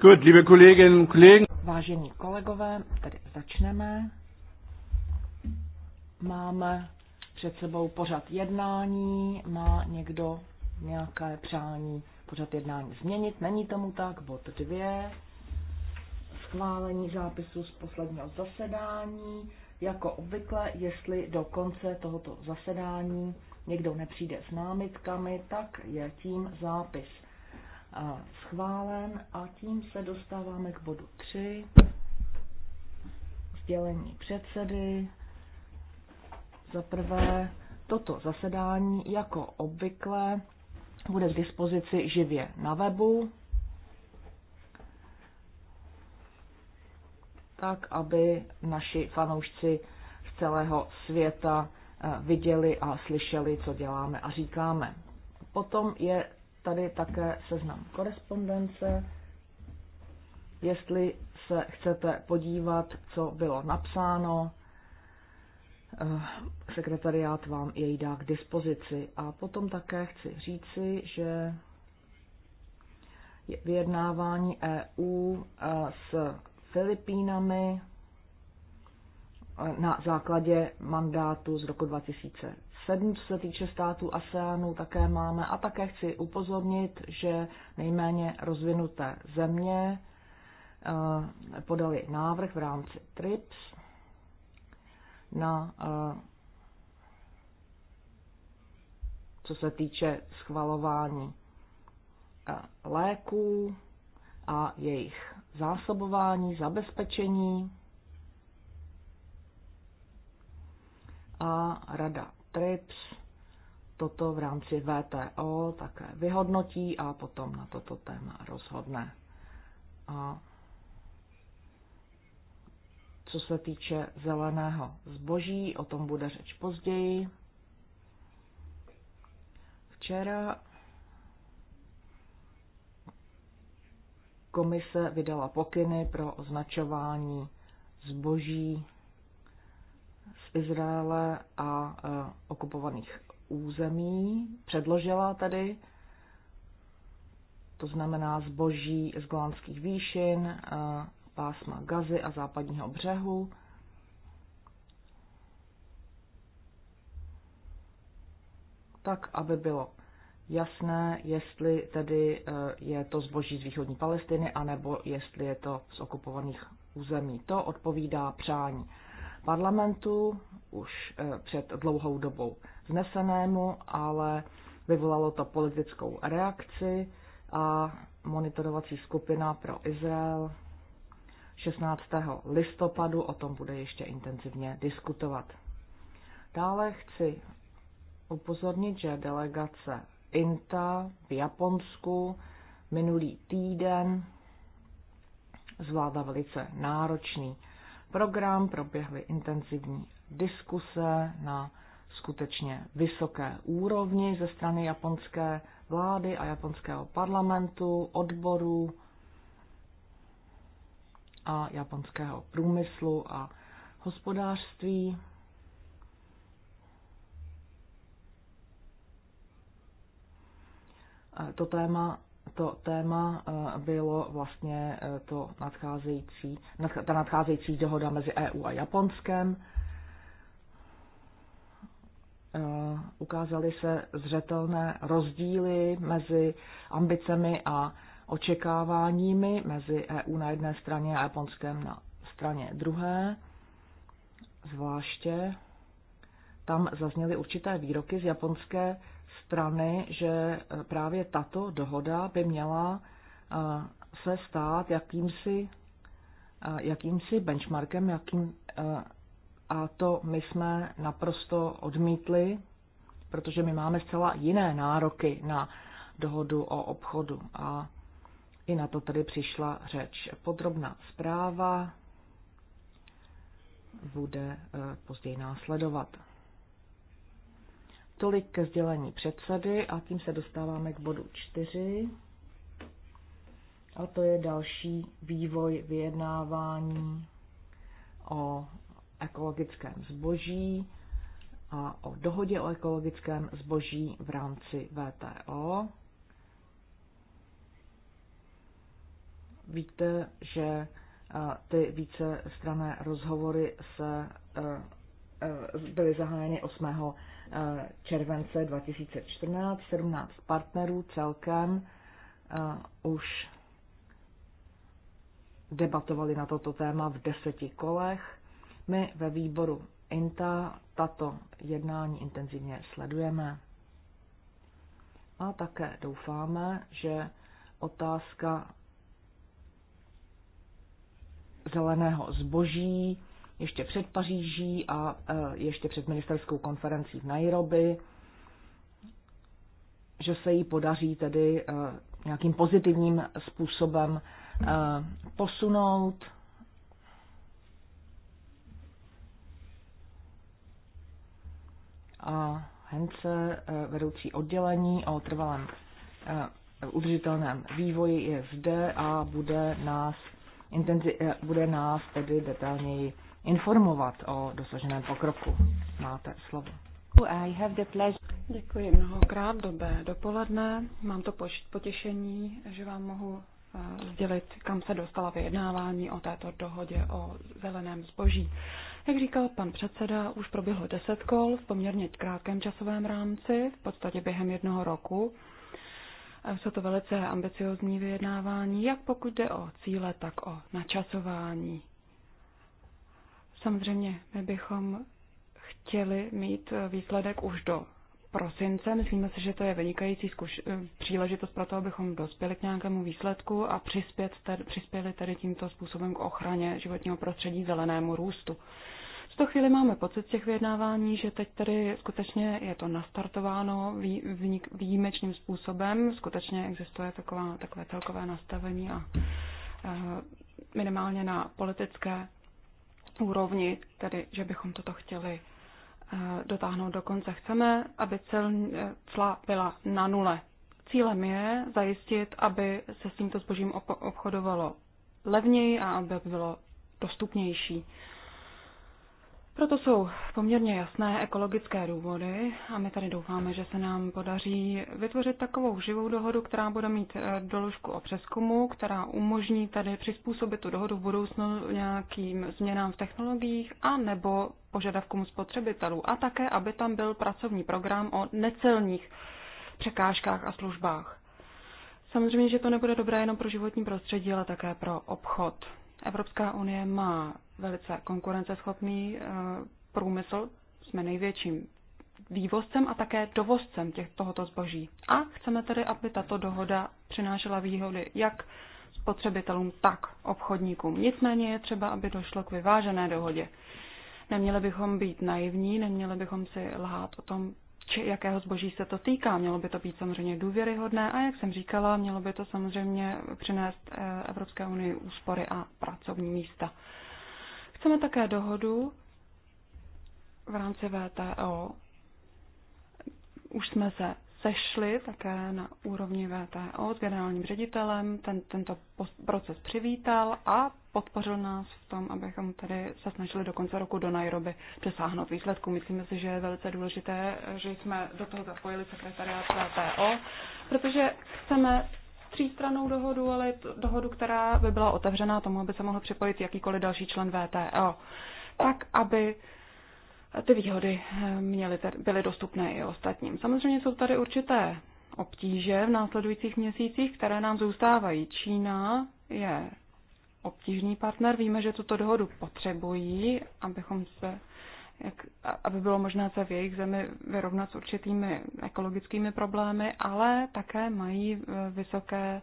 Gut, liebe Kolleginnen und Kollegen. Vážení kolegové, tady začneme. Máme před sebou pořad jednání. Má někdo nějaké přání pořad jednání změnit? Není tomu tak. Bod Dvě Schválení zápisu z posledního zasedání. Jako obvykle, jestli do konce tohoto zasedání někdo nepřijde s námitkami, tak je tím zápis schválen a tím se dostáváme k bodu 3, sdělení předsedy. Za prvé, toto zasedání jako obvykle bude k dispozici živě na webu, tak aby naši fanoušci z celého světa eh, viděli a slyšeli, co děláme a říkáme. Potom je tady také seznam korespondence. Jestli se chcete podívat, co bylo napsáno, eh, sekretariát vám jej dá k dispozici. A potom také chci říci, že vyjednávání EU eh, s Filipínami eh, na základě mandátu z roku 2000 7, co se týče států ASEANu, také máme. A také chci upozornit, že nejméně rozvinuté země eh, podali návrh v rámci TRIPS na eh, co se týče schvalování eh, léků a jejich zásobování, zabezpečení. A Rada TRIPS toto v rámci VTO také vyhodnotí a potom na toto téma rozhodne. A co se týče zeleného zboží, o tom bude řeč později. Včera komise vydala pokyny pro označování zboží Izraele a e, okupovaných území, předložila tedy, to znamená zboží z Golánských výšin, e, pásma Gazy a západního břehu. Tak, aby bylo jasné, jestli tedy e, je to zboží z východní Palestiny, anebo jestli je to z okupovaných území. To odpovídá přání parlamentu už eh, před dlouhou dobou znesenému, ale vyvolalo to politickou reakci a monitorovací skupina pro Izrael 16. listopadu o tom bude ještě intenzivně diskutovat. Dále chci upozornit, že delegace INTA v Japonsku minulý týden zvládla velice náročný program, proběhly intenzivní diskuse na skutečně vysoké úrovni ze strany japonské vlády a japonského parlamentu, odborů a japonského průmyslu a hospodářství. To téma to téma eh, bylo vlastně eh, to nadcházející, ta nadcházející dohoda mezi EU a Japonskem. Eh, ukázaly se zřetelné rozdíly mezi ambicemi a očekáváními mezi EU na jedné straně a Japonskem na straně druhé. Zvláště tam zazněly určité výroky z japonské strany, že eh, právě tato dohoda by měla eh, se stát jakýmsi, eh, jakýmsi benchmarkem, jakým, a to my jsme naprosto odmítli, protože my máme zcela jiné nároky na dohodu o obchodu. A i na to tady přišla řeč. Podrobná zpráva bude později následovat. Tolik ke sdělení předsedy a tím se dostáváme k bodu 4. A to je další vývoj vyjednávání o ekologickém zboží a o dohodě o ekologickém zboží v rámci VTO. Víte, že eh, ty více strané rozhovory se eh, eh, byly zahájeny 8 července 2014, 17 partnerů celkem eh, už debatovali na toto téma v deseti kolech. My ve výboru INTA tato jednání intenzivně sledujeme a také doufáme, že otázka zeleného zboží ještě před Paříží a e, ještě před ministerskou konferencí v Nairobi, že se jí podaří tedy e, nějakým pozitivním způsobem e, posunout. A Hence, vedoucí oddělení o trvalém udržitelném vývoji je zde a bude nás, intenzi, bude nás tedy detailněji informovat o dosaženém pokroku. Máte slovo. I have the pleasure. Děkuji mnohokrát, dobré dopoledne. Mám to potěšení, že vám mohu eh, sdělit, kam se dostala vyjednávání o této dohodě o zeleném zboží. Jak říkal pan předseda, už proběhlo deset kol v poměrně krátkém časovém rámci, v podstatě během jednoho roku. Jsou to velice ambiciozní vyjednávání, jak pokud jde o cíle, tak o načasování Samozřejmě, my bychom chtěli mít eh, výsledek už do prosince. Myslíme si, že to je vynikající zkuš- eh, příležitost pro to, abychom dospěli k nějakému výsledku a přispět ter- přispěli tedy tímto způsobem k ochraně životního prostředí zelenému růstu. V tuto chvíli máme pocit z těch vyjednávání, že teď tedy skutečně je to nastartováno vý- vý- výjimečným způsobem. Skutečně existuje taková, takové celkové nastavení a eh, minimálně na politické úrovni, tedy že bychom toto chtěli eh, dotáhnout do konce. Chceme, aby cla byla na nule. Cílem je zajistit, aby se s tímto zbožím obchodovalo levněji a aby bylo dostupnější. Proto jsou poměrně jasné ekologické důvody a my tady doufáme, že se nám podaří vytvořit takovou živou dohodu, která bude mít eh, doložku o přeskumu, která umožní tady přizpůsobit tu dohodu v budoucnu nějakým změnám v technologiích a nebo požadavkům spotřebitelů a také, aby tam byl pracovní program o necelních překážkách a službách. Samozřejmě, že to nebude dobré jenom pro životní prostředí, ale také pro obchod. Evropská unie má velice konkurenceschopný eh, průmysl, jsme největším vývozcem a také dovozcem těch, tohoto zboží. A chceme tedy, aby tato dohoda přinášela výhody jak spotřebitelům, tak obchodníkům. Nicméně je třeba, aby došlo k vyvážené dohodě. Neměli bychom být naivní, neměli bychom si lhát o tom, či jakého zboží se to týká. Mělo by to být samozřejmě důvěryhodné a jak jsem říkala, mělo by to samozřejmě přinést eh, Evropské unii úspory a pracovní místa. Chceme také dohodu v rámci VTO. Už jsme se sešli také na úrovni VTO s generálním ředitelem. Ten, tento proces přivítal a podpořil nás v tom, abychom tady se snažili do konce roku do Nairobi přesáhnout výsledku. Myslíme si, že je velice důležité, že jsme do toho zapojili sekretariát VTO, protože chceme třístranou dohodu, ale dohodu, která by byla otevřená tomu, aby se mohl připojit jakýkoliv další člen VTO, tak aby ty výhody eh, měly, byly dostupné i ostatním. Samozřejmě jsou tady určité obtíže v následujících měsících, které nám zůstávají. Čína je obtížný partner, víme, že tuto dohodu potřebují, abychom se jak, aby bylo možné se v jejich zemi vyrovnat s určitými ekologickými problémy, ale také mají eh, vysoké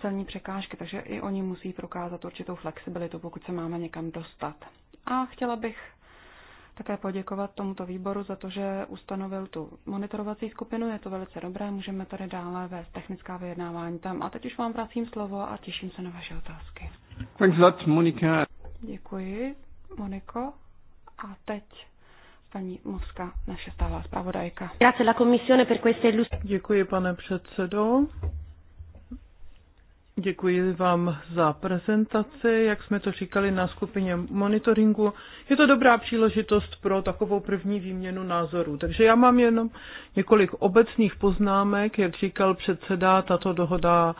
celní překážky, takže i oni musí prokázat určitou flexibilitu, pokud se máme někam dostat. A chtěla bych také poděkovat tomuto výboru za to, že ustanovil tu monitorovací skupinu. Je to velice dobré, můžeme tady dále vést technická vyjednávání tam. A teď už vám vracím slovo a těším se na vaše otázky. Thanks a lot, Monika. Děkuji, Moniko. A teď paní Movská, naše queste zpravodajka. Děkuji, pane předsedo. Děkuji vám za prezentaci, jak jsme to říkali na skupině monitoringu. Je to dobrá příležitost pro takovou první výměnu názorů. Takže já mám jenom několik obecných poznámek, jak říkal předseda, tato dohoda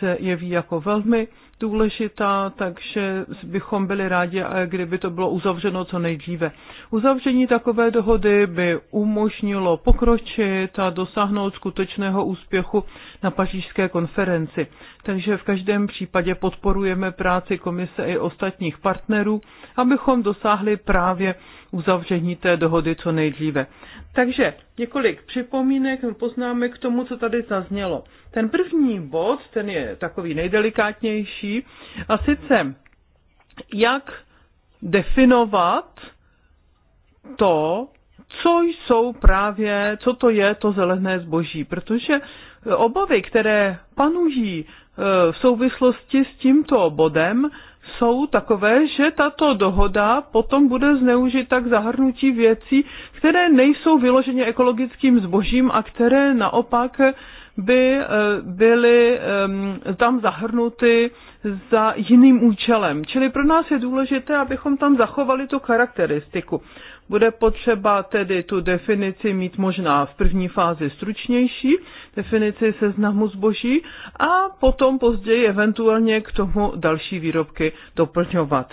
se jeví jako velmi důležitá, takže bychom byli rádi, eh, kdyby to bylo uzavřeno co nejdříve. Uzavření takové dohody by umožnilo pokročit a dosáhnout skutečného úspěchu na pařížské konferenci. Takže v každém případě podporujeme práci komise i ostatních partnerů, abychom dosáhli právě uzavření té dohody co nejdříve. Takže několik připomínek, poznámek k tomu, co tady zaznělo. Ten první bod, ten je takový nejdelikátnější, další. A sice, jak definovat to, co jsou právě, co to je to zelené zboží, protože obavy, které panují e, v souvislosti s tímto bodem, jsou takové, že tato dohoda potom bude zneužita k zahrnutí věcí, které nejsou vyloženě ekologickým zbožím a které naopak by e, byly tam zahrnuty za jiným účelem. Čili pro nás je důležité, abychom tam zachovali tu charakteristiku. Bude potřeba tedy tu definici mít možná v první fázi stručnější, definici seznamu zboží a potom později eventuálně k tomu další výrobky doplňovat.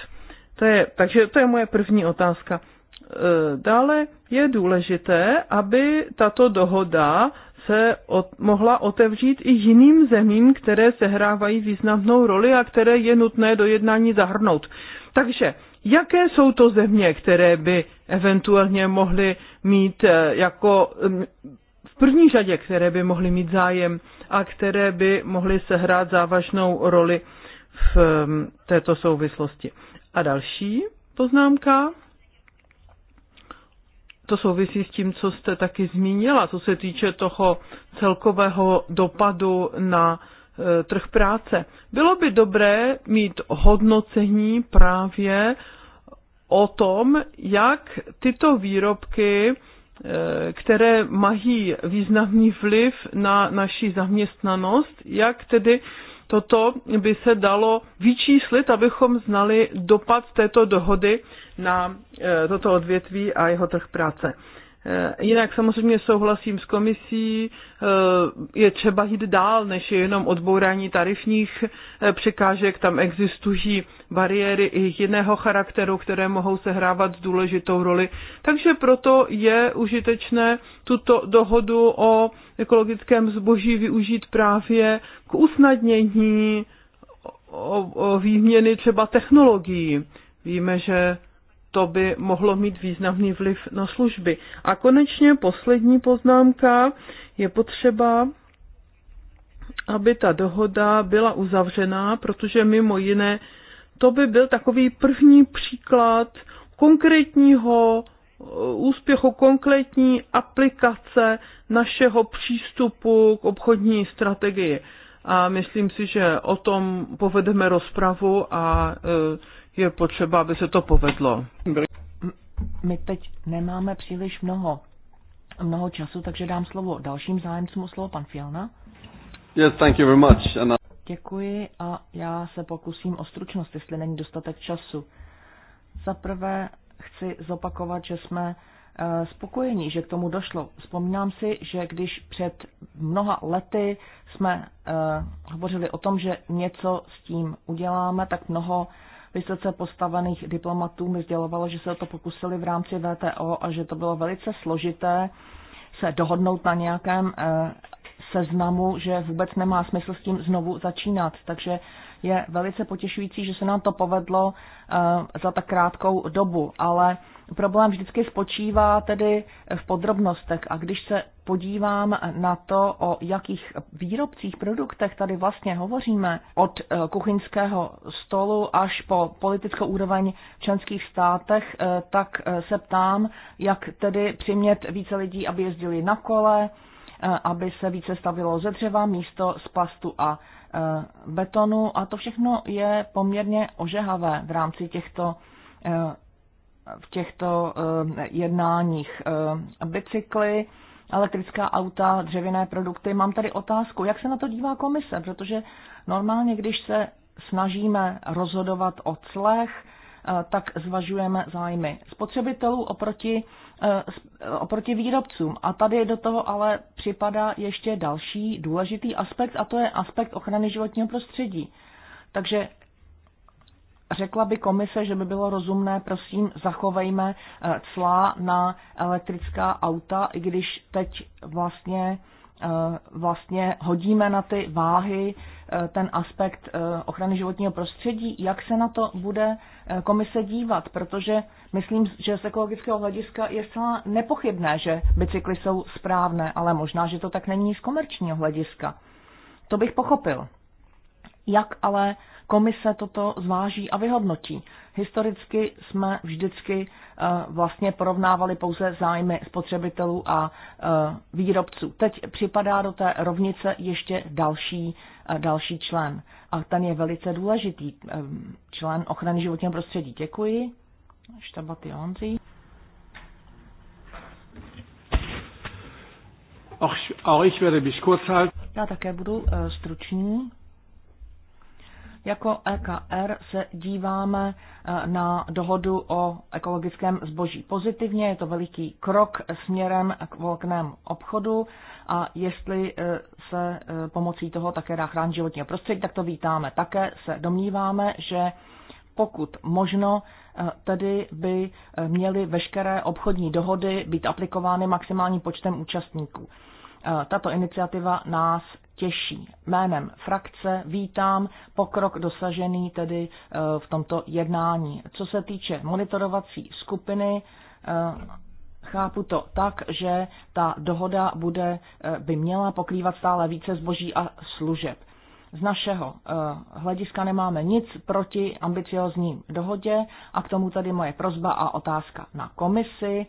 To je, takže to je moje první otázka. E, dále je důležité, aby tato dohoda se od, mohla otevřít i jiným zemím, které sehrávají významnou roli a které je nutné do jednání zahrnout. Takže jaké jsou to země, které by eventuálně mohly mít eh, jako mm, v první řadě, které by mohly mít zájem a které by mohly sehrát závažnou roli v mm, této souvislosti. A další poznámka to souvisí s tím, co jste taky zmínila, co se týče toho celkového dopadu na e, trh práce. Bylo by dobré mít hodnocení právě o tom, jak tyto výrobky, e, které mají významný vliv na naši zaměstnanost, jak tedy Toto by se dalo vyčíslit, abychom znali dopad této dohody na eh, toto odvětví a jeho trh práce. Eh, jinak samozřejmě souhlasím s komisí, eh, je třeba jít dál, než je jenom odbourání tarifních eh, překážek. Tam existují bariéry i jiného charakteru, které mohou sehrávat důležitou roli. Takže proto je užitečné tuto dohodu o ekologickém zboží využít právě k usnadnění o, o výměny třeba technologií. Víme, že to by mohlo mít významný vliv na služby. A konečně poslední poznámka je potřeba, aby ta dohoda byla uzavřená, protože mimo jiné to by byl takový první příklad konkrétního eh, úspěchu konkrétní aplikace našeho přístupu k obchodní strategii. A myslím si, že o tom povedeme rozpravu a eh, je potřeba, aby se to povedlo. My teď nemáme příliš mnoho, mnoho času, takže dám slovo dalším zájemcům o slovo, pan Fialna. Yes, thank you very much. And I... Děkuji a já se pokusím o stručnost, jestli není dostatek času. Za prvé chci zopakovat, že jsme eh, spokojení, že k tomu došlo. Vzpomínám si, že když před mnoha lety jsme eh, hovořili o tom, že něco s tím uděláme, tak mnoho vysoce postavených diplomatů mi sdělovalo, že se o to pokusili v rámci VTO a že to bylo velice složité se dohodnout na nějakém eh, seznamu, že vůbec nemá smysl s tím znovu začínat. Takže je velice potěšující, že se nám to povedlo eh, za tak krátkou dobu, ale problém vždycky spočívá tedy v podrobnostech a když se podívám na to, o jakých výrobcích, produktech tady vlastně hovoříme, od eh, kuchyňského stolu až po politickou úroveň v členských státech, eh, tak se ptám, jak tedy přimět více lidí, aby jezdili na kole, aby se více stavilo ze dřeva místo z plastu a Eh, betonu a to všechno je poměrně ožehavé v rámci těchto eh, v těchto eh, jednáních. Bicykly, elektrická auta, dřevěné produkty. Mám tady otázku, jak se na to dívá komise, protože normálně, když se snažíme rozhodovat o clech, tak zvažujeme zájmy spotřebitelů oproti Eh, eh, oproti výrobcům. A tady do toho ale připadá ještě další důležitý aspekt a to je aspekt ochrany životního prostředí. Takže řekla by komise, že by bylo rozumné, prosím, zachovejme eh, cla na elektrická auta, i když teď vlastně Eh, vlastně hodíme na ty váhy eh, ten aspekt eh, ochrany životního prostředí, jak se na to bude komise dívat, protože myslím, že z ekologického hlediska je zcela nepochybné, že bicykly jsou správné, ale možná, že to tak není z komerčního hlediska. To bych pochopil. Jak ale komise toto zváží a vyhodnotí? Historicky jsme vždycky eh, vlastně porovnávali pouze zájmy spotřebitelů a eh, výrobců. Teď připadá do té rovnice ještě další, eh, další člen. A ten je velice důležitý. Člen ochrany životního prostředí. Děkuji. Štabaty Honzí. Já také budu stručný. Jako EKR se díváme e, na dohodu o ekologickém zboží pozitivně. Je to veliký krok směrem k volknému obchodu a jestli e, se e, pomocí toho také dá chránit životní prostředí, tak to vítáme. Také se domníváme, že pokud možno, tedy by měly veškeré obchodní dohody být aplikovány maximálním počtem účastníků. Eh, tato iniciativa nás těší. Jménem frakce vítám pokrok dosažený tedy eh, v tomto jednání. Co se týče monitorovací skupiny, eh, chápu to tak, že ta dohoda bude, by měla pokrývat stále více zboží a služeb. Z našeho hlediska nemáme nic proti ambiciozním dohodě a k tomu tady moje prozba a otázka na komisi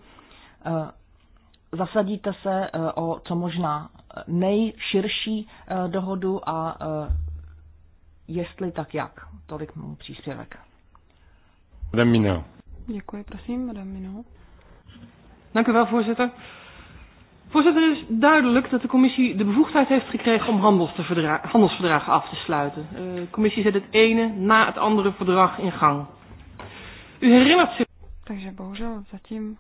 zasadíte se e, o co možná nejširší e, dohodu a e, jestli tak jak. Tolik můj příspěvek. Madame Mino. Děkuji, prosím, Madame Mino. Dank u wel, voorzitter. Voorzitter, het is duidelijk dat de commissie de bevoegdheid heeft gekregen om handelsverdragen af te sluiten. Eh, de commissie zet het ene na het andere verdrag in gang. U herinnert zich... Takže bohužel zatím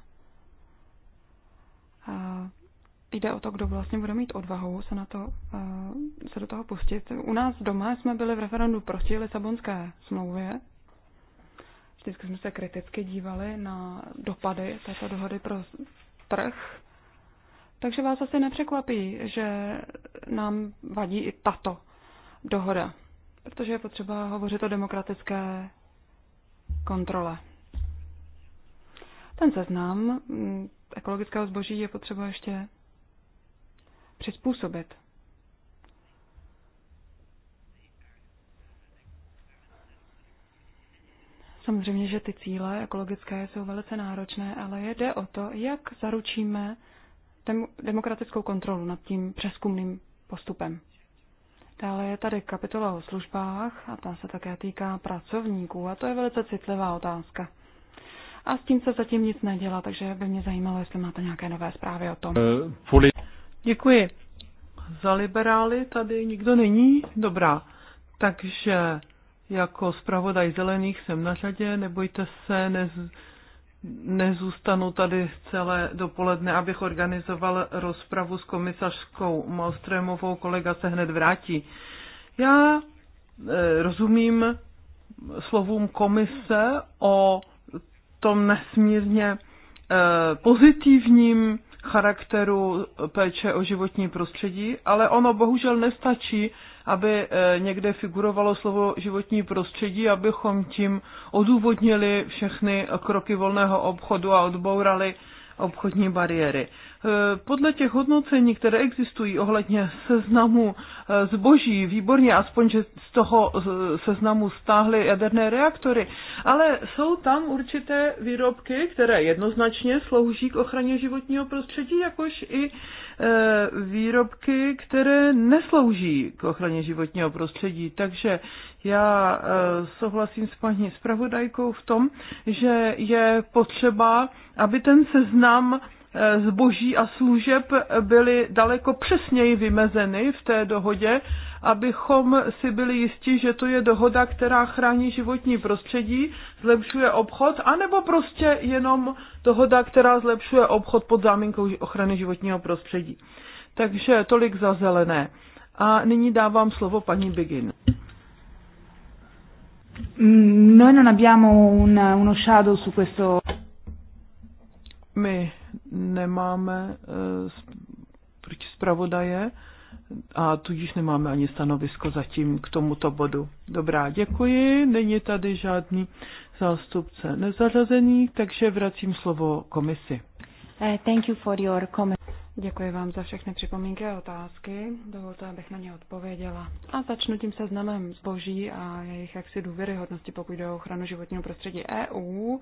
jde o to, kdo vlastně bude mít odvahu se, na to, eh, se do toho pustit. U nás doma jsme byli v referendu proti Lisabonské smlouvě. Vždycky jsme se kriticky dívali na dopady této dohody pro trh. Takže vás asi nepřekvapí, že nám vadí i tato dohoda, protože je potřeba hovořit o demokratické kontrole. Ten seznam mm, ekologického zboží je potřeba ještě přizpůsobit. Samozřejmě, že ty cíle ekologické jsou velice náročné, ale jde o to, jak zaručíme demokratickou kontrolu nad tím přeskumným postupem. Dále je tady kapitola o službách a ta se také týká pracovníků a to je velice citlivá otázka a s tím se zatím nic nedělá, takže by mě zajímalo, jestli máte nějaké nové zprávy o tom. Eh, Děkuji. Za liberály tady nikdo není? Dobrá. Takže jako zpravodaj zelených jsem na řadě, nebojte se, nez, nezůstanu tady celé dopoledne, abych organizoval rozpravu s komisařskou Malstrémovou, kolega se hned vrátí. Já e, rozumím slovům komise o tom nesmírně eh, pozitivním charakteru péče o životní prostředí, ale ono bohužel nestačí, aby eh, někde figurovalo slovo životní prostředí, abychom tím odůvodnili všechny kroky volného obchodu a odbourali obchodní bariéry. Eh, podle těch hodnocení, které existují ohledně seznamu eh, zboží, výborně, aspoň, že z toho seznamu stáhly jaderné reaktory, ale jsou tam určité výrobky, které jednoznačně slouží k ochraně životního prostředí, jakož i eh, výrobky, které neslouží k ochraně životního prostředí. Takže já souhlasím s paní zpravodajkou v tom, že je potřeba, aby ten seznam Eh, zboží a služeb byly daleko přesněji vymezeny v té dohodě, abychom si byli jisti, že to je dohoda, která chrání životní prostředí, zlepšuje obchod, anebo prostě jenom dohoda, která zlepšuje obchod pod záminkou ochrany životního prostředí. Takže tolik za zelené. A nyní dávám slovo paní Begin. Mm, noi non abbiamo un, uno shadow su questo. My nemáme eh, proč zpravodaje a tudíž nemáme ani stanovisko zatím k tomuto bodu. Dobrá, děkuji. Není tady žádný zástupce nezařazený, takže vracím slovo komisi. Eh, thank you for your comment. Děkuji vám za všechny připomínky a otázky. Dovolte, abych na ně odpověděla. A začnu tím seznamem zboží a jejich jaksi důvěryhodnosti, pokud jde o ochranu životního prostředí EU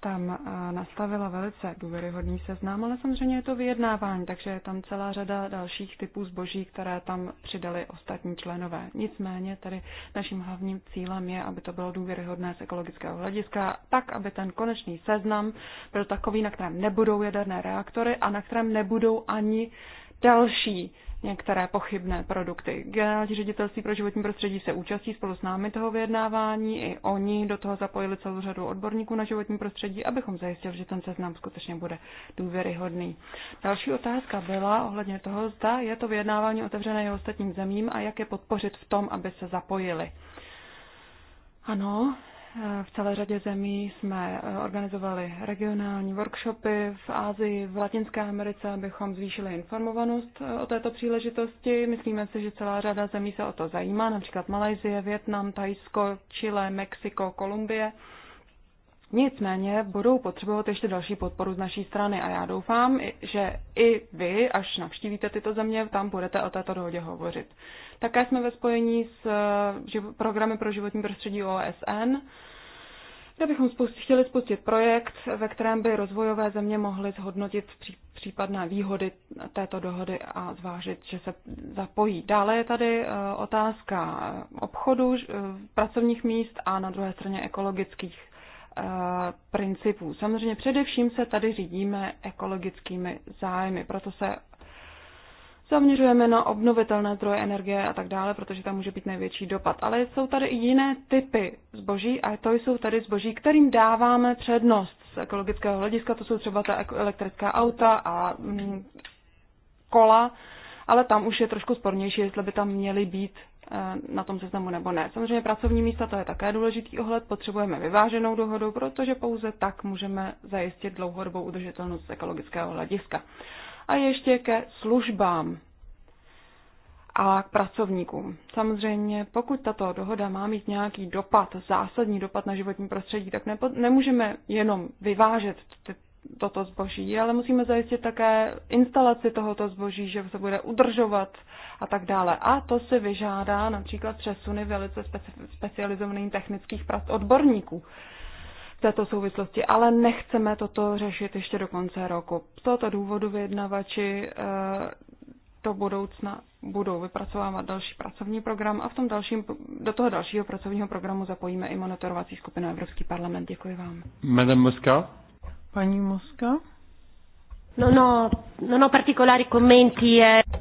tam eh, nastavila velice důvěryhodný seznam, ale samozřejmě je to vyjednávání, takže je tam celá řada dalších typů zboží, které tam přidali ostatní členové. Nicméně tady naším hlavním cílem je, aby to bylo důvěryhodné z ekologického hlediska, tak, aby ten konečný seznam byl takový, na kterém nebudou jaderné reaktory a na kterém nebudou ani další některé pochybné produkty. Generální ředitelství pro životní prostředí se účastí spolu s námi toho vyjednávání. I oni do toho zapojili celou řadu odborníků na životní prostředí, abychom zajistili, že ten seznam skutečně bude důvěryhodný. Další otázka byla ohledně toho, zda je to vyjednávání otevřené i ostatním zemím a jak je podpořit v tom, aby se zapojili. Ano, v celé řadě zemí jsme eh, organizovali regionální workshopy v Ázii, v Latinské Americe, abychom zvýšili informovanost eh, o této příležitosti. Myslíme si, že celá řada zemí se o to zajímá, například Malajzie, Větnam, Tajsko, Chile, Mexiko, Kolumbie. Nicméně budou potřebovat ještě další podporu z naší strany a já doufám, že i vy, až navštívíte tyto země, tam budete o této dohodě hovořit. Také jsme ve spojení s eh, programy pro životní prostředí OSN, kde bychom chtěli spustit projekt, ve kterém by rozvojové země mohly zhodnotit případné výhody této dohody a zvážit, že se zapojí. Dále je tady eh, otázka obchodu, eh, pracovních míst a na druhé straně ekologických Eh, principů. Samozřejmě především se tady řídíme ekologickými zájmy, proto se zaměřujeme na obnovitelné zdroje energie a tak dále, protože tam může být největší dopad. Ale jsou tady i jiné typy zboží a to jsou tady zboží, kterým dáváme přednost z ekologického hlediska. To jsou třeba ta elektrická auta a mm, kola, ale tam už je trošku spornější, jestli by tam měly být Eh, na tom seznamu nebo ne. Samozřejmě pracovní místa to je také důležitý ohled, potřebujeme vyváženou dohodu, protože pouze tak můžeme zajistit dlouhodobou udržitelnost z ekologického hlediska. A ještě ke službám a k pracovníkům. Samozřejmě, pokud tato dohoda má mít nějaký dopad, zásadní dopad na životní prostředí, tak nepo, nemůžeme jenom vyvážet ty, toto zboží, ale musíme zajistit také instalaci tohoto zboží, že se bude udržovat a tak dále. A to si vyžádá například přesuny velice specializovaných technických prac odborníků v této souvislosti, ale nechceme toto řešit ještě do konce roku. Z tohoto důvodu vyjednavači eh, do budoucna budou vypracovávat další pracovní program a v tom dalším, do toho dalšího pracovního programu zapojíme i monitorovací skupinu Evropský parlament. Děkuji vám. Madame Moska. Paní Moska? No, no, no, no, particolari commenti. Je... Eh.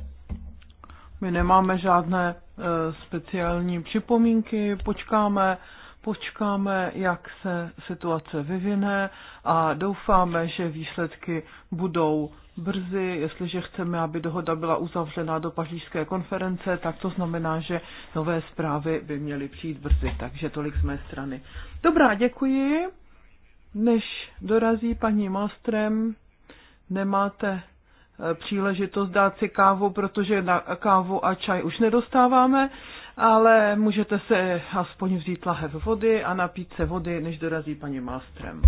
My nemáme žádné uh, speciální připomínky, počkáme, počkáme, jak se situace vyvine a doufáme, že výsledky budou brzy. Jestliže chceme, aby dohoda byla uzavřena do pařížské konference, tak to znamená, že nové zprávy by měly přijít brzy. Takže tolik z mé strany. Dobrá, děkuji. Než dorazí paní Mastrem, nemáte e, příležitost dát si kávu, protože na kávu a čaj už nedostáváme, ale můžete se aspoň vzít lahev vody a napít se vody, než dorazí paní Malstrem.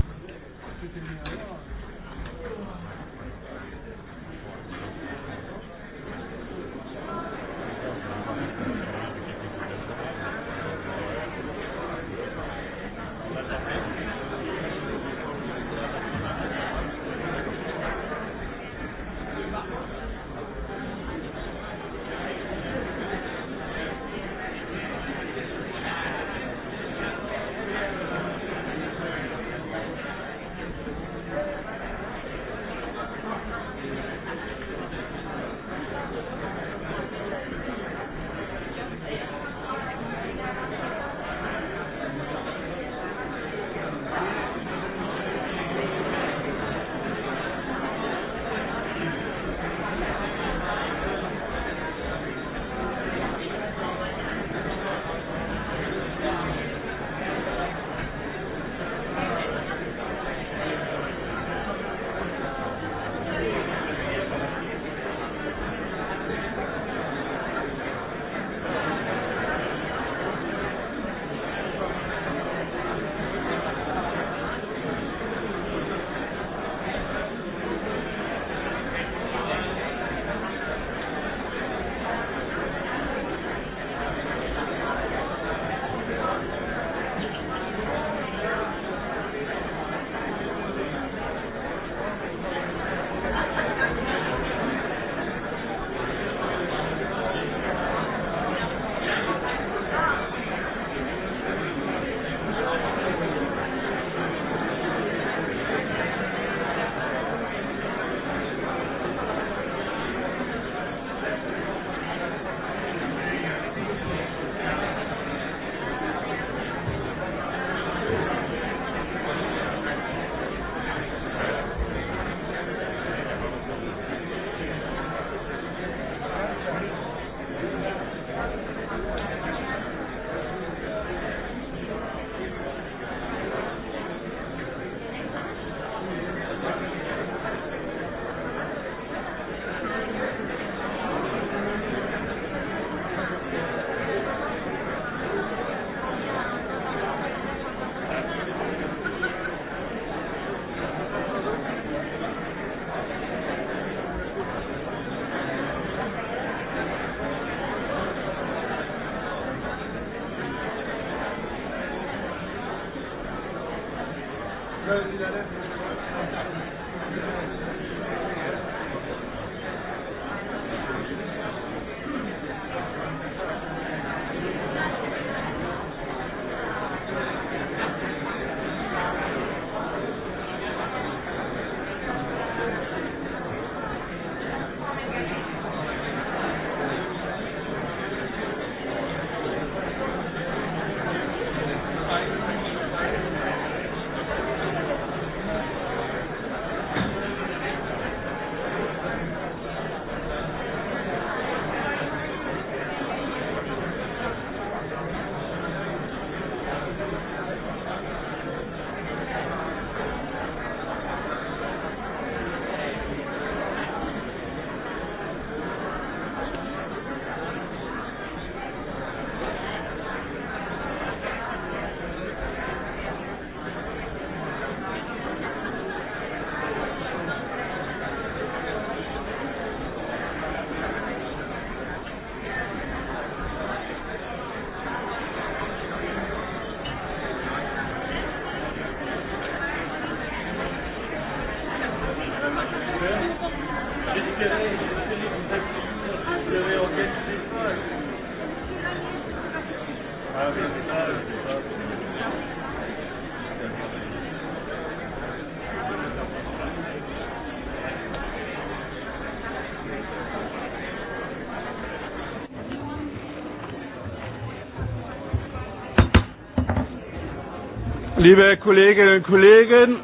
Liebe Kolleginnen und Kollegen.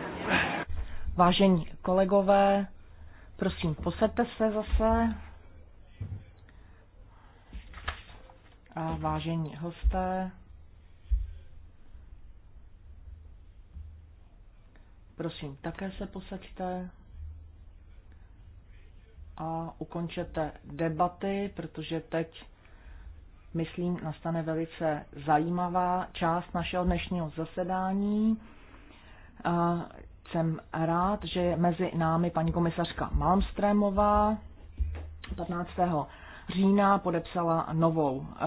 Vážení kolegové, prosím, posaďte se zase. A vážení hosté, prosím, také se posaďte a ukončete debaty, protože teď myslím, nastane velice zajímavá část našeho dnešního zasedání. Jsem rád, že je mezi námi paní komisařka Malmstrémová. 15. října podepsala novou e,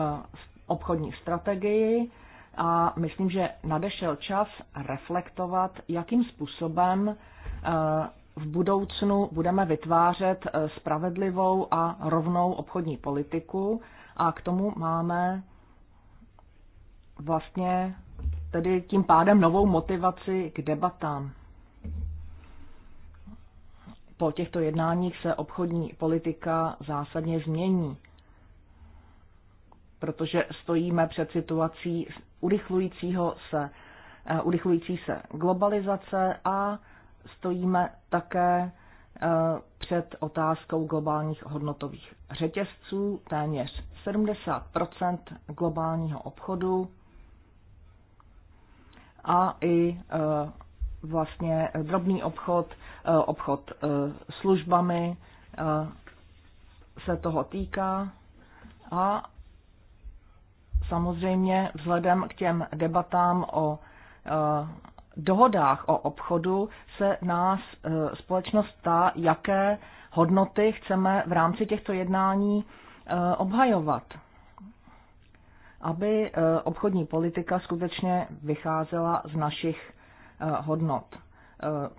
obchodní strategii a myslím, že nadešel čas reflektovat, jakým způsobem e, v budoucnu budeme vytvářet e, spravedlivou a rovnou obchodní politiku, a k tomu máme vlastně tedy tím pádem novou motivaci k debatám. Po těchto jednáních se obchodní politika zásadně změní, protože stojíme před situací urychlujícího se, eh, urychlující se globalizace a stojíme také Eh, před otázkou globálních hodnotových řetězců. Téměř 70 globálního obchodu a i eh, vlastně drobný obchod, eh, obchod službami se toho týká a samozřejmě vzhledem k těm debatám o dohodách o obchodu se nás e, společnost ptá, jaké hodnoty chceme v rámci těchto jednání e, obhajovat, aby e, obchodní politika skutečně vycházela z našich hodnot.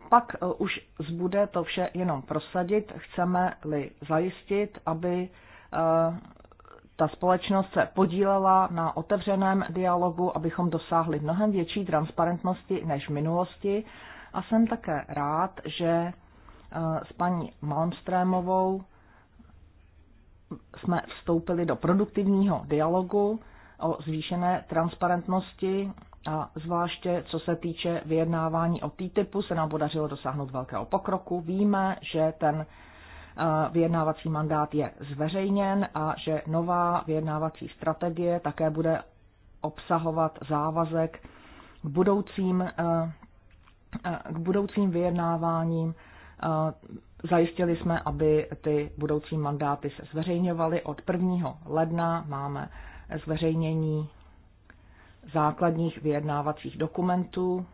Pak už zbude to vše jenom prosadit, chceme-li zajistit, aby ta společnost se podílela na otevřeném dialogu, abychom dosáhli mnohem větší transparentnosti než v minulosti. A jsem také rád, že eh, s paní Malmströmovou jsme vstoupili do produktivního dialogu o zvýšené transparentnosti a zvláště co se týče vyjednávání o TTIPu se nám podařilo dosáhnout velkého pokroku. Víme, že ten vyjednávací mandát je zveřejněn a že nová vyjednávací strategie také bude obsahovat závazek k budoucím, eh, eh, k budoucím vyjednáváním. Eh, zajistili jsme, aby ty budoucí mandáty se zveřejňovaly. Od 1. ledna máme zveřejnění základních vyjednávacích dokumentů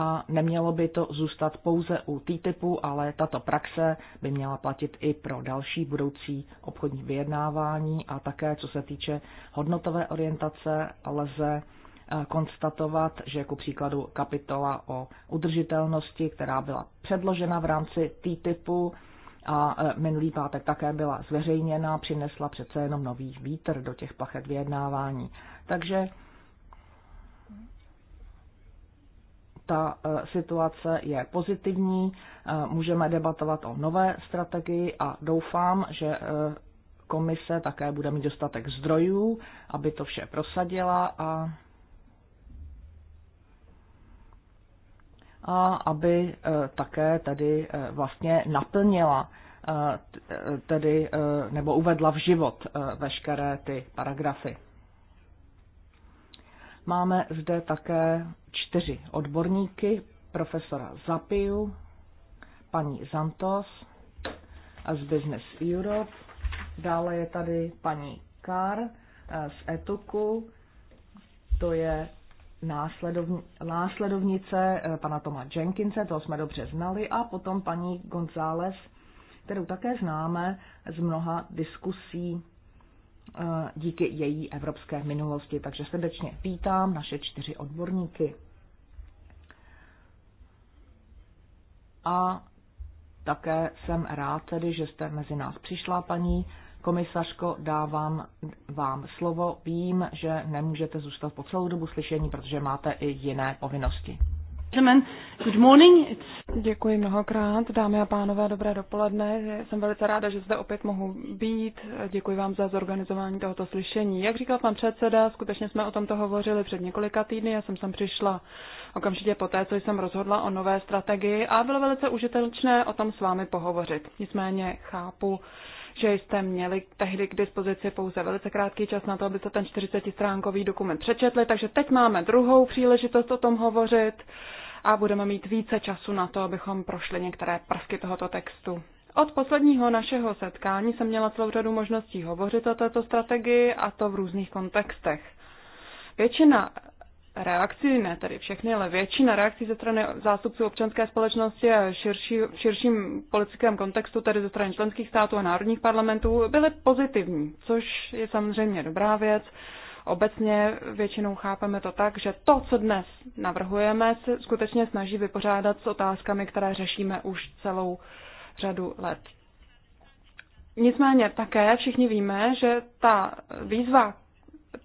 a nemělo by to zůstat pouze u TTIPu, ale tato praxe by měla platit i pro další budoucí obchodní vyjednávání a také co se týče hodnotové orientace lze eh, konstatovat, že jako příkladu kapitola o udržitelnosti, která byla předložena v rámci TTIPu a eh, minulý pátek také byla zveřejněna, přinesla přece jenom nový vítr do těch plachet vyjednávání. Takže ta eh, situace je pozitivní, eh, můžeme debatovat o nové strategii a doufám, že eh, komise také bude mít dostatek zdrojů, aby to vše prosadila a, a aby také tady vlastně naplnila tedy, nebo uvedla v život veškeré ty paragrafy. Máme zde také čtyři odborníky, profesora Zapiu, paní Zantos z Business Europe, dále je tady paní Kar eh, z Etuku, to je následovnice eh, pana Toma Jenkinse, toho jsme dobře znali, a potom paní González, kterou také známe z mnoha diskusí Eh, díky její evropské minulosti. Takže srdečně vítám naše čtyři odborníky. A také jsem rád tedy, že jste mezi nás přišla, paní komisařko, dávám vám slovo. Vím, že nemůžete zůstat po celou dobu slyšení, protože máte i jiné povinnosti. Good morning. It's... Děkuji mnohokrát, dámy a pánové, dobré dopoledne. Jsem velice ráda, že zde opět mohu být. Děkuji vám za zorganizování tohoto slyšení. Jak říkal pan předseda, skutečně jsme o tomto hovořili před několika týdny. Já jsem sem přišla okamžitě poté, co jsem rozhodla o nové strategii a bylo velice užitečné o tom s vámi pohovořit. Nicméně chápu, že jste měli tehdy k dispozici pouze velice krátký čas na to, aby se ten 40-stránkový dokument přečetli, takže teď máme druhou příležitost o tom hovořit a budeme mít více času na to, abychom prošli některé prvky tohoto textu. Od posledního našeho setkání jsem měla celou řadu možností hovořit o této strategii a to v různých kontextech. Většina reakcí, ne tedy všechny, ale většina reakcí ze strany zástupců občanské společnosti a širší, v širším politickém kontextu, tedy ze strany členských států a národních parlamentů, byly pozitivní, což je samozřejmě dobrá věc obecně většinou chápeme to tak, že to, co dnes navrhujeme, se skutečně snaží vypořádat s otázkami, které řešíme už celou řadu let. Nicméně také všichni víme, že ta výzva,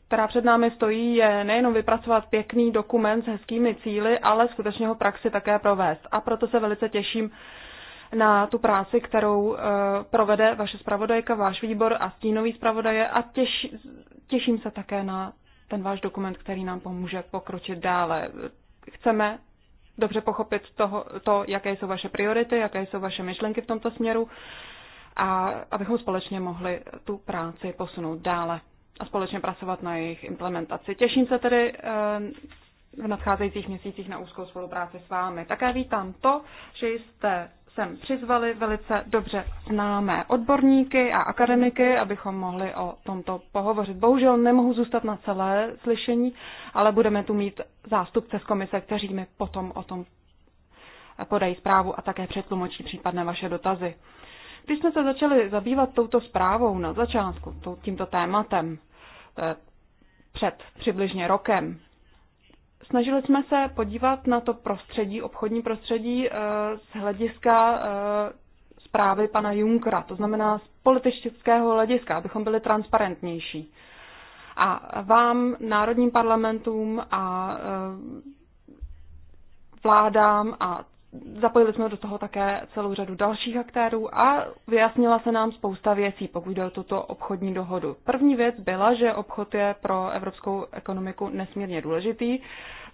která před námi stojí, je nejenom vypracovat pěkný dokument s hezkými cíly, ale skutečně ho praxi také provést. A proto se velice těším na tu práci, kterou eh, provede vaše zpravodajka, váš výbor a stínový zpravodaje a těš, těším se také na ten váš dokument, který nám pomůže pokročit dále. Chceme dobře pochopit toho, to, jaké jsou vaše priority, jaké jsou vaše myšlenky v tomto směru a abychom společně mohli tu práci posunout dále a společně pracovat na jejich implementaci. Těším se tedy eh, v nadcházejících měsících na úzkou spolupráci s vámi. Také vítám to, že jste sem přizvali velice dobře známé odborníky a akademiky, abychom mohli o tomto pohovořit. Bohužel nemohu zůstat na celé slyšení, ale budeme tu mít zástupce z komise, kteří mi potom o tom podají zprávu a také přetlumočí případné vaše dotazy. Když jsme se začali zabývat touto zprávou na začátku, tímto tématem, eh, před přibližně rokem, Snažili jsme se podívat na to prostředí, obchodní prostředí eh, z hlediska eh, zprávy pana Junkra, to znamená z politického hlediska, abychom byli transparentnější. A vám, národním parlamentům a eh, vládám a Zapojili jsme do toho také celou řadu dalších aktérů a vyjasnila se nám spousta věcí, pokud jde o tuto obchodní dohodu. První věc byla, že obchod je pro evropskou ekonomiku nesmírně důležitý.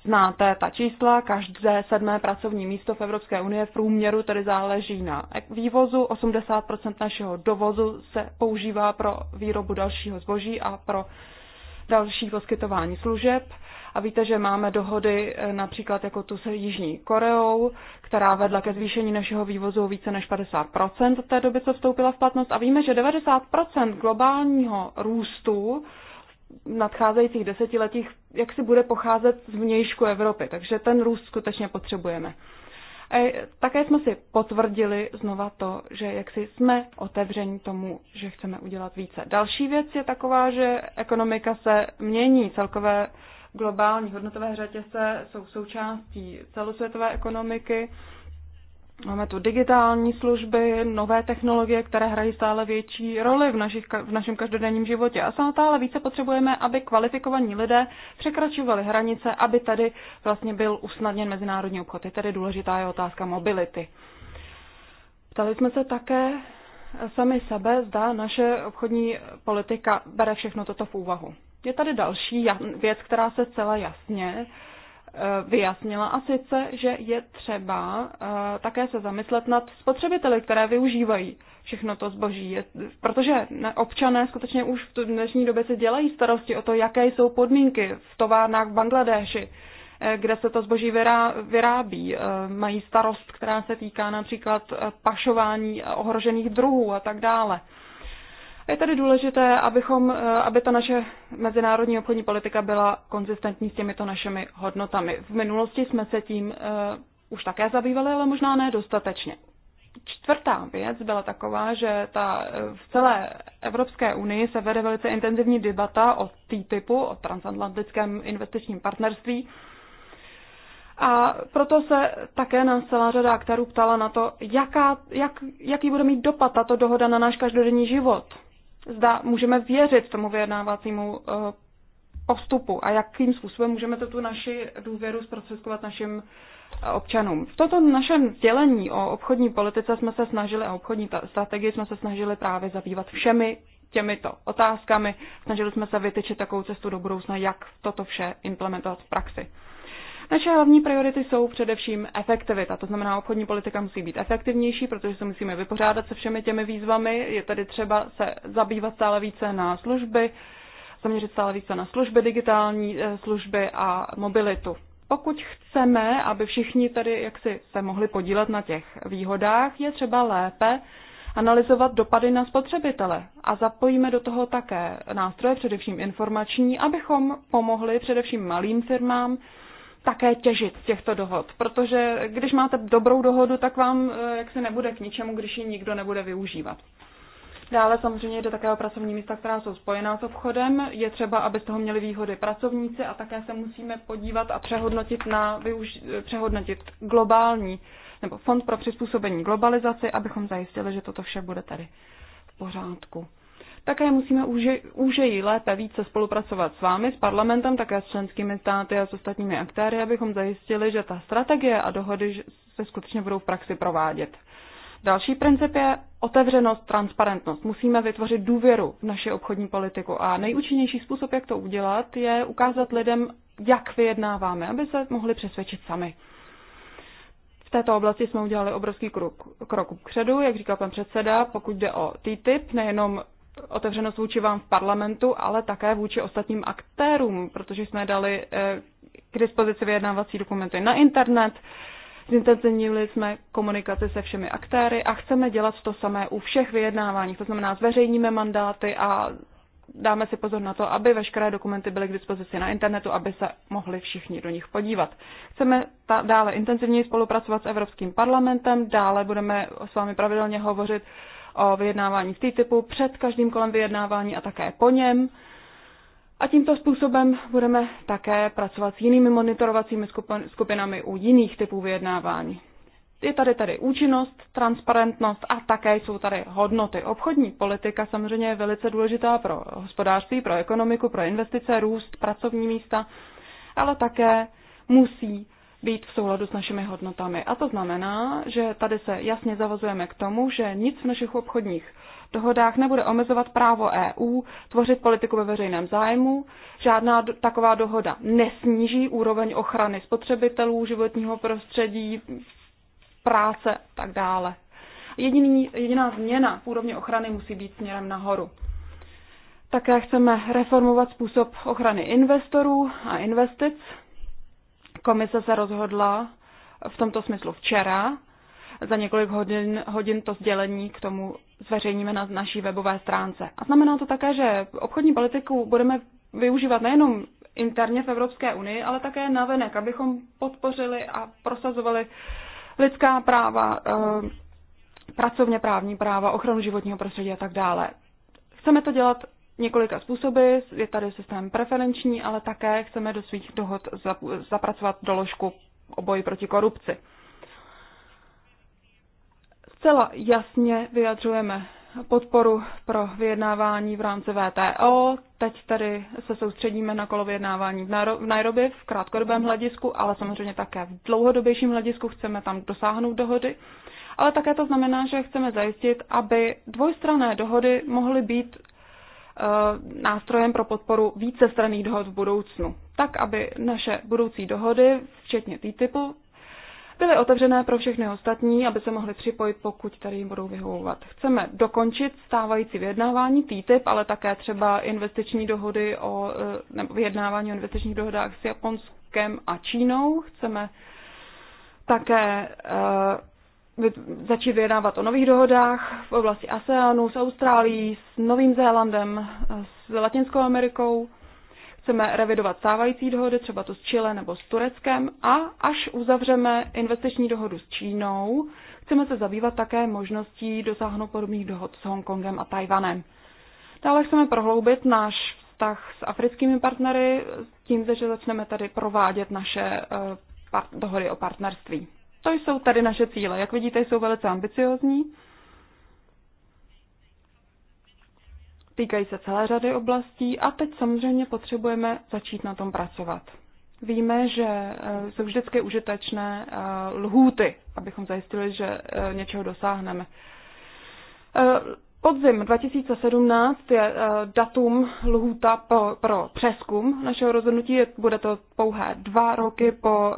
Znáte ta čísla, každé sedmé pracovní místo v Evropské unii v průměru tedy záleží na vývozu, 80% našeho dovozu se používá pro výrobu dalšího zboží a pro další poskytování služeb. A víte, že máme dohody eh, například jako tu se Jižní Koreou, která vedla ke zvýšení našeho vývozu o více než 50% od té doby, co vstoupila v platnost. A víme, že 90% globálního růstu v nadcházejících desetiletích jak si bude pocházet z vnějšku Evropy. Takže ten růst skutečně potřebujeme. A také jsme si potvrdili znova to, že jak si jsme otevření tomu, že chceme udělat více. Další věc je taková, že ekonomika se mění, celkové globální hodnotové řetězce jsou součástí celosvětové ekonomiky. Máme tu digitální služby, nové technologie, které hrají stále větší roli v, našich, v našem každodenním životě. A stále více potřebujeme, aby kvalifikovaní lidé překračovali hranice, aby tady vlastně byl usnadněn mezinárodní obchod. Je tady důležitá je otázka mobility. Ptali jsme se také sami sebe, zda naše obchodní politika bere všechno toto v úvahu je tady další věc, která se zcela jasně eh, vyjasnila a sice, že je třeba eh, také se zamyslet nad spotřebiteli, které využívají všechno to zboží. Protože občané skutečně už v dnešní době se dělají starosti o to, jaké jsou podmínky v továrnách v Bangladeši, eh, kde se to zboží vyrábí. Mají starost, která se týká například pašování ohrožených druhů a tak dále. Je tady důležité, abychom, eh, aby ta naše mezinárodní obchodní politika byla konzistentní s těmito našimi hodnotami. V minulosti jsme se tím uh, už také zabývali, ale možná ne dostatečně. Čtvrtá věc byla taková, že ta eh, v celé Evropské unii se vede velice intenzivní debata o TTIPu, o transatlantickém investičním partnerství. A proto se také nás celá řada aktérů ptala na to, jaká, jak, jaký bude mít dopad tato dohoda na náš každodenní život zda můžeme věřit tomu vyjednávacímu eh, postupu a jakým způsobem můžeme tu naši důvěru zprostředkovat našim eh, občanům. V toto našem sdělení o obchodní politice jsme se snažili a obchodní strategii jsme se snažili právě zabývat všemi těmito otázkami. Snažili jsme se vytyčit takovou cestu do budoucna, jak toto vše implementovat v praxi. Naše hlavní priority jsou především efektivita, to znamená, obchodní politika musí být efektivnější, protože se musíme vypořádat se všemi těmi výzvami. Je tady třeba se zabývat stále více na služby, zaměřit stále více na služby, digitální eh, služby a mobilitu. Pokud chceme, aby všichni tady jaksi se mohli podílet na těch výhodách, je třeba lépe analyzovat dopady na spotřebitele a zapojíme do toho také nástroje, především informační, abychom pomohli především malým firmám také těžit z těchto dohod, protože když máte dobrou dohodu, tak vám eh, jak se nebude k ničemu, když ji nikdo nebude využívat. Dále samozřejmě jde také o pracovní místa, která jsou spojená s obchodem. Je třeba, aby z toho měli výhody pracovníci a také se musíme podívat a přehodnotit, na, využi- přehodnotit globální nebo fond pro přizpůsobení globalizaci, abychom zajistili, že toto vše bude tady v pořádku. Také musíme úžeji lépe více spolupracovat s vámi, s parlamentem, také s členskými státy a s ostatními aktéry, abychom zajistili, že ta strategie a dohody se skutečně budou v praxi provádět. Další princip je otevřenost, transparentnost. Musíme vytvořit důvěru v naši obchodní politiku a nejúčinnější způsob, jak to udělat, je ukázat lidem, jak vyjednáváme, aby se mohli přesvědčit sami. V této oblasti jsme udělali obrovský krok, krok k předu, jak říkal pan předseda, pokud jde o TTIP, nejenom otevřenost vůči vám v parlamentu, ale také vůči ostatním aktérům, protože jsme dali eh, k dispozici vyjednávací dokumenty na internet, Zintenzivnili jsme komunikaci se všemi aktéry a chceme dělat to samé u všech vyjednávání. To znamená, zveřejníme mandáty a dáme si pozor na to, aby veškeré dokumenty byly k dispozici na internetu, aby se mohli všichni do nich podívat. Chceme ta, dále intenzivněji spolupracovat s Evropským parlamentem, dále budeme s vámi pravidelně hovořit o vyjednávání v TTIPu před každým kolem vyjednávání a také po něm. A tímto způsobem budeme také pracovat s jinými monitorovacími skupinami u jiných typů vyjednávání. Je tady tady účinnost, transparentnost a také jsou tady hodnoty. Obchodní politika samozřejmě je velice důležitá pro hospodářství, pro ekonomiku, pro investice, růst, pracovní místa, ale také musí být v souladu s našimi hodnotami. A to znamená, že tady se jasně zavazujeme k tomu, že nic v našich obchodních dohodách nebude omezovat právo EU tvořit politiku ve veřejném zájmu. Žádná taková dohoda nesníží úroveň ochrany spotřebitelů, životního prostředí, práce a tak dále. Jediný, jediná změna v úrovni ochrany musí být směrem nahoru. Také chceme reformovat způsob ochrany investorů a investic, Komise se rozhodla v tomto smyslu včera. Za několik hodin, hodin to sdělení k tomu zveřejníme na naší webové stránce. A znamená to také, že obchodní politiku budeme využívat nejenom interně v Evropské unii, ale také navenek, abychom podpořili a prosazovali lidská práva, eh, pracovně právní práva, ochranu životního prostředí a tak dále. Chceme to dělat několika způsoby. Je tady systém preferenční, ale také chceme do svých dohod zapracovat doložku o boji proti korupci. Zcela jasně vyjadřujeme podporu pro vyjednávání v rámci VTO. Teď tady se soustředíme na kolo vyjednávání v Nairobi v krátkodobém hledisku, ale samozřejmě také v dlouhodobějším hledisku chceme tam dosáhnout dohody. Ale také to znamená, že chceme zajistit, aby dvojstranné dohody mohly být Eh, nástrojem pro podporu vícestranných dohod v budoucnu, tak aby naše budoucí dohody, včetně TTIPu, byly otevřené pro všechny ostatní, aby se mohly připojit, pokud tady jim budou vyhovovat. Chceme dokončit stávající vyjednávání TTIP, ale také třeba investiční dohody o, eh, nebo vyjednávání o investičních dohodách s Japonskem a Čínou. Chceme také eh, začít vyjednávat o nových dohodách v oblasti ASEANu, s Austrálií, s Novým Zélandem, s Latinskou Amerikou. Chceme revidovat stávající dohody, třeba to s Chile nebo s Tureckem a až uzavřeme investiční dohodu s Čínou, chceme se zabývat také možností dosáhnout podobných dohod s Hongkongem a Tajvanem. Dále chceme prohloubit náš vztah s africkými partnery tím, že začneme tady provádět naše eh, dohody o partnerství. To jsou tady naše cíle. Jak vidíte, jsou velice ambiciozní. Týkají se celé řady oblastí a teď samozřejmě potřebujeme začít na tom pracovat. Víme, že eh, jsou vždycky užitečné eh, lhůty, abychom zajistili, že eh, něčeho dosáhneme. Podzim 2017 je datum lhůta pro přeskum našeho rozhodnutí. Bude to pouhé dva roky po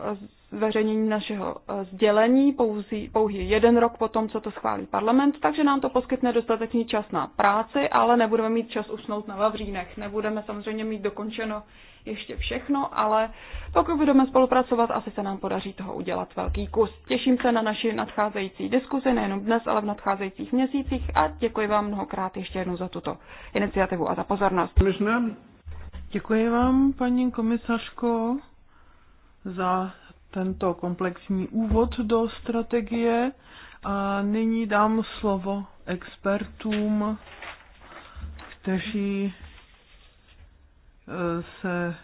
zveřejnění našeho eh, sdělení pouzí, pouhý jeden rok po tom, co to schválí parlament, takže nám to poskytne dostatečný čas na práci, ale nebudeme mít čas usnout na Vavřínech. Nebudeme samozřejmě mít dokončeno ještě všechno, ale pokud budeme spolupracovat, asi se nám podaří toho udělat velký kus. Těším se na naši nadcházející diskuzi, nejenom dnes, ale v nadcházejících měsících a děkuji vám mnohokrát ještě jednou za tuto iniciativu a za pozornost. Děkuji vám, paní komisařko, za tento komplexní úvod do strategie a nyní dám slovo expertům, kteří eh, se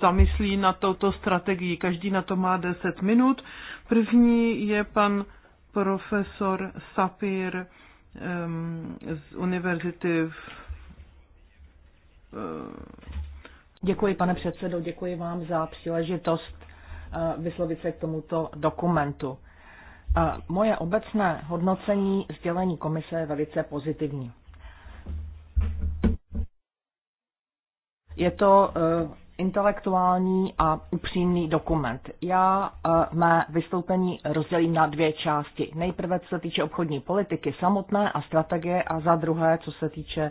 zamyslí na touto strategii. Každý na to má 10 minut. První je pan profesor Sapir ehm, z univerzity v eh, Děkuji, pane předsedo, děkuji vám za příležitost vyslovit se k tomuto dokumentu. Moje obecné hodnocení sdělení komise je velice pozitivní. Je to e, intelektuální a upřímný dokument. Já e, mé vystoupení rozdělím na dvě části. Nejprve, co se týče obchodní politiky samotné a strategie, a za druhé, co se týče e,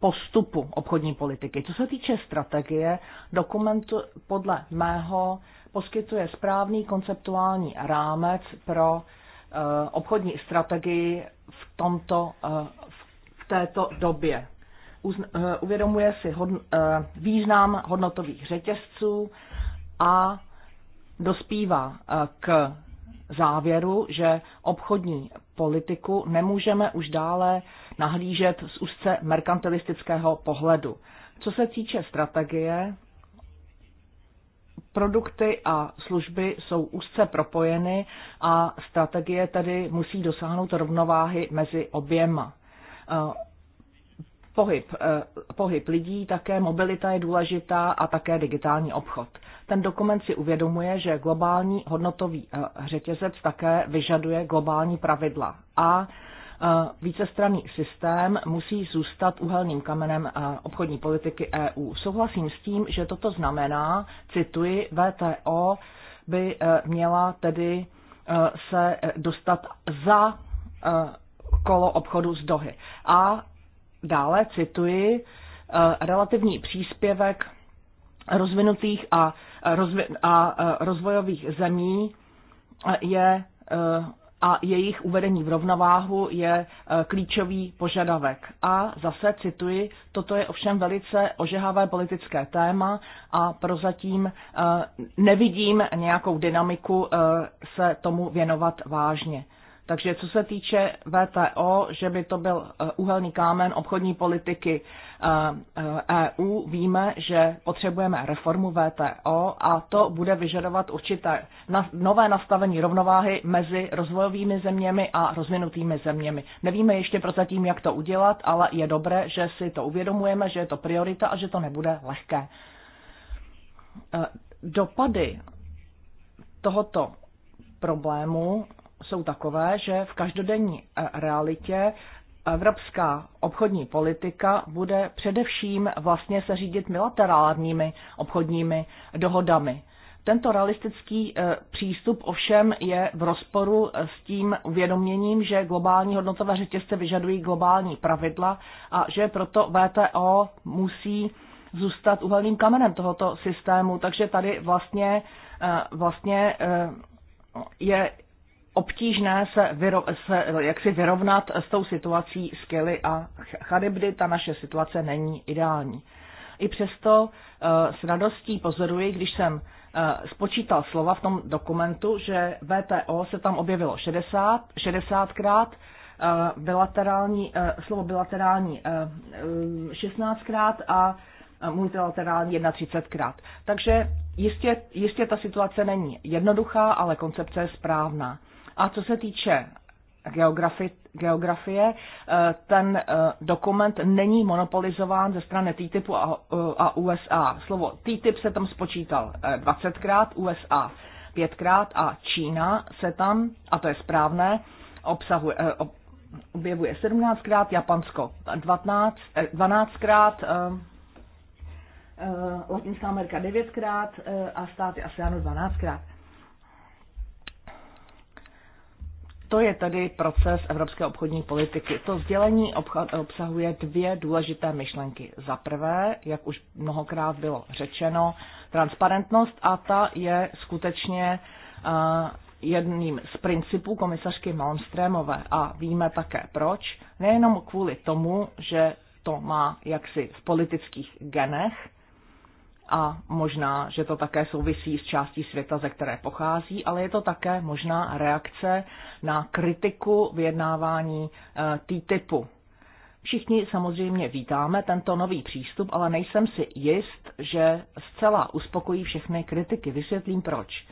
postupu obchodní politiky. Co se týče strategie, dokument podle mého poskytuje správný konceptuální rámec pro eh, obchodní strategii v, tomto, eh, v této době. Eh, uvědomuje si hodn, význam hodnotových řetězců a dospívá k závěru, že obchodní politiku nemůžeme už dále nahlížet z úzce merkantilistického pohledu. Co se týče strategie, produkty a služby jsou úzce propojeny a strategie tedy musí dosáhnout rovnováhy mezi oběma. Eh, pohyb, eh, pohyb lidí, také mobilita je důležitá a také digitální obchod. Ten dokument si uvědomuje, že globální hodnotový eh, řetězec také vyžaduje globální pravidla a vícestranný systém musí zůstat uhelným kamenem obchodní politiky EU. Souhlasím s tím, že toto znamená, cituji, VTO by e, měla tedy e, se dostat za e, kolo obchodu z Dohy. A dále cituji relativní příspěvek rozvinutých a, rozvi- a rozvojových zemí je a jejich uvedení v rovnováhu je e, klíčový požadavek. A zase cituji, toto je ovšem velice ožehavé politické téma a prozatím e, nevidím nějakou dynamiku e, se tomu věnovat vážně. Takže co se týče VTO, že by to byl eh, uhelný kámen obchodní politiky EU, eh, eh, e víme, že potřebujeme reformu VTO a to bude vyžadovat určité nové nastavení rovnováhy mezi rozvojovými zeměmi a rozvinutými zeměmi. Nevíme ještě prozatím, jak to udělat, ale je dobré, že si to uvědomujeme, že je to priorita a že to nebude lehké. Dopady tohoto problému jsou takové, že v každodenní eh, realitě evropská obchodní politika bude především vlastně se řídit bilaterálními obchodními dohodami. Tento realistický eh, přístup ovšem je v rozporu s tím uvědoměním, že globální hodnotové řetězce vyžadují globální pravidla a že proto VTO musí zůstat uhelným kamenem tohoto systému. Takže tady vlastně, eh, vlastně je obtížné se, vyro, se jak si vyrovnat s tou situací Skily a Charybdy. Ta naše situace není ideální. I přesto eh, s radostí pozoruji, když jsem eh, spočítal slova v tom dokumentu, že VTO se tam objevilo 60, 60krát, eh, bilaterální, slovo bilaterální 16krát a multilaterální 31krát. Takže jistě, jistě ta situace není jednoduchá, ale koncepce je správná. A co se týče geografi- geografie, eh, ten eh, dokument není monopolizován ze strany TTIPu a, eh, a USA. Slovo TTIP se tam spočítal 20krát, USA 5krát a Čína se tam, a to je správné, obsahuje, objevuje 17krát, Japonsko, 12, 12krát, Latinská Amerika 9krát a státy ASEANu 12krát. To je tedy proces evropské obchodní politiky. To sdělení obsahuje dvě důležité myšlenky. Za prvé, jak už mnohokrát bylo řečeno, transparentnost a ta je skutečně eh, jedním z principů komisařky Malmströmové a víme také proč, nejenom kvůli tomu, že to má jaksi v politických genech, a možná, že to také souvisí s částí světa, ze které pochází, ale je to také možná reakce na kritiku vyjednávání eh, TTIPu. Všichni samozřejmě vítáme tento nový přístup, ale nejsem si jist, že zcela uspokojí všechny kritiky. Vysvětlím proč.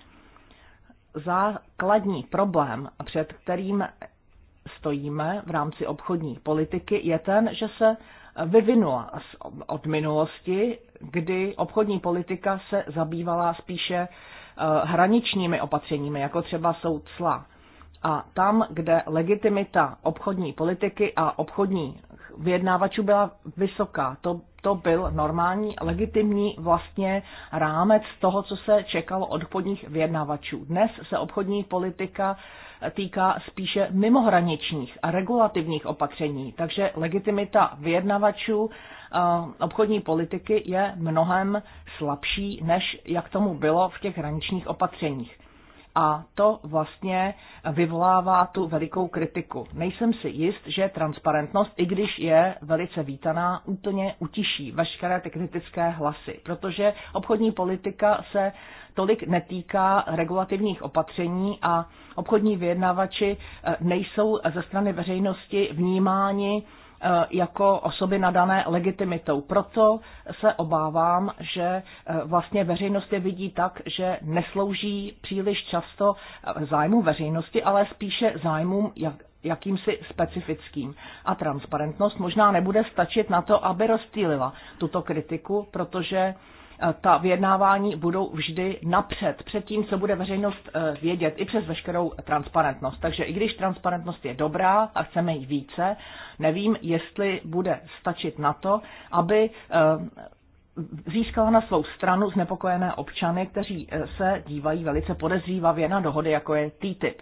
Základní problém, před kterým stojíme v rámci obchodní politiky, je ten, že se vyvinula od minulosti kdy obchodní politika se zabývala spíše eh, hraničními opatřeními, jako třeba jsou cla. A tam, kde legitimita obchodní politiky a obchodní vyjednávačů byla vysoká, to, to byl normální, legitimní vlastně rámec toho, co se čekalo od obchodních vyjednávačů. Dnes se obchodní politika týká spíše mimohraničních a regulativních opatření, takže legitimita vyjednavačů obchodní politiky je mnohem slabší, než jak tomu bylo v těch hraničních opatřeních. A to vlastně vyvolává tu velikou kritiku. Nejsem si jist, že transparentnost, i když je velice vítaná, úplně utiší veškeré ty kritické hlasy, protože obchodní politika se tolik netýká regulativních opatření a obchodní vyjednavači e, nejsou ze strany veřejnosti vnímáni E, jako osoby nadané legitimitou. Proto se obávám, že e, vlastně veřejnost je vidí tak, že neslouží příliš často e, zájmu veřejnosti, ale spíše zájmům jak, jakýmsi specifickým. A transparentnost možná nebude stačit na to, aby rozstýlila tuto kritiku, protože Eh, ta vyjednávání budou vždy napřed, před tím, co bude veřejnost eh, vědět, i přes veškerou transparentnost. Takže i když transparentnost je dobrá a chceme jí více, nevím, jestli bude stačit na to, aby eh, získala na svou stranu znepokojené občany, kteří se dívají velice podezřívavě na dohody, jako je TTIP.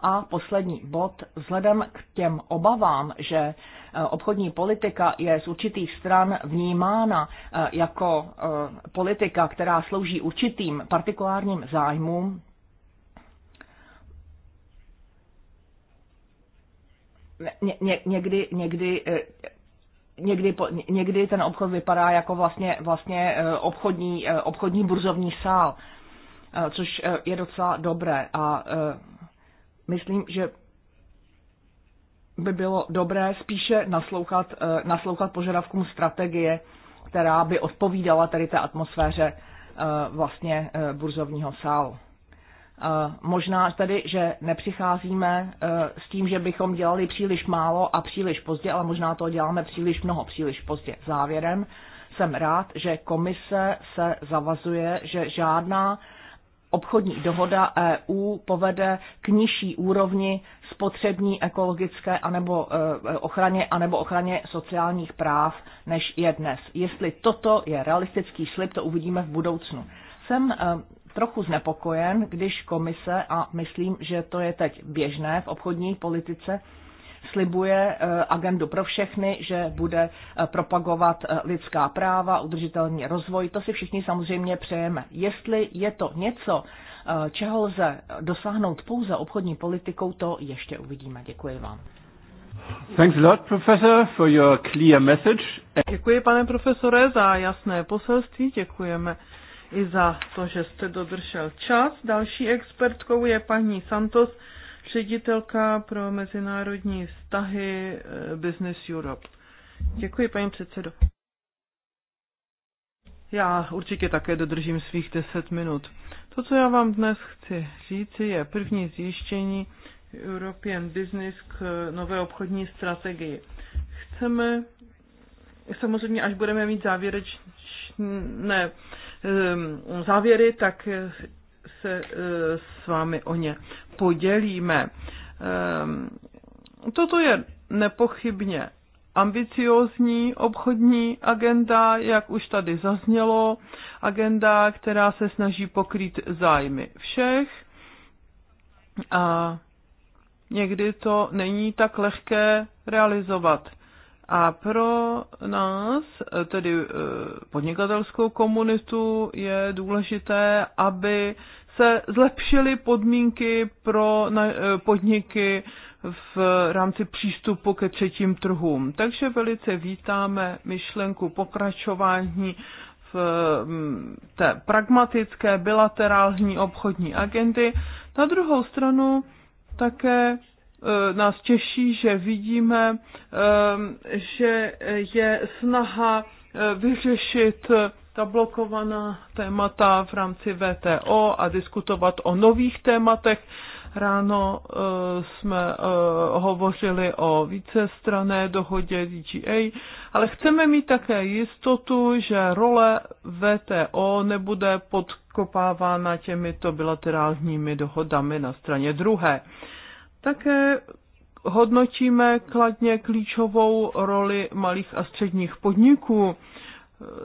A poslední bod, vzhledem k těm obavám, že e, obchodní politika je z určitých stran vnímána e, jako e, politika, která slouží určitým partikulárním zájmům, ně, ně, někdy, někdy Někdy, někdy ten obchod vypadá jako vlastně, vlastně obchodní, obchodní burzovní sál, což je docela dobré. A myslím, že by bylo dobré spíše naslouchat, eh, naslouchat požadavkům strategie, která by odpovídala tady té atmosféře eh, vlastně eh, burzovního sálu. Možná tedy, že nepřicházíme s tím, že bychom dělali příliš málo a příliš pozdě, ale možná to děláme příliš mnoho, příliš pozdě. Závěrem jsem rád, že komise se zavazuje, že žádná obchodní dohoda EU povede k nižší úrovni spotřební ekologické anebo e, ochraně anebo ochraně sociálních práv, než je dnes. Jestli toto je realistický slib, to uvidíme v budoucnu. Jsem e, trochu znepokojen, když komise, a myslím, že to je teď běžné v obchodní politice, slibuje eh, agendu pro všechny, že bude eh, propagovat eh, lidská práva, udržitelný rozvoj. To si všichni samozřejmě přejeme. Jestli je to něco, čeho lze dosáhnout pouze obchodní politikou, to ještě uvidíme. Děkuji vám. Thanks a lot, professor, for your clear message. Děkuji, pane profesore, za jasné poselství. Děkujeme i za to, že jste dodržel čas. Další expertkou je paní Santos ředitelka pro mezinárodní vztahy eh, Business Europe. Děkuji, paní předsedo. Já určitě také dodržím svých 10 minut. To, co já vám dnes chci říci, je první zjištění European Business k nové obchodní strategii. Chceme, samozřejmě až budeme mít závěrečné ehm, závěry, tak se eh, s vámi o ně podělíme. Ehm, toto je nepochybně ambiciózní obchodní agenda, jak už tady zaznělo, agenda, která se snaží pokrýt zájmy všech. A někdy to není tak lehké realizovat. A pro nás, tedy eh, podnikatelskou komunitu, je důležité, aby se zlepšily podmínky pro eh, podniky v rámci přístupu ke třetím trhům. Takže velice vítáme myšlenku pokračování v mm, té pragmatické bilaterální obchodní agendy. Na druhou stranu také eh, nás těší, že vidíme, eh, že je snaha vyřešit zablokovaná témata v rámci VTO a diskutovat o nových tématech. Ráno e, jsme e, hovořili o vícestrané dohodě DGA, ale chceme mít také jistotu, že role VTO nebude podkopávána těmito bilaterálními dohodami na straně druhé. Také hodnotíme kladně klíčovou roli malých a středních podniků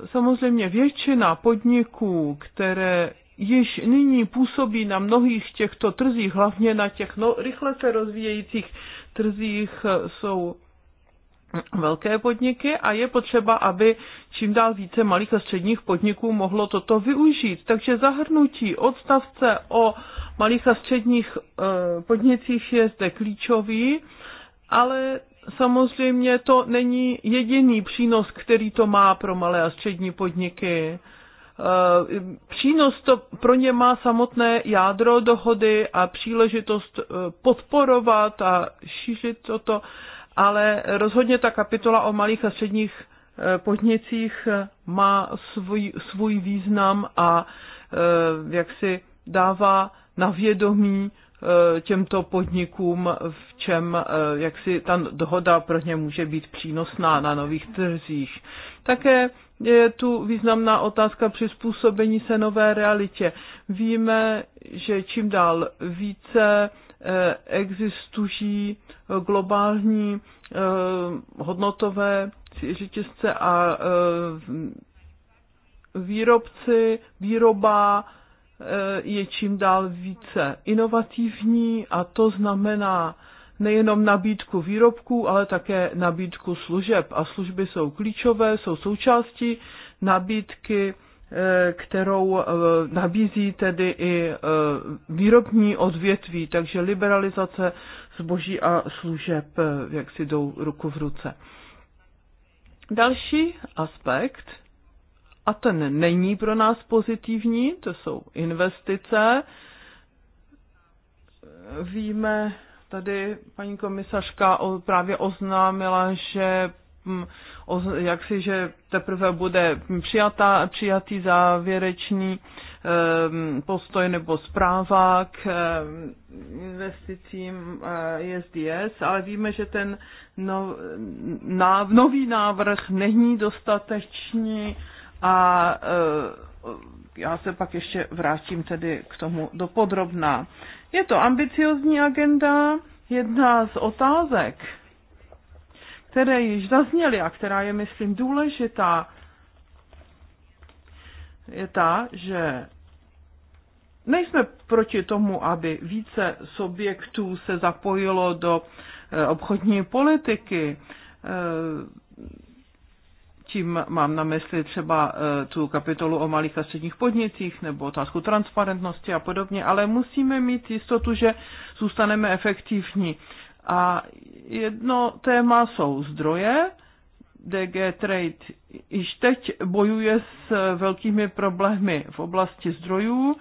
samozřejmě většina podniků, které již nyní působí na mnohých těchto trzích, hlavně na těch no, rychle se rozvíjejících trzích, eh, jsou velké podniky a je potřeba, aby čím dál více malých a středních podniků mohlo toto využít. Takže zahrnutí odstavce o malých a středních eh, podnicích je zde klíčový, ale samozřejmě to není jediný přínos, který to má pro malé a střední podniky. Eh, přínos to pro ně má samotné jádro dohody a příležitost eh, podporovat a šířit toto, ale rozhodně ta kapitola o malých a středních eh, podnicích má svůj, svůj význam a jak si dává na vědomí Eh, těmto podnikům, v čem eh, jak si ta dohoda pro ně může být přínosná na nových trzích. Také je tu významná otázka přizpůsobení se nové realitě. Víme, že čím dál více eh, existují globální hodnotové řetězce a výrobci, výroba, je čím dál více inovativní a to znamená nejenom nabídku výrobků, ale také nabídku služeb. A služby jsou klíčové, jsou součástí nabídky, eh, kterou eh, nabízí tedy i eh, výrobní odvětví, takže liberalizace zboží a služeb, jak si jdou ruku v ruce. Další aspekt a ten není pro nás pozitivní, to jsou investice. Víme, tady paní komisařka právě oznámila, že mm, jak si, že teprve bude přijatá, přijatý závěrečný postoj nebo zpráva k investicím SDS, eh, e ale víme, že ten nový návrh není dostatečný a eh, já se pak ještě vrátím tedy k tomu dopodrobná. Je to ambiciozní agenda, jedna z otázek, které již zazněly a která je, myslím, důležitá, je ta, že nejsme proti tomu, aby více subjektů se zapojilo do eh, obchodní politiky eh, tím mám na mysli třeba e, tu kapitolu o malých a středních podnicích nebo otázku transparentnosti a podobně, ale musíme mít jistotu, že zůstaneme efektivní. A jedno téma jsou zdroje. DG Trade již teď bojuje s velkými problémy v oblasti zdrojů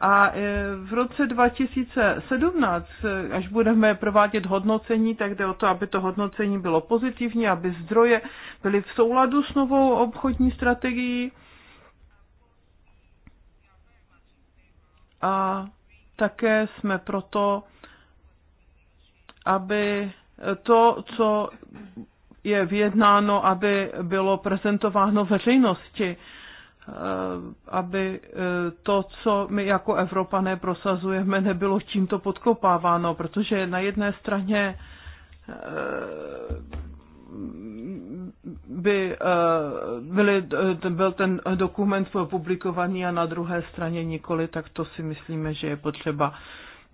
a e, v roce 2017, e, až budeme provádět hodnocení, tak jde o to, aby to hodnocení bylo pozitivní, aby zdroje byly v souladu s novou obchodní strategií. A také jsme proto, aby to, co je vyjednáno, aby bylo prezentováno veřejnosti Eh, aby eh, to, co my jako Evropané prosazujeme, nebylo tímto podkopáváno, protože na jedné straně eh, by byly, byl ten dokument publikovaný a na druhé straně nikoli, tak to si myslíme, že je potřeba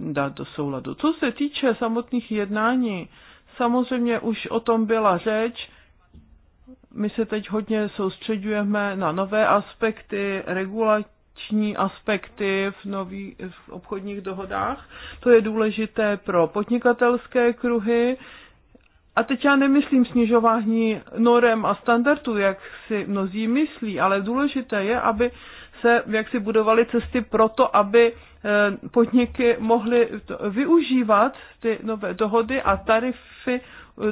dát do souladu. Co se týče samotných jednání, samozřejmě už o tom byla řeč, my se teď hodně soustředujeme na nové aspekty, regulační aspekty v nových v obchodních dohodách. To je důležité pro podnikatelské kruhy. A teď já nemyslím snižování norem a standardů, jak si mnozí myslí, ale důležité je, aby se jak si budovaly cesty pro to, aby eh, podniky mohly využívat ty nové dohody a tarify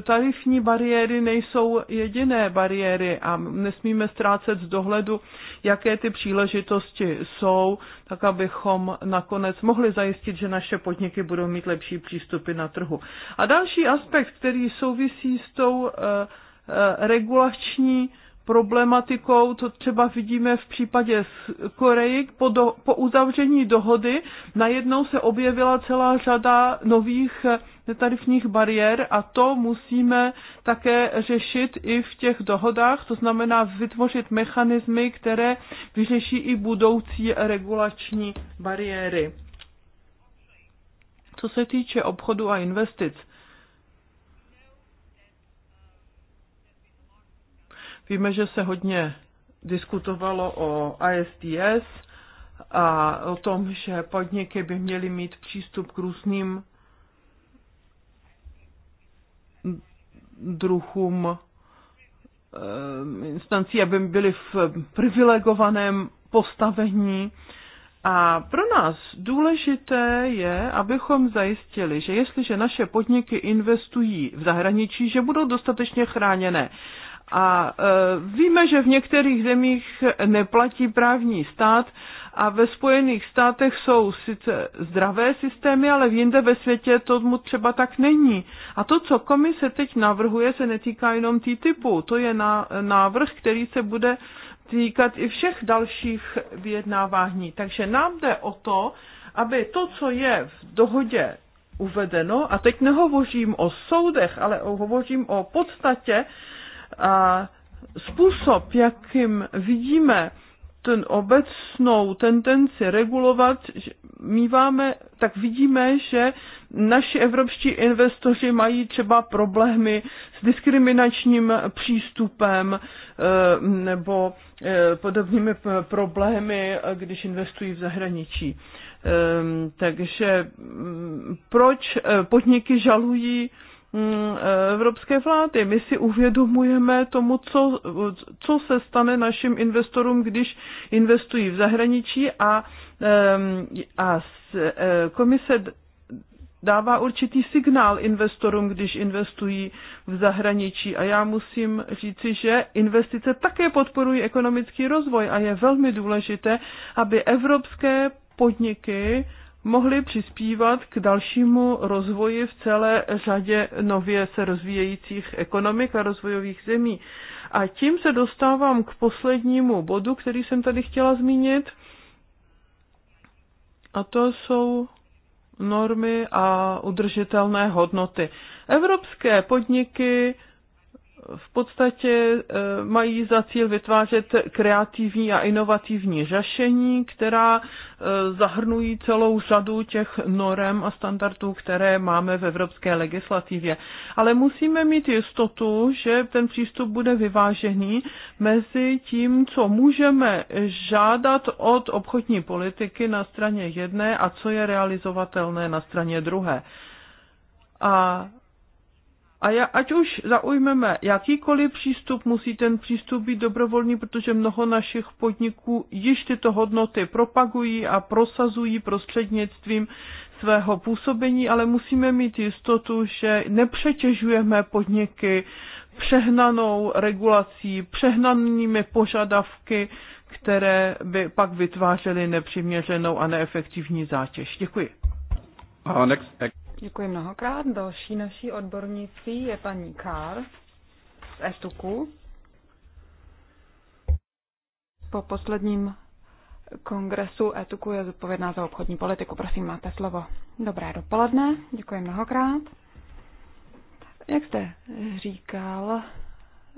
tarifní bariéry nejsou jediné bariéry a nesmíme ztrácet z dohledu, jaké ty příležitosti jsou, tak abychom nakonec mohli zajistit, že naše podniky budou mít lepší přístupy na trhu. A další aspekt, který souvisí s tou eh, eh, regulační problematikou, to třeba vidíme v případě z Koreji, po, do, po uzavření dohody najednou se objevila celá řada nových eh, netarifních bariér a to musíme také řešit i v těch dohodách, to znamená vytvořit mechanismy, které vyřeší i budoucí regulační bariéry. Co se týče obchodu a investic, Víme, že se hodně diskutovalo o ISDS a o tom, že podniky by měly mít přístup k různým druhům eh, instancí, aby byly v privilegovaném postavení. A pro nás důležité je, abychom zajistili, že jestliže naše podniky investují v zahraničí, že budou dostatečně chráněné. A e, víme, že v některých zemích neplatí právní stát a ve Spojených státech jsou sice zdravé systémy, ale v jinde ve světě tomu třeba tak není. A to, co komise teď navrhuje, se netýká jenom typu. To je návrh, který se bude týkat i všech dalších vyjednávání. Takže nám jde o to, aby to, co je v dohodě uvedeno, a teď nehovořím o soudech, ale hovořím o podstatě a způsob, jakým vidíme ten obecnou tendenci regulovat, míváme, tak vidíme, že naši evropští investoři mají třeba problémy s diskriminačním přístupem eh, nebo eh, podobnými problémy, když investují v zahraničí. Ehm, takže mm, proč eh, podniky žalují Mm, eh, evropské vlády. My si uvědomujeme tomu, co, co se stane našim investorům, když investují v zahraničí a, a eh, komise dává určitý signál investorům, když investují v zahraničí. A já musím říci, že investice také podporují ekonomický rozvoj a je velmi důležité, aby evropské podniky mohly přispívat k dalšímu rozvoji v celé řadě nově se rozvíjejících ekonomik a rozvojových zemí. A tím se dostávám k poslednímu bodu, který jsem tady chtěla zmínit, a to jsou normy a udržitelné hodnoty. Evropské podniky v podstatě eh, mají za cíl vytvářet kreativní a inovativní řešení, která eh, zahrnují celou řadu těch norem a standardů, které máme v evropské legislativě. Ale musíme mít jistotu, že ten přístup bude vyvážený mezi tím, co můžeme žádat od obchodní politiky na straně jedné a co je realizovatelné na straně druhé. A a já, ať už zaujmeme jakýkoliv přístup, musí ten přístup být dobrovolný, protože mnoho našich podniků již tyto hodnoty propagují a prosazují prostřednictvím svého působení, ale musíme mít jistotu, že nepřetěžujeme podniky přehnanou regulací, přehnanými požadavky, které by pak vytvářely nepřiměřenou a neefektivní zátěž. Děkuji. Uh, next, Děkuji mnohokrát. Další naší odbornicí je paní Kár z Estuku. Po posledním kongresu Etuku je zodpovědná za obchodní politiku. Prosím, máte slovo. Dobré dopoledne, děkuji mnohokrát. Jak jste říkal,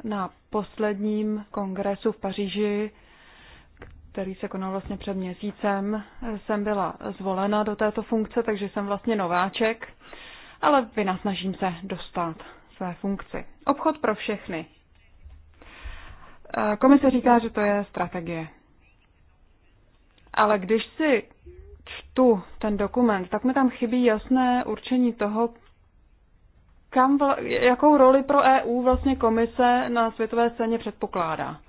na posledním kongresu v Paříži který se konal vlastně před měsícem, jsem byla zvolena do této funkce, takže jsem vlastně nováček, ale vynasnažím se dostat své funkci. Obchod pro všechny. Eh, komise říká, že to je strategie. Ale když si čtu ten dokument, tak mi tam chybí jasné určení toho, kam vla, jakou roli pro EU vlastně komise na světové scéně předpokládá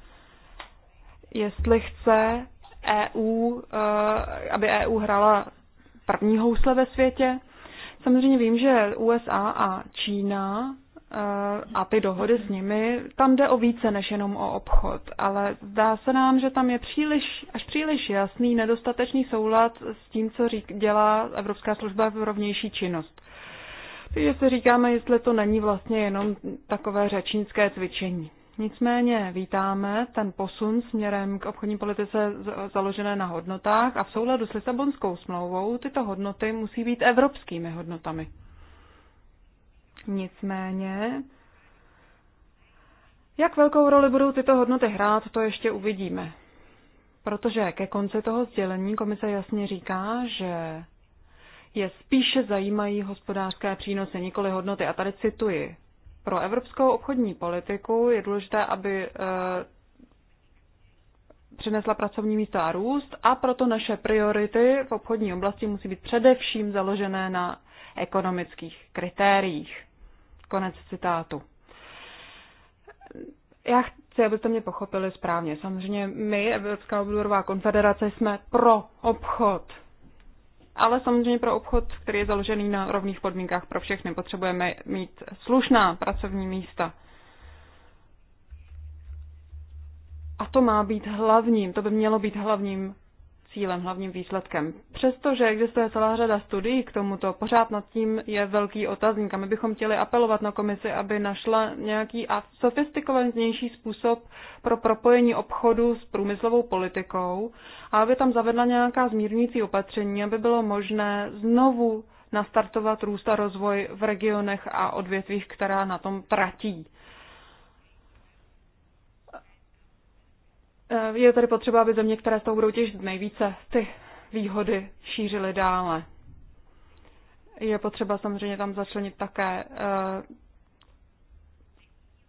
jestli chce EU, eh, aby EU hrala první housle ve světě. Samozřejmě vím, že USA a Čína eh, a ty dohody s nimi, tam jde o více než jenom o obchod, ale zdá se nám, že tam je příliš, až příliš jasný nedostatečný soulad s tím, co řík, dělá Evropská služba v rovnější činnost. Takže se říkáme, jestli to není vlastně jenom takové řečnické cvičení. Nicméně vítáme ten posun směrem k obchodní politice založené na hodnotách a v souladu s Lisabonskou smlouvou tyto hodnoty musí být evropskými hodnotami. Nicméně, jak velkou roli budou tyto hodnoty hrát, to ještě uvidíme. Protože ke konci toho sdělení komise jasně říká, že je spíše zajímají hospodářské přínosy, nikoli hodnoty. A tady cituji pro evropskou obchodní politiku je důležité, aby eh, přinesla pracovní místa a růst a proto naše priority v obchodní oblasti musí být především založené na ekonomických kritériích. Konec citátu. Já chci, abyste mě pochopili správně. Samozřejmě my, Evropská obdorová konfederace, jsme pro obchod ale samozřejmě pro obchod, který je založený na rovných podmínkách pro všechny, potřebujeme mít slušná pracovní místa. A to má být hlavním, to by mělo být hlavním cílem, hlavním výsledkem. Přestože existuje celá řada studií k tomuto, pořád nad tím je velký otazník a my bychom chtěli apelovat na komisi, aby našla nějaký a sofistikovanější způsob pro propojení obchodu s průmyslovou politikou a aby tam zavedla nějaká zmírnící opatření, aby bylo možné znovu nastartovat růst a rozvoj v regionech a odvětvích, která na tom tratí. Eh, je tedy potřeba, aby země, které z toho budou těžit nejvíce, ty výhody šířily dále. Je potřeba samozřejmě tam začlenit také eh,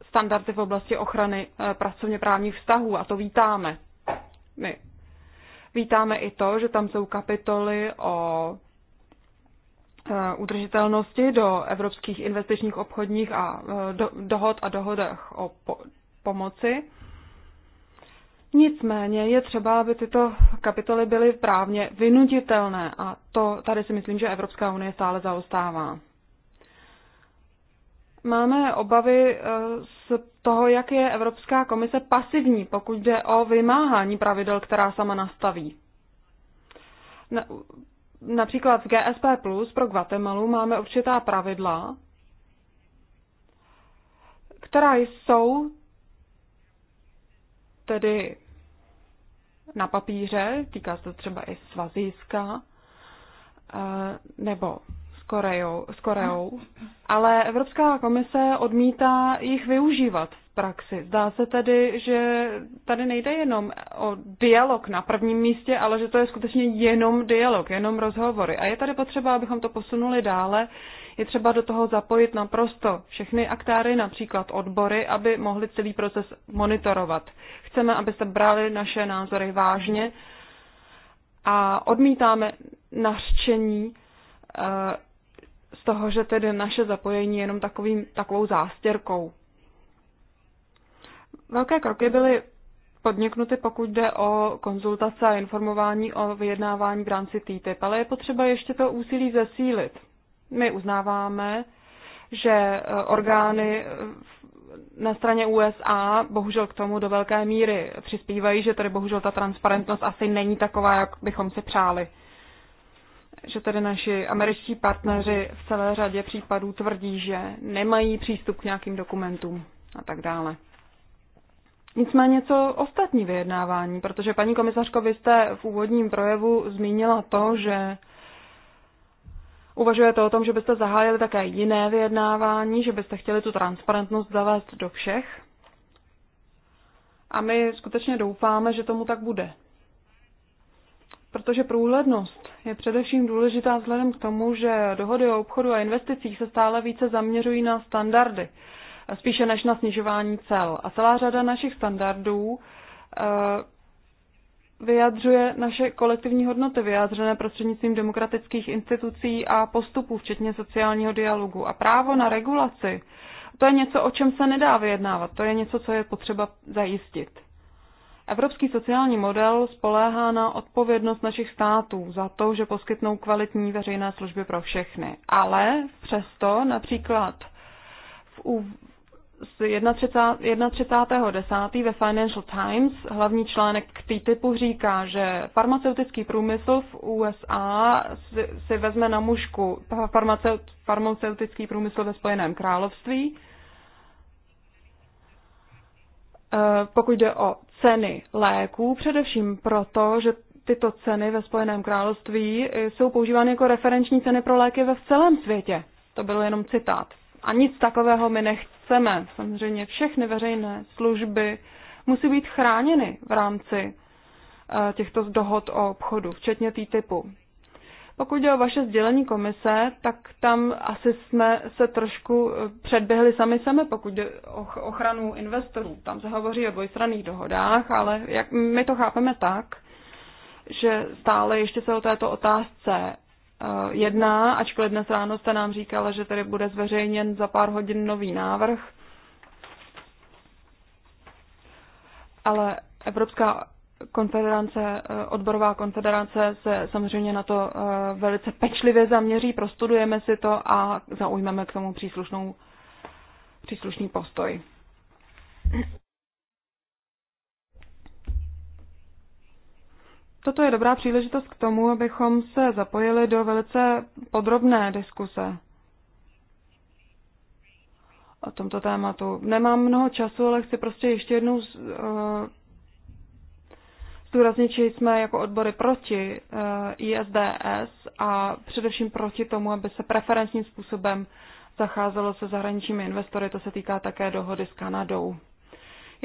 standardy v oblasti ochrany eh, pracovně právních vztahů a to vítáme. My vítáme i to, že tam jsou kapitoly o udržitelnosti do evropských investičních obchodních a do, dohod a dohodách o po, pomoci. Nicméně je třeba, aby tyto kapitoly byly právně vynuditelné a to tady si myslím, že Evropská unie stále zaostává. Máme obavy eh, z toho, jak je Evropská komise pasivní, pokud jde o vymáhání pravidel, která sama nastaví. Například v GSP Plus pro Guatemalu máme určitá pravidla, která jsou tedy na papíře, týká se to třeba i svazíska, eh, nebo s Koreou, s Koreou, ale Evropská komise odmítá jich využívat v praxi. Zdá se tedy, že tady nejde jenom o dialog na prvním místě, ale že to je skutečně jenom dialog, jenom rozhovory. A je tady potřeba, abychom to posunuli dále je třeba do toho zapojit naprosto všechny aktáry, například odbory, aby mohli celý proces monitorovat. Chceme, abyste brali naše názory vážně a odmítáme nařčení eh, z toho, že tedy naše zapojení je jenom takovým, takovou zástěrkou. Velké kroky byly podniknuty, pokud jde o konzultace a informování o vyjednávání v rámci TTIP, ale je potřeba ještě to úsilí zesílit. My uznáváme, že e, orgány e, na straně USA bohužel k tomu do velké míry přispívají, že tady bohužel ta transparentnost asi není taková, jak bychom si přáli. Že tedy naši američtí partneři v celé řadě případů tvrdí, že nemají přístup k nějakým dokumentům a tak dále. Nicméně co ostatní vyjednávání, protože paní komisařko, vy jste v úvodním projevu zmínila to, že Uvažujete o tom, že byste zahájili také jiné vyjednávání, že byste chtěli tu transparentnost zavést do všech? A my skutečně doufáme, že tomu tak bude. Protože průhlednost je především důležitá vzhledem k tomu, že dohody o obchodu a investicích se stále více zaměřují na standardy, spíše než na snižování cel. A celá řada našich standardů eh, vyjadřuje naše kolektivní hodnoty, vyjádřené prostřednictvím demokratických institucí a postupů, včetně sociálního dialogu. A právo na regulaci, to je něco, o čem se nedá vyjednávat, to je něco, co je potřeba zajistit. Evropský sociální model spoléhá na odpovědnost našich států za to, že poskytnou kvalitní veřejné služby pro všechny. Ale přesto například v, z 31.10. ve Financial Times hlavní článek k typu říká, že farmaceutický průmysl v USA si, vezme na mužku farmaceutický průmysl ve Spojeném království. Eh, pokud jde o ceny léků, především proto, že tyto ceny ve Spojeném království jsou používány jako referenční ceny pro léky ve celém světě. To bylo jenom citát. A nic takového my nech, chceme. Samozřejmě všechny veřejné služby musí být chráněny v rámci eh, těchto dohod o obchodu, včetně TTIPu. Pokud jde o vaše sdělení komise, tak tam asi jsme se trošku eh, předběhli sami sebe, pokud jde o ochranu investorů. Tam se hovoří o dvojstranných dohodách, ale jak my to chápeme tak, že stále ještě se o této otázce Eh, jedná, ačkoliv dnes ráno jste nám říkala, že tady bude zveřejněn za pár hodin nový návrh. Ale Evropská konfederace, eh, odborová konfederace se samozřejmě na to eh, velice pečlivě zaměří, prostudujeme si to a zaujmeme k tomu příslušnou, příslušný postoj. toto je dobrá příležitost k tomu, abychom se zapojili do velice podrobné diskuse o tomto tématu. Nemám mnoho času, ale chci prostě ještě jednou eh, zdůraznit, že jsme jako odbory proti eh, ISDS a především proti tomu, aby se preferenčním způsobem zacházelo se zahraničními investory. To se týká také dohody s Kanadou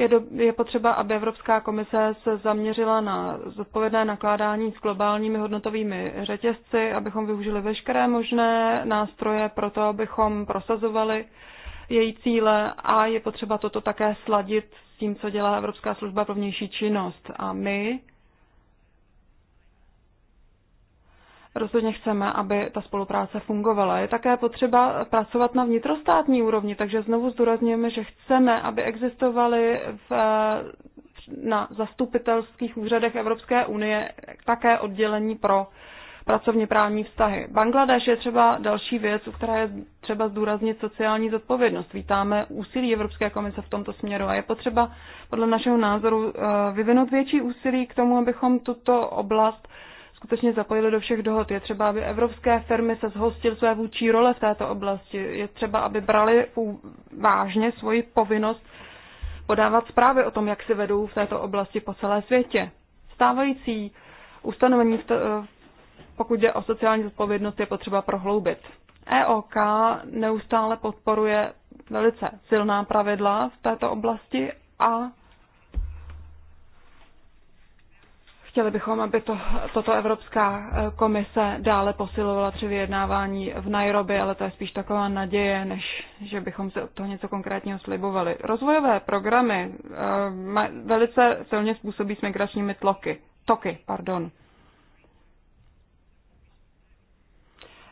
je, do, je potřeba, aby Evropská komise se zaměřila na zodpovědné nakládání s globálními hodnotovými řetězci, abychom využili veškeré možné nástroje pro to, abychom prosazovali její cíle a je potřeba toto také sladit s tím, co dělá Evropská služba pro vnější činnost. A my rozhodně chceme, aby ta spolupráce fungovala. Je také potřeba pracovat na vnitrostátní úrovni, takže znovu zdůrazňujeme, že chceme, aby existovaly v, na zastupitelských úřadech Evropské unie také oddělení pro pracovně právní vztahy. Bangladeš je třeba další věc, u které je třeba zdůraznit sociální zodpovědnost. Vítáme úsilí Evropské komise v tomto směru a je potřeba podle našeho názoru eh, vyvinout větší úsilí k tomu, abychom tuto oblast skutečně zapojili do všech dohod. Je třeba, aby evropské firmy se zhostily své vůči role v této oblasti. Je třeba, aby brali vážně svoji povinnost podávat zprávy o tom, jak se vedou v této oblasti po celé světě. Stávající ustanovení, pokud jde o sociální zodpovědnost, je potřeba prohloubit. EOK neustále podporuje velice silná pravidla v této oblasti a Chtěli bychom, aby to, toto Evropská eh, komise dále posilovala při vyjednávání v Nairobi, ale to je spíš taková naděje, než že bychom se od toho něco konkrétního slibovali. Rozvojové programy uh, velice silně způsobí s migračními tloky, toky. Pardon.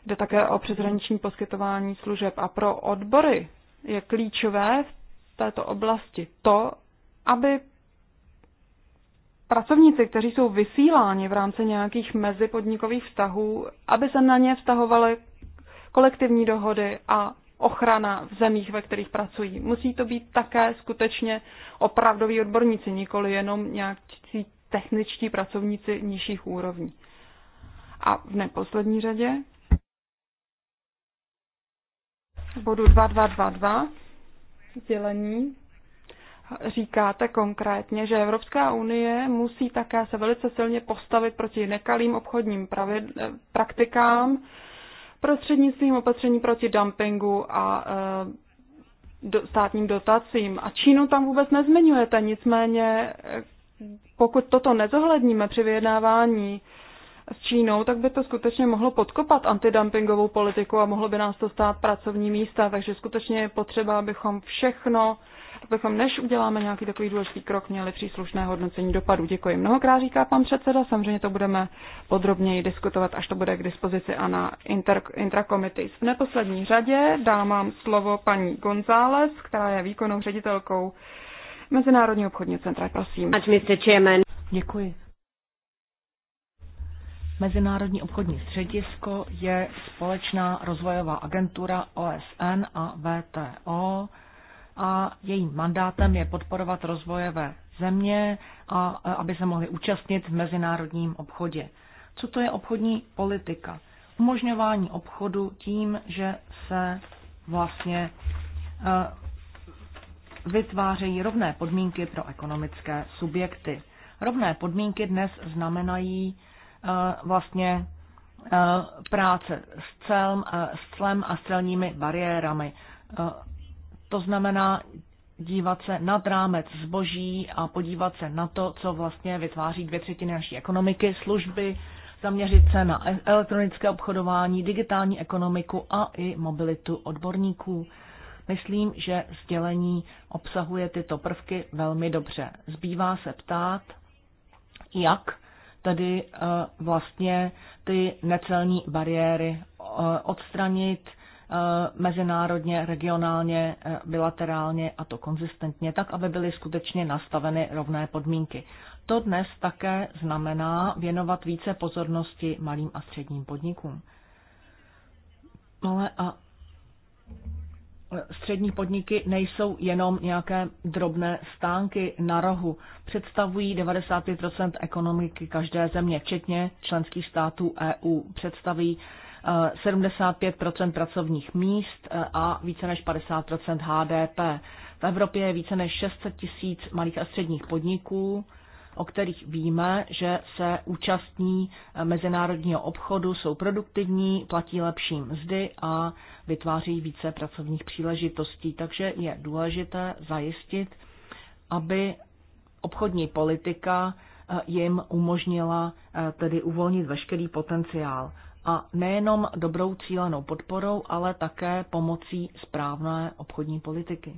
Jde také o přeshraniční poskytování služeb a pro odbory je klíčové v této oblasti to, aby pracovníci, kteří jsou vysíláni v rámci nějakých mezipodnikových vztahů, aby se na ně vztahovaly kolektivní dohody a ochrana v zemích, ve kterých pracují. Musí to být také skutečně opravdoví odborníci, nikoli jenom nějakí techničtí pracovníci nižších úrovní. A v neposlední řadě v bodu 2222 sdělení říkáte konkrétně, že Evropská unie musí také se velice silně postavit proti nekalým obchodním pravid, praktikám prostřednictvím opatření proti dumpingu a e, do, státním dotacím. A Čínu tam vůbec nezmiňujete, nicméně e, pokud toto nezohledníme při vyjednávání s Čínou, tak by to skutečně mohlo podkopat antidumpingovou politiku a mohlo by nás to stát pracovní místa. Takže skutečně je potřeba, abychom všechno abychom než uděláme nějaký takový důležitý krok, měli příslušné hodnocení dopadu. Děkuji mnohokrát, říká pan předseda. Samozřejmě to budeme podrobněji diskutovat, až to bude k dispozici a na intrakomitis. V neposlední řadě dávám slovo paní González, která je výkonnou ředitelkou Mezinárodní obchodní centra. Prosím. Děkuji. Mezinárodní obchodní středisko je společná rozvojová agentura OSN a VTO a jejím mandátem je podporovat rozvojové země, a, aby se mohly účastnit v mezinárodním obchodě. Co to je obchodní politika? Umožňování obchodu tím, že se vlastně e, vytvářejí rovné podmínky pro ekonomické subjekty. Rovné podmínky dnes znamenají e, vlastně e, práce s, cel, s clem a s celními bariérami, to znamená dívat se nad rámec zboží a podívat se na to, co vlastně vytváří dvě třetiny naší ekonomiky, služby, zaměřit se na e- elektronické obchodování, digitální ekonomiku a i mobilitu odborníků. Myslím, že sdělení obsahuje tyto prvky velmi dobře. Zbývá se ptát, jak tedy eh, vlastně ty necelní bariéry eh, odstranit, Eh, mezinárodně, regionálně, eh, bilaterálně a to konzistentně, tak aby byly skutečně nastaveny rovné podmínky. To dnes také znamená věnovat více pozornosti malým a středním podnikům. Malé a střední podniky nejsou jenom nějaké drobné stánky na rohu. Představují 95 ekonomiky každé země, včetně členských států EU. Představují 75 eh, pracovních míst eh, a více než 50 HDP. V Evropě je více než 600 tisíc malých a středních podniků, o kterých víme, že se účastní eh, mezinárodního obchodu, jsou produktivní, platí lepší mzdy a vytváří více pracovních příležitostí. Takže je důležité zajistit, aby obchodní politika jim umožnila tedy uvolnit veškerý potenciál a nejenom dobrou cílenou podporou, ale také pomocí správné obchodní politiky.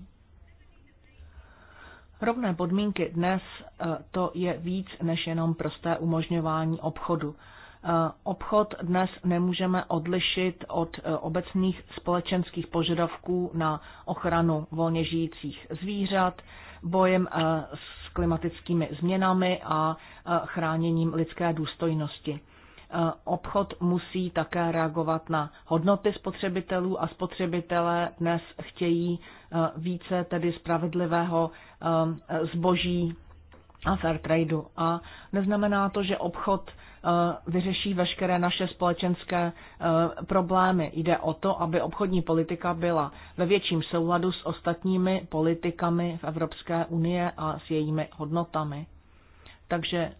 Rovné podmínky dnes eh, to je víc než jenom prosté umožňování obchodu. Eh, obchod dnes nemůžeme odlišit od eh, obecných společenských požadavků na ochranu volně žijících zvířat, bojem s klimatickými změnami a chráněním lidské důstojnosti. Eh, obchod musí také reagovat na hodnoty spotřebitelů a spotřebitelé dnes chtějí eh, více tedy spravedlivého eh, zboží a fair tradeu A neznamená to, že obchod vyřeší veškeré naše společenské problémy. Jde o to, aby obchodní politika byla ve větším souladu s ostatními politikami v Evropské unie a s jejími hodnotami. Takže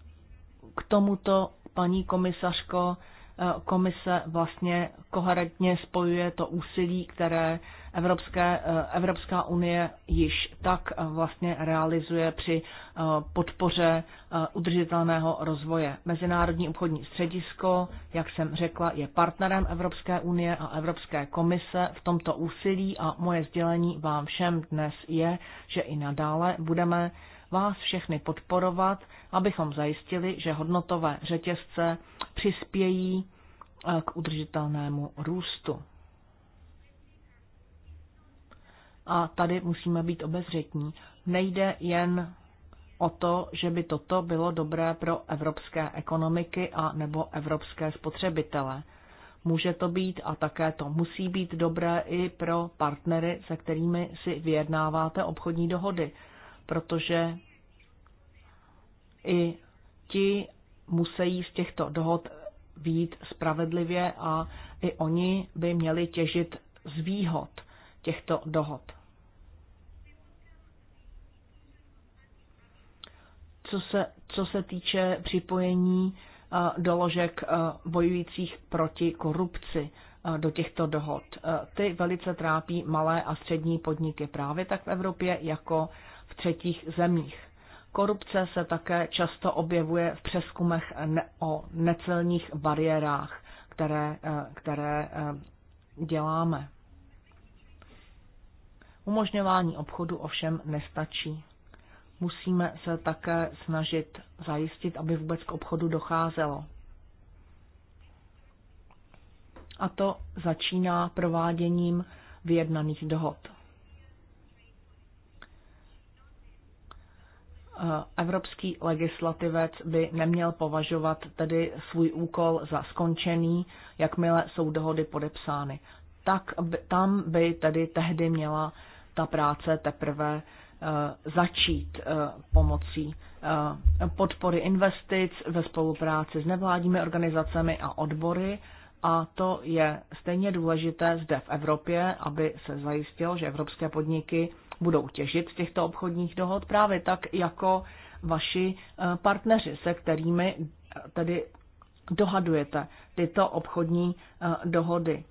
k tomuto paní komisařko, eh, komise vlastně koherentně spojuje to úsilí, které Evropské, eh, Evropská unie již tak eh, vlastně realizuje při podpoře udržitelného rozvoje. Mezinárodní obchodní středisko, jak jsem řekla, je partnerem Evropské unie a Evropské komise v tomto úsilí a moje sdělení vám všem dnes je, že i nadále budeme vás všechny podporovat, abychom zajistili, že hodnotové řetězce přispějí eh, k udržitelnému růstu. A tady musíme být obezřetní. Nejde jen o to, že by toto bylo dobré pro evropské ekonomiky a nebo evropské spotřebitele. Může to být a také to musí být dobré i pro partnery, se kterými si vyjednáváte obchodní dohody protože i ti musí z těchto dohod být spravedlivě a i oni by měli těžit z výhod těchto dohod. Co se, co se týče připojení doložek bojujících proti korupci do těchto dohod. Ty velice trápí malé a střední podniky právě tak v Evropě jako v třetích zemích. Korupce se také často objevuje v přeskumech o necelních bariérách, které, eh, které eh, děláme. Umožňování obchodu ovšem nestačí. Musíme se také snažit zajistit, aby vůbec k obchodu docházelo. A to začíná prováděním vyjednaných dohod. Eh, evropský legislativec by neměl považovat tedy svůj úkol za skončený, jakmile jsou dohody podepsány. Tak by, tam by tedy tehdy měla ta práce teprve eh, začít eh, pomocí podpory investic ve spolupráci s nevládními organizacemi a odbory a to je stejně důležité zde v Evropě, aby se zajistilo, že evropské podniky budou těžit z těchto obchodních dohod právě tak, jako vaši eh, partneři, se kterými tedy dohadujete tyto obchodní eh, dohody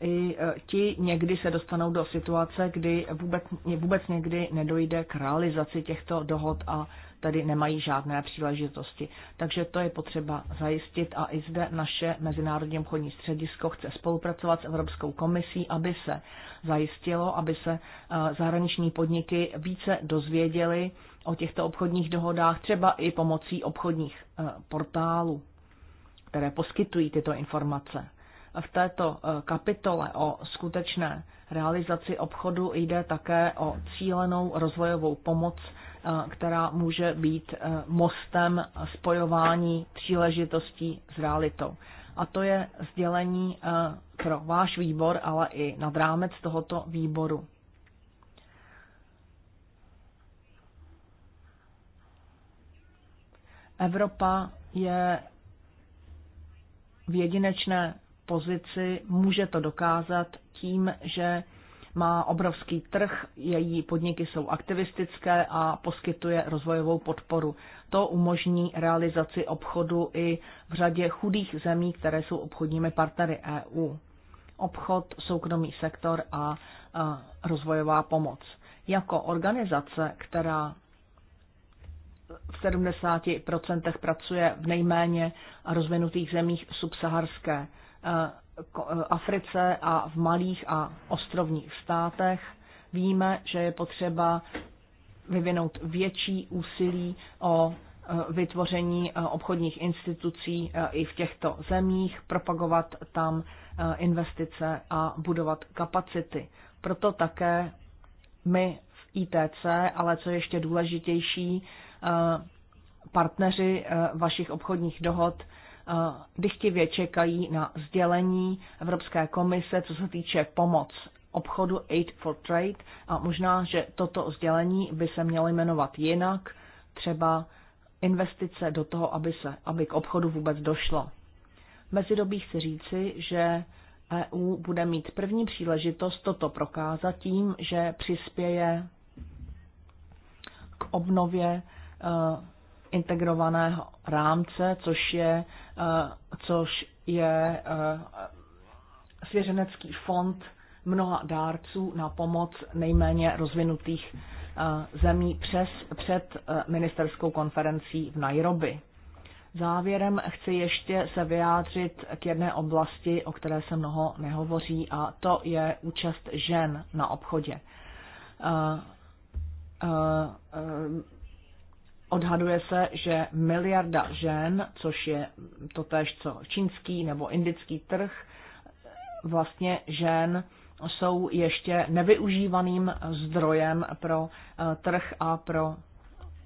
i e, ti někdy se dostanou do situace, kdy vůbec, vůbec někdy nedojde k realizaci těchto dohod a tady nemají žádné příležitosti. Takže to je potřeba zajistit a i zde naše Mezinárodní obchodní středisko chce spolupracovat s Evropskou komisí, aby se zajistilo, aby se e, zahraniční podniky více dozvěděly o těchto obchodních dohodách, třeba i pomocí obchodních e, portálů, které poskytují tyto informace v této eh, kapitole o skutečné realizaci obchodu jde také o cílenou rozvojovou pomoc, eh, která může být eh, mostem spojování příležitostí s realitou. A to je sdělení pro váš výbor, ale i nad rámec tohoto výboru. Evropa je v jedinečné pozici, může to dokázat tím, že má obrovský trh, její podniky jsou aktivistické a poskytuje rozvojovou podporu. To umožní realizaci obchodu i v řadě chudých zemí, které jsou obchodními partnery EU. Obchod, soukromý sektor a, a rozvojová pomoc. Jako organizace, která v 70% pracuje v nejméně rozvinutých zemích subsaharské Eh, eh, Africe a v malých a ostrovních státech. Víme, že je potřeba vyvinout větší úsilí o eh, vytvoření obchodních institucí i v těchto zemích, propagovat tam investice a budovat kapacity. Proto také my v ITC, ale co ještě důležitější, partneři vašich obchodních dohod Eh, dychtivě čekají na sdělení Evropské komise, co se týče pomoc obchodu Aid for Trade a možná, že toto sdělení by se mělo jmenovat jinak, třeba investice do toho, aby, se, aby k obchodu vůbec došlo. mezidobí chci říci, že EU bude mít první příležitost toto prokázat tím, že přispěje k obnově eh, integrovaného rámce, což je, eh, což je eh, svěřenecký fond mnoha dárců na pomoc nejméně rozvinutých eh, zemí přes, před ministerskou konferencí v Nairobi. Závěrem chci ještě se vyjádřit k jedné oblasti, o které se mnoho nehovoří, a to je účast žen na obchodě. Odhaduje se, že miliarda žen, což je totéž co čínský nebo indický trh, vlastně žen jsou ještě nevyužívaným zdrojem pro eh, trh a pro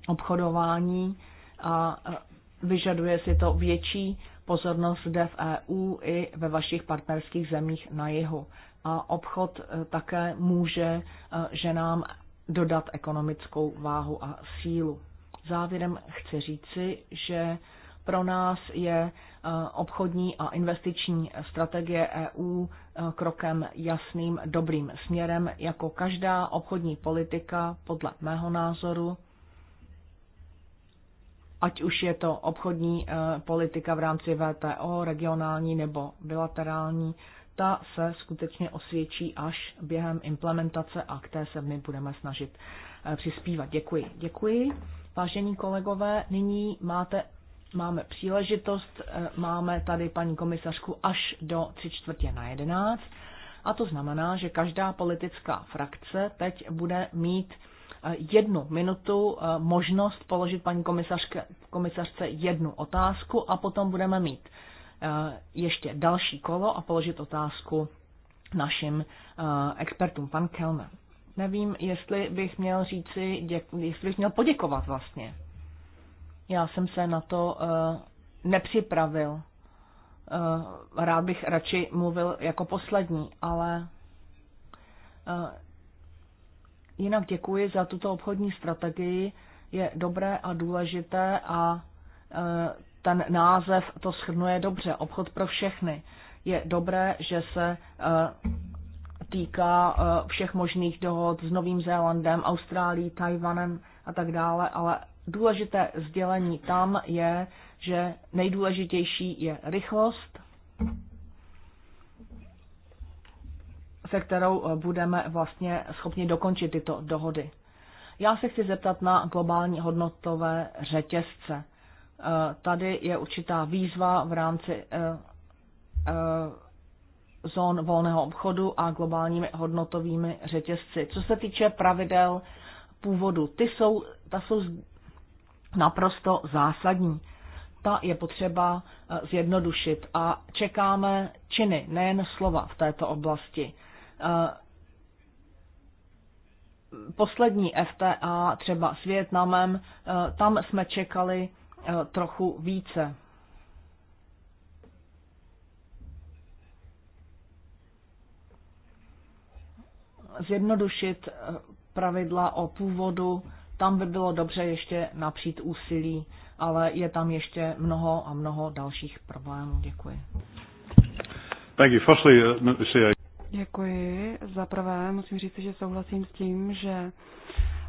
obchodování a eh, vyžaduje si to větší pozornost zde v EU i ve vašich partnerských zemích na jihu. A obchod eh, také může ženám dodat ekonomickou váhu a sílu. Závěrem chci říci, že pro nás je eh, obchodní a investiční strategie EU eh, krokem jasným, dobrým směrem, jako každá obchodní politika, podle mého názoru, ať už je to obchodní eh, politika v rámci VTO, regionální nebo bilaterální, ta se skutečně osvědčí až během implementace a k té se my budeme snažit přispívat. Děkuji. Děkuji. Vážení kolegové, nyní máte, máme příležitost, eh, máme tady paní komisařku až do tři čtvrtě na jedenáct. A to znamená, že každá politická frakce teď bude mít eh, jednu minutu eh, možnost položit paní komisařce jednu otázku a potom budeme mít ještě další kolo a položit otázku našim expertům. Pan Kelmer nevím, jestli bych měl říci, děk, jestli bych měl poděkovat vlastně. Já jsem se na to uh, nepřipravil. Uh, rád bych radši mluvil jako poslední, ale uh, jinak děkuji za tuto obchodní strategii. Je dobré a důležité a uh, ten název to schrnuje dobře. Obchod pro všechny. Je dobré, že se uh, týká eh, všech možných dohod s Novým Zélandem, Austrálií, Tajvanem a tak dále, ale důležité sdělení tam je, že nejdůležitější je rychlost, se kterou eh, budeme vlastně schopni dokončit tyto dohody. Já se chci zeptat na globální hodnotové řetězce. Eh, tady je určitá výzva v rámci zón volného obchodu a globálními hodnotovými řetězci. Co se týče pravidel původu, ty jsou, ta jsou naprosto zásadní. Ta je potřeba eh, zjednodušit a čekáme činy, nejen slova v této oblasti. Eh, poslední FTA třeba s Větnamem, eh, tam jsme čekali trochu více. zjednodušit eh, pravidla o původu, tam by bylo dobře ještě napřít úsilí, ale je tam ještě mnoho a mnoho dalších problémů. Děkuji. Thank you. Firstly, uh, Děkuji. Za prvé musím říct, že souhlasím s tím, že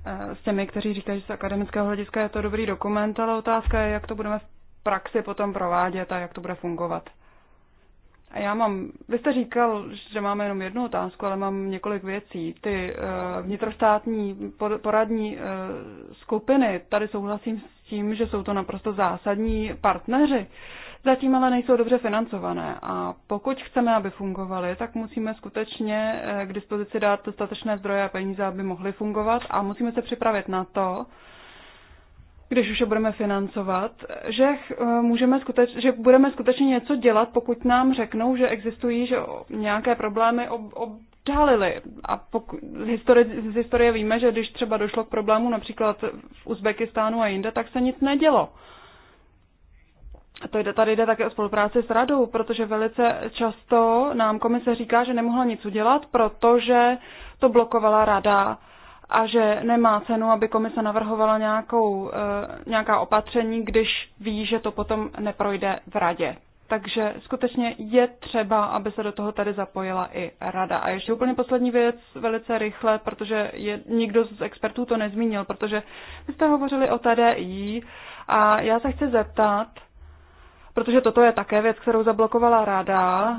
eh, s těmi, kteří říkají, že z akademického hlediska je to dobrý dokument, ale otázka je, jak to budeme v praxi potom provádět a jak to bude fungovat. A já mám, vy jste říkal, že máme jenom jednu otázku, ale mám několik věcí. Ty uh, vnitrostátní poradní uh, skupiny, tady souhlasím s tím, že jsou to naprosto zásadní partneři, zatím ale nejsou dobře financované. A pokud chceme, aby fungovaly, tak musíme skutečně eh, k dispozici dát dostatečné zdroje a peníze, aby mohly fungovat a musíme se připravit na to, uh, když už je budeme financovat, že, eh, můžeme skuteč, že budeme skutečně něco dělat, pokud nám řeknou, že existují že nějaké problémy ob, obdálili. A poku, z, historie, z historie víme, že když třeba došlo k problému například v Uzbekistánu a jinde, tak se nic nedělo. A to jde, tady jde také o spolupráci s radou, protože velice často nám komise říká, že nemohla nic udělat, protože to blokovala rada a že nemá cenu, aby komise navrhovala nějakou, eh, nějaká opatření, když ví, že to potom neprojde v radě. Takže skutečně je třeba, aby se do toho tady zapojila i rada. A ještě úplně poslední věc, velice rychle, protože je, nikdo z expertů to nezmínil, protože my jste hovořili o TDI a já se chci zeptat, protože toto je také věc, kterou zablokovala rada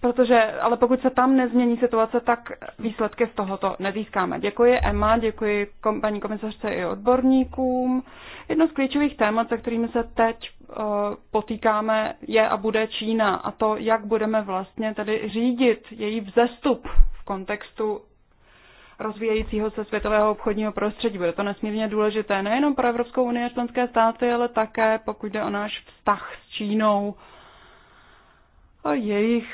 Protože, ale pokud se tam nezmění situace, tak výsledky z tohoto nezískáme. Děkuji Emma, děkuji kom, paní komisařce i odborníkům. Jedno z klíčových témat, se kterými se teď uh, potýkáme, je a bude Čína. A to, jak budeme vlastně tedy řídit její vzestup v kontextu rozvíjejícího se světového obchodního prostředí. Bude to nesmírně důležité nejenom pro Evropskou unii a členské státy, ale také pokud jde o náš vztah s Čínou a jejich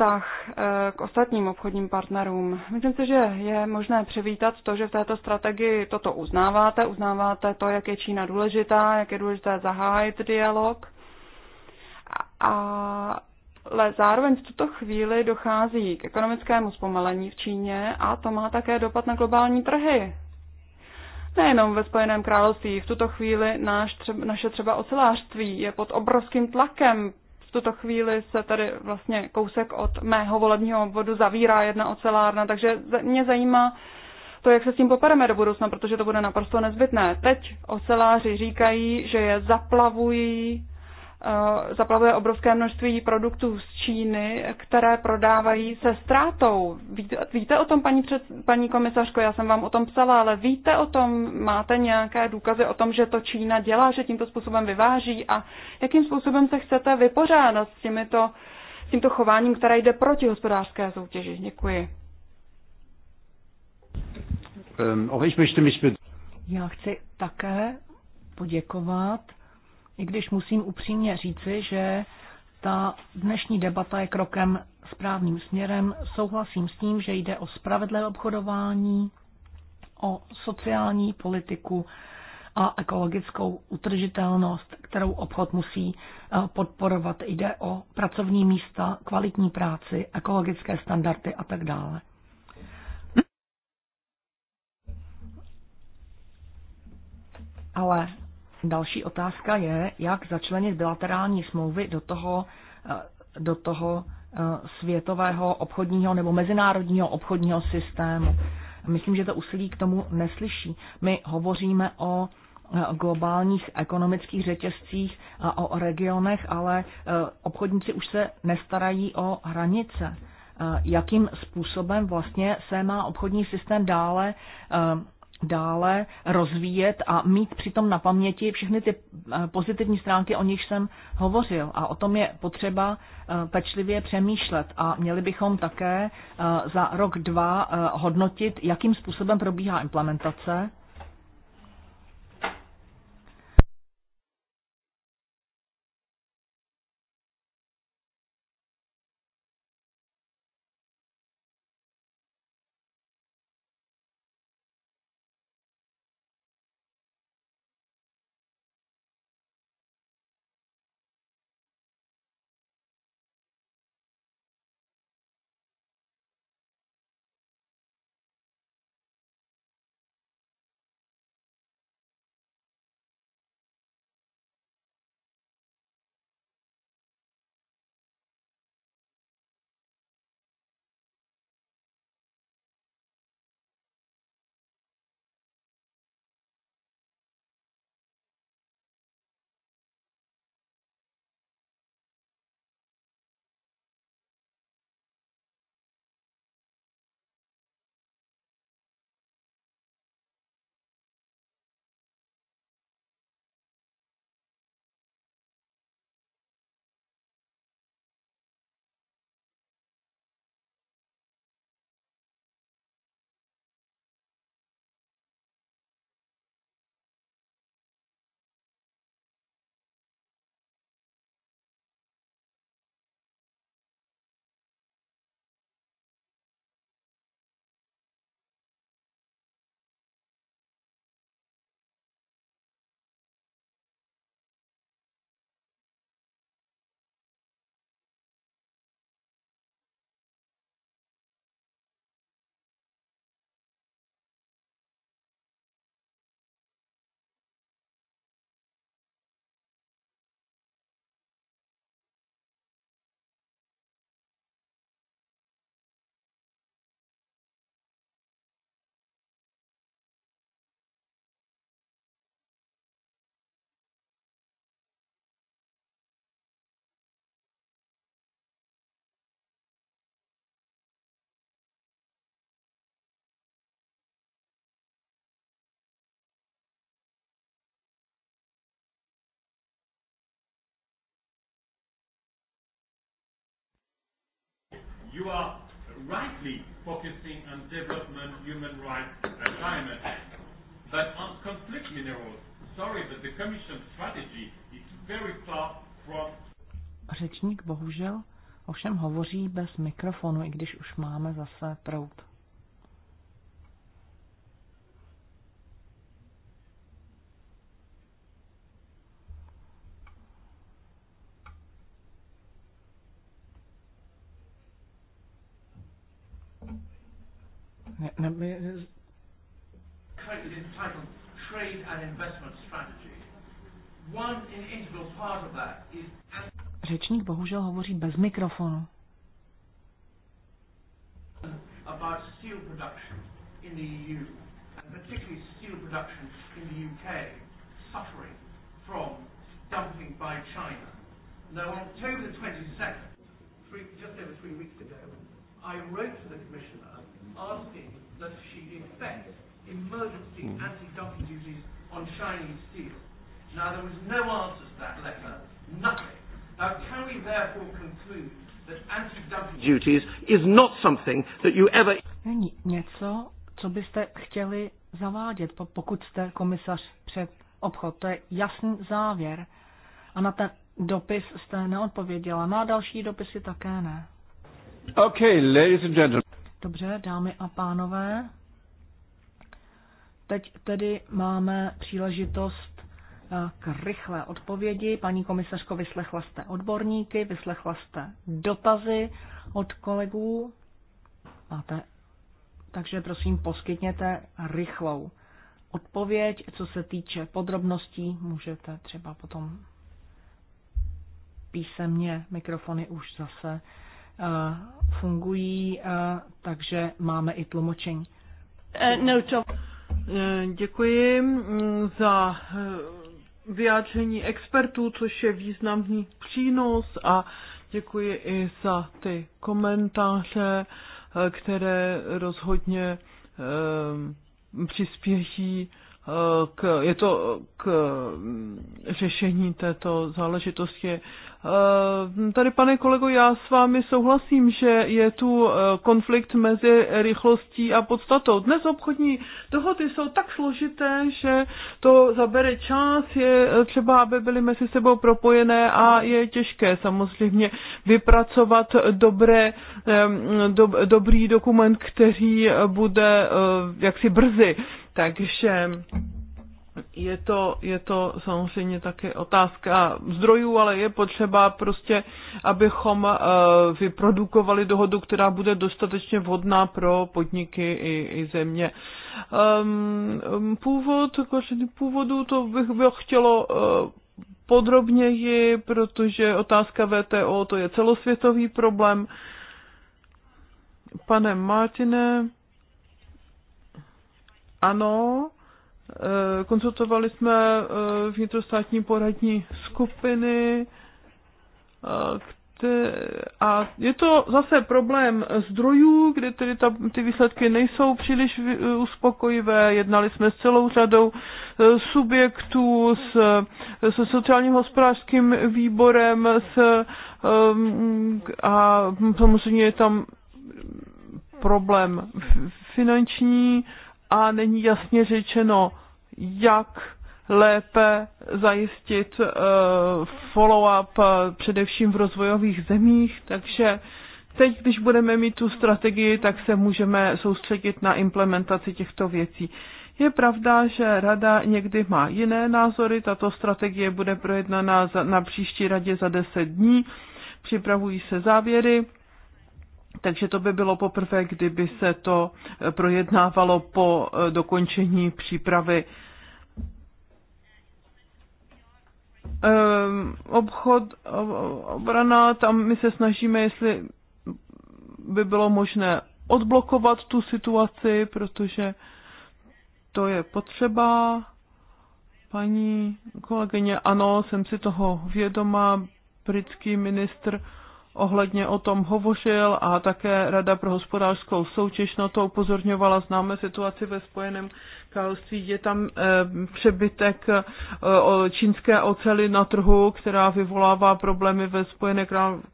vztah eh, k ostatním obchodním partnerům. Myslím si, že je možné přivítat to, že v této strategii toto uznáváte. Uznáváte to, jak je Čína důležitá, jak je důležité zahájit dialog. A ale zároveň v tuto chvíli dochází k ekonomickému zpomalení v Číně a to má také dopad na globální trhy. Nejenom ve Spojeném království, v tuto chvíli náš, naše třeba ocelářství je pod obrovským tlakem v tuto chvíli se tady vlastně kousek od mého volebního obvodu zavírá jedna ocelárna, takže mě zajímá, to, jak se s tím popereme do budoucna, protože to bude naprosto nezbytné. Teď oceláři říkají, že je zaplavují Eh, zaplavuje obrovské množství produktů z Číny, které prodávají se ztrátou. Víte, víte o tom, paní, před, paní komisařko, já jsem vám o tom psala, ale víte o tom, máte nějaké důkazy o tom, že to Čína dělá, že tímto způsobem vyváží a jakým způsobem se chcete vypořádat s, těmito, s tímto chováním, které jde proti hospodářské soutěži? Děkuji. Ehm, já chci také poděkovat i když musím upřímně říci, že ta dnešní debata je krokem správným směrem. Souhlasím s tím, že jde o spravedlivé obchodování, o sociální politiku a ekologickou utržitelnost, kterou obchod musí eh, podporovat. Jde o pracovní místa, kvalitní práci, ekologické standardy a tak dále. Ale Další otázka je, jak začlenit bilaterální smlouvy do toho, eh, do toho eh, světového obchodního nebo mezinárodního obchodního systému. Myslím, že to úsilí k tomu neslyší. My hovoříme o eh, globálních ekonomických řetězcích a o regionech, ale obchodníci už se nestarají o hranice. Jakým způsobem vlastně se má obchodní systém dále dále rozvíjet a mít přitom na paměti všechny ty eh, pozitivní stránky, o nich jsem hovořil. A o tom je potřeba eh, pečlivě přemýšlet. A měli bychom také eh, za rok, dva hodnotit, jakým způsobem probíhá implementace you are rightly focusing on development, human rights, climate. But on conflict minerals, sorry, but the Commission strategy is very far from. Řečník bohužel ovšem hovoří bez mikrofonu, i když už máme zase proud. Řečník bohužel hovoří bez mikrofonu. About steel production in the EU, and particularly steel production in the UK, suffering from dumping by China. Now, on October the 22nd, three, just over three weeks ago, i wrote to the Commissioner asking that she effect emergency mm. anti-dumping duties on Chinese steel. Now, there was no answer to that letter, nothing. Now, can we therefore conclude that anti-dumping duties is not something that you ever... Není něco, co byste chtěli zavádět, pokud jste komisař před obchod. To je jasný závěr. A na ten dopis jste neodpověděla. Na další dopisy také ne. Okay, ladies and gentlemen. Dobře, dámy a pánové. Teď tedy máme příležitost eh, k rychlé odpovědi. Paní komisařko, vyslechla jste odborníky, vyslechla jste dotazy od kolegů. Máte. Takže prosím, poskytněte rychlou odpověď. Co se týče podrobností, můžete třeba potom písemně mikrofony už zase fungují, takže máme i tlumočení. Eh, no, to... Eh, děkuji mm, za eh, vyjádření expertů, což je významný přínos a děkuji i za ty komentáře, které rozhodně přispěší k, je to k mm, řešení této záležitosti. Eh, tady, pane kolego, já s vámi souhlasím, že je tu eh, konflikt mezi rychlostí a podstatou. Dnes obchodní dohody jsou tak složité, že to zabere čas, je eh, třeba, aby byly mezi sebou propojené a je těžké samozřejmě vypracovat dobré, do, dobrý dokument, který bude jaksi brzy. Takže je to, je to samozřejmě také otázka zdrojů, ale je potřeba prostě, abychom eh, vyprodukovali dohodu, která bude dostatečně vhodná pro podniky i, i země. Ehm, původ, kořeny původu, to bych, bych chtělo eh, podrobněji, protože otázka VTO, to je celosvětový problém. Pane Martine, ano, Eh, konzultovali jsme eh, vnitrostátní poradní skupiny eh, a je to zase problém zdrojů, kde tedy ta, ty výsledky nejsou příliš uspokojivé. Jednali jsme s celou řadou subjektů, s, se sociálním hospodářským výborem s, ehm, a samozřejmě je tam problém finanční a není jasně řečeno, jak lépe zajistit eh, follow-up eh, především v rozvojových zemích, takže teď, když budeme mít tu strategii, tak se můžeme soustředit na implementaci těchto věcí. Je pravda, že rada někdy má jiné názory, tato strategie bude projednaná na příští radě za 10 dní, připravují se závěry takže to by bylo poprvé, kdyby se to eh, projednávalo po eh, dokončení přípravy ehm, obchod, obrana, tam my se snažíme, jestli by bylo možné odblokovat tu situaci, protože to je potřeba. Paní kolegyně, ano, jsem si toho vědoma. britský ministr ohledně o tom hovořil a také Rada pro hospodářskou soutěž na to upozorňovala. Známe situaci ve Spojeném království. Je tam eh, přebytek eh, čínské ocely na trhu, která vyvolává problémy ve Spojené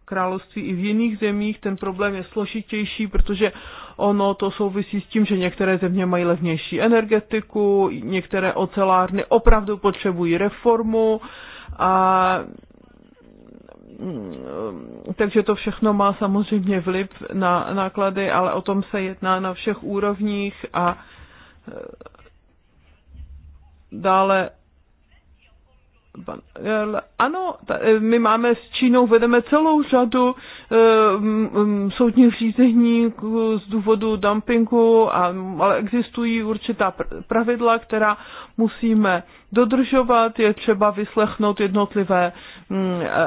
království i v jiných zemích. Ten problém je složitější, protože ono to souvisí s tím, že některé země mají levnější energetiku, některé ocelárny opravdu potřebují reformu a takže to všechno má samozřejmě vliv na náklady, ale o tom se jedná na všech úrovních a e, dále ano, e, my máme s Čínou, vedeme celou řadu e, soudních řízení z důvodu dumpingu, ale existují určitá pravidla, která musíme dodržovat, je třeba vyslechnout jednotlivé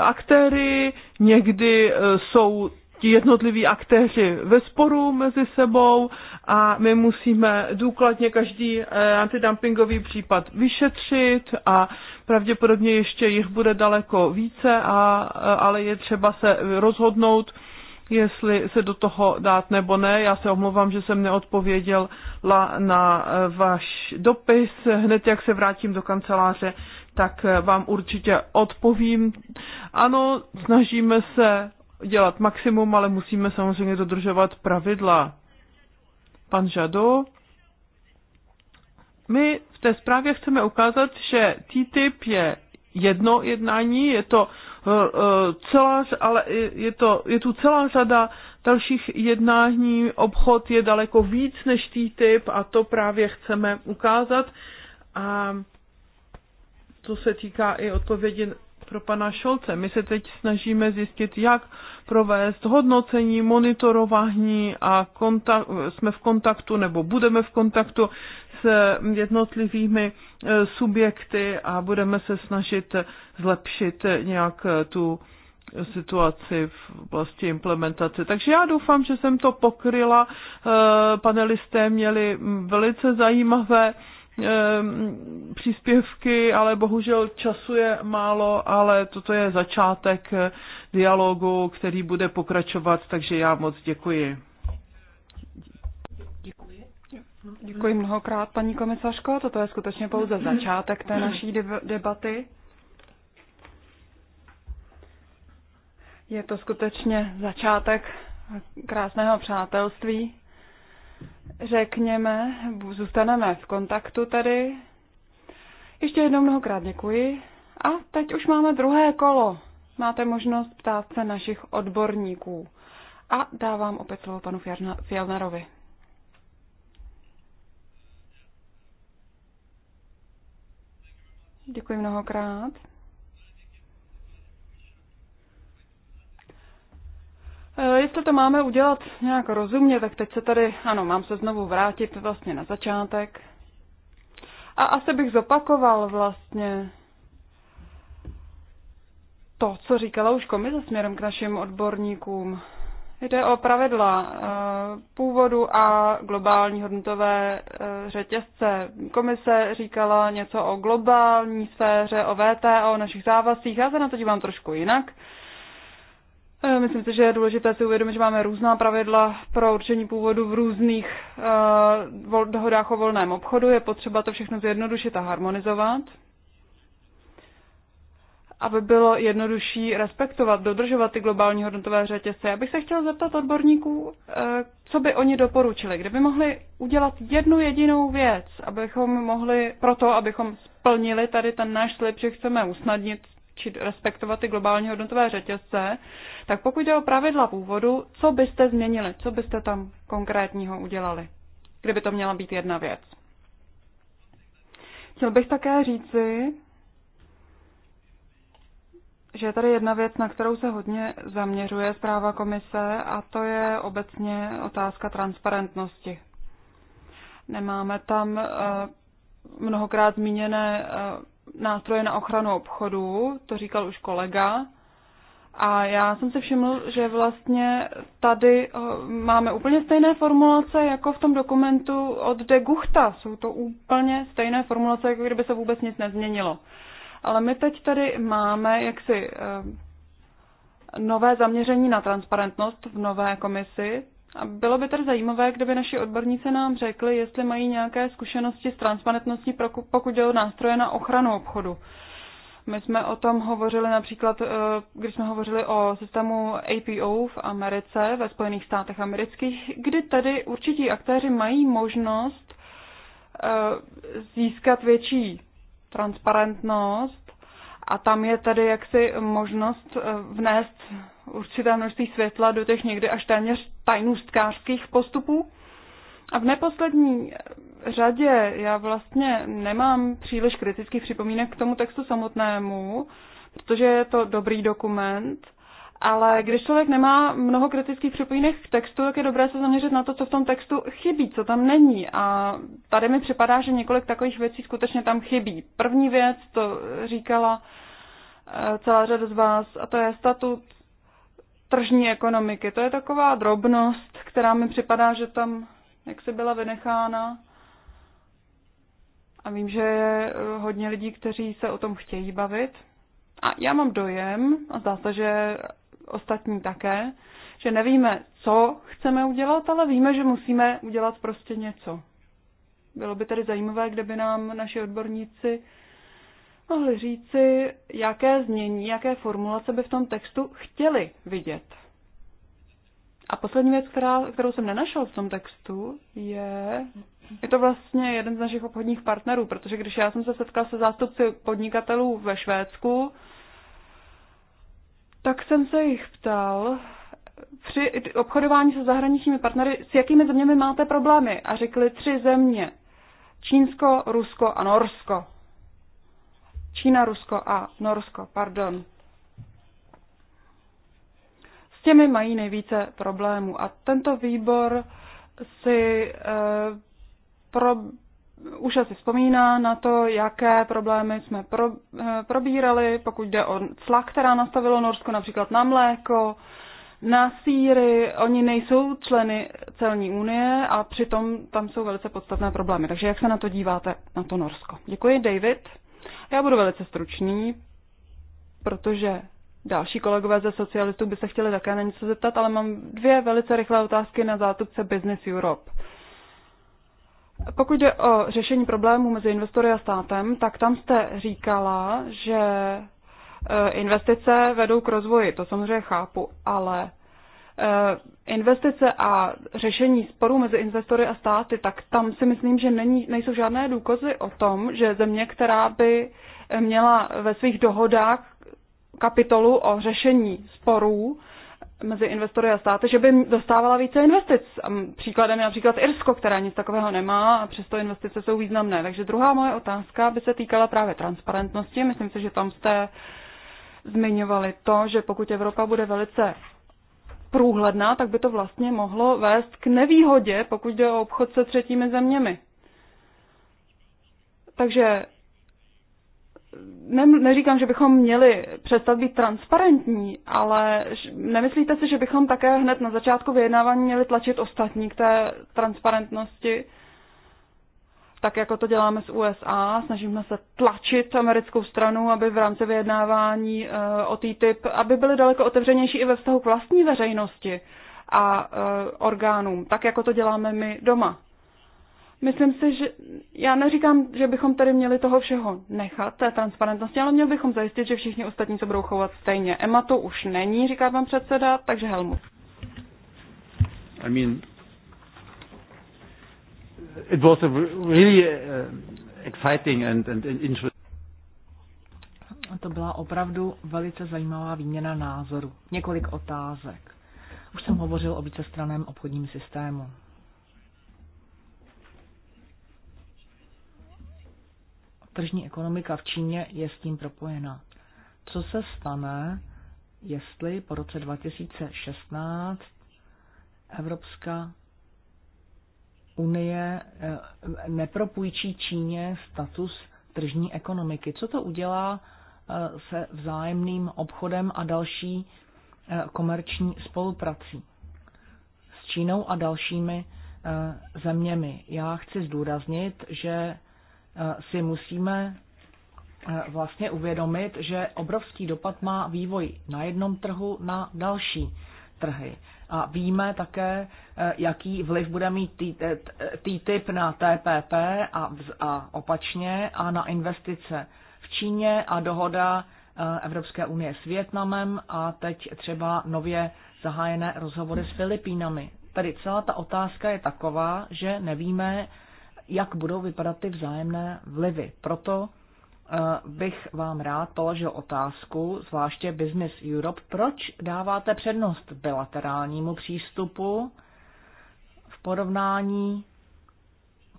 aktéry, někdy e, jsou ti jednotliví aktéři ve sporu mezi sebou a my musíme důkladně každý eh, antidumpingový případ vyšetřit a pravděpodobně ještě jich bude daleko více, a, eh, ale je třeba se rozhodnout, jestli se do toho dát nebo ne. Já se omlouvám, že jsem neodpověděl na eh, váš dopis. Hned jak se vrátím do kanceláře, tak vám určitě odpovím. Ano, snažíme se dělat maximum, ale musíme samozřejmě dodržovat pravidla. Pan Žado, my v té zprávě chceme ukázat, že TTIP je jedno jednání, je to eh, eh, celá, ale je, to, je tu celá řada dalších jednání, obchod je daleko víc než TTIP a to právě chceme ukázat. A to se týká i odpovědi pro pana Šolce. My se teď snažíme zjistit, jak provést hodnocení, monitorování a kontakt, jsme v kontaktu nebo budeme v kontaktu s jednotlivými e, subjekty a budeme se snažit zlepšit nějak e, tu situaci v oblasti implementace. Takže já doufám, že jsem to pokryla. E, panelisté měli velice zajímavé Ehm, příspěvky, ale bohužel času je málo, ale toto je začátek dialogu, který bude pokračovat, takže já moc děkuji. Děkuji. Děkuji mnohokrát, paní komisařko. Toto je skutečně pouze mm-hmm. začátek té naší debaty. Je to skutečně začátek krásného přátelství řekněme, zůstaneme v kontaktu tady. Ještě jednou mnohokrát děkuji. A teď už máme druhé kolo. Máte možnost ptát se našich odborníků. A dávám opět slovo panu Fjellnerovi. Děkuji mnohokrát. Eh, jestli to máme udělat nějak rozumně, tak teď se tady, ano, mám se znovu vrátit vlastně na začátek. A asi bych zopakoval vlastně to, co říkala už komise směrem k našim odborníkům. Jde o pravidla eh, původu a globální hodnotové eh, řetězce. Komise říkala něco o globální sféře, o VTO, o našich závazcích. Já se na to dívám trošku jinak. Eh, myslím si, že je důležité si uvědomit, že máme různá pravidla pro určení původu v různých uh, dohodách o volném obchodu. Je potřeba to všechno zjednodušit a harmonizovat, aby bylo jednodušší respektovat, dodržovat ty globální hodnotové řetězce. Já bych se chtěla zeptat odborníků, uh, co by oni doporučili, kdyby mohli udělat jednu jedinou věc, abychom mohli, proto abychom splnili tady ten náš slib, že chceme usnadnit či respektovat ty globální hodnotové řetězce, tak pokud jde o pravidla původu, co byste změnili, co byste tam konkrétního udělali, kdyby to měla být jedna věc. Chtěl bych také říci, že je tady jedna věc, na kterou se hodně zaměřuje zpráva komise, a to je obecně otázka transparentnosti. Nemáme tam eh, mnohokrát zmíněné eh, nástroje na ochranu obchodu, to říkal už kolega. A já jsem si všiml, že vlastně tady eh, máme úplně stejné formulace jako v tom dokumentu od de Guchta. Jsou to úplně stejné formulace, jako kdyby se vůbec nic nezměnilo. Ale my teď tady máme jaksi eh, nové zaměření na transparentnost v nové komisi, a bylo by tedy zajímavé, kdyby naši odborníci nám řekli, jestli mají nějaké zkušenosti s transparentností, pokud jde o nástroje na ochranu obchodu. My jsme o tom hovořili například, eh, když jsme hovořili o systému APO v Americe, ve Spojených státech amerických, kdy tedy určití aktéři mají možnost eh, získat větší transparentnost a tam je tedy jaksi možnost eh, vnést určité množství světla do těch někdy až téměř tajnůstkářských postupů. A v neposlední řadě já vlastně nemám příliš kritických připomínek k tomu textu samotnému, protože je to dobrý dokument, ale když člověk nemá mnoho kritických připomínek k textu, tak je dobré se zaměřit na to, co v tom textu chybí, co tam není. A tady mi připadá, že několik takových věcí skutečně tam chybí. První věc, to říkala eh, celá řada z vás, a to je statut tržní ekonomiky. To je taková drobnost, která mi připadá, že tam jak se byla vynechána. A vím, že je eh, hodně lidí, kteří se o tom chtějí bavit. A já mám dojem, a zdá se, že ostatní také, že nevíme, co chceme udělat, ale víme, že musíme udělat prostě něco. Bylo by tedy zajímavé, kdyby nám naši odborníci mohli říci, jaké znění, jaké formulace by v tom textu chtěli vidět. A poslední věc, která, kterou jsem nenašel v tom textu, je, je to vlastně jeden z našich obchodních partnerů, protože když já jsem se setkal se zástupci podnikatelů ve Švédsku, tak jsem se jich ptal, při obchodování se zahraničními partnery, s jakými zeměmi máte problémy? A řekli tři země. Čínsko, Rusko a Norsko. Čína, Rusko a Norsko, pardon. S těmi mají nejvíce problémů a tento výbor si e, pro, už asi vzpomíná na to, jaké problémy jsme pro, e, probírali, pokud jde o cla, která nastavilo Norsko například na mléko, na síry, oni nejsou členy celní unie a přitom tam jsou velice podstatné problémy. Takže jak se na to díváte, na to Norsko? Děkuji, David. Já budu velice stručný, protože další kolegové ze socialistů by se chtěli také na něco zeptat, ale mám dvě velice rychlé otázky na zátupce Business Europe. Pokud jde o řešení problémů mezi investory a státem, tak tam jste říkala, že eh, investice vedou k rozvoji, to samozřejmě chápu, ale Eh, investice a řešení sporů mezi investory a státy, tak tam si myslím, že není, nejsou žádné důkazy o tom, že země, která by měla ve svých dohodách kapitolu o řešení sporů mezi investory a státy, že by dostávala více investic. Příkladem je například Irsko, která nic takového nemá a přesto investice jsou významné. Takže druhá moje otázka by se týkala právě transparentnosti. Myslím si, že tam jste zmiňovali to, že pokud Evropa bude velice průhledná, tak by to vlastně mohlo vést k nevýhodě, pokud jde o obchod se třetími zeměmi. Takže ne, neříkám, že bychom měli přestat být transparentní, ale nemyslíte si, že bychom také hned na začátku vyjednávání měli tlačit ostatní k té transparentnosti? tak jako to děláme s USA, snažíme se tlačit americkou stranu, aby v rámci vyjednávání eh, o TTIP, aby byly daleko otevřenější i ve vztahu k vlastní veřejnosti a eh, orgánům, tak jako to děláme my doma. Myslím si, že já neříkám, že bychom tady měli toho všeho nechat, té transparentnosti, ale měli bychom zajistit, že všichni ostatní se budou chovat stejně. Emma to už není, říká pan předseda, takže Helmut. I mean, it was a really uh, exciting and, and interesting. To byla opravdu velice zajímavá výměna názoru. Několik otázek. Už jsem hovořil o vícestraném obchodním systému. Tržní ekonomika v Číně je s tím propojena. Co se stane, jestli po roce 2016 Evropská unie eh, nepropůjčí Číně status tržní ekonomiky. Co to udělá eh, se vzájemným obchodem a další eh, komerční spoluprací s Čínou a dalšími zeměmi? Já chci zdůraznit, že si musíme vlastně uvědomit, že obrovský dopad má vývoj na jednom trhu na další trhy. A víme také, eh, jaký vliv bude mít eh, eh, TTIP na TPP a, a opačně a na investice v Číně a dohoda Evropské unie s Větnamem a teď třeba nově zahájené rozhovory s Filipínami. Tady celá ta otázka je taková, že nevíme, jak budou vypadat ty vzájemné vlivy. Proto Eh, bych vám rád položil otázku, zvláště Business Europe, proč dáváte přednost bilaterálnímu přístupu v porovnání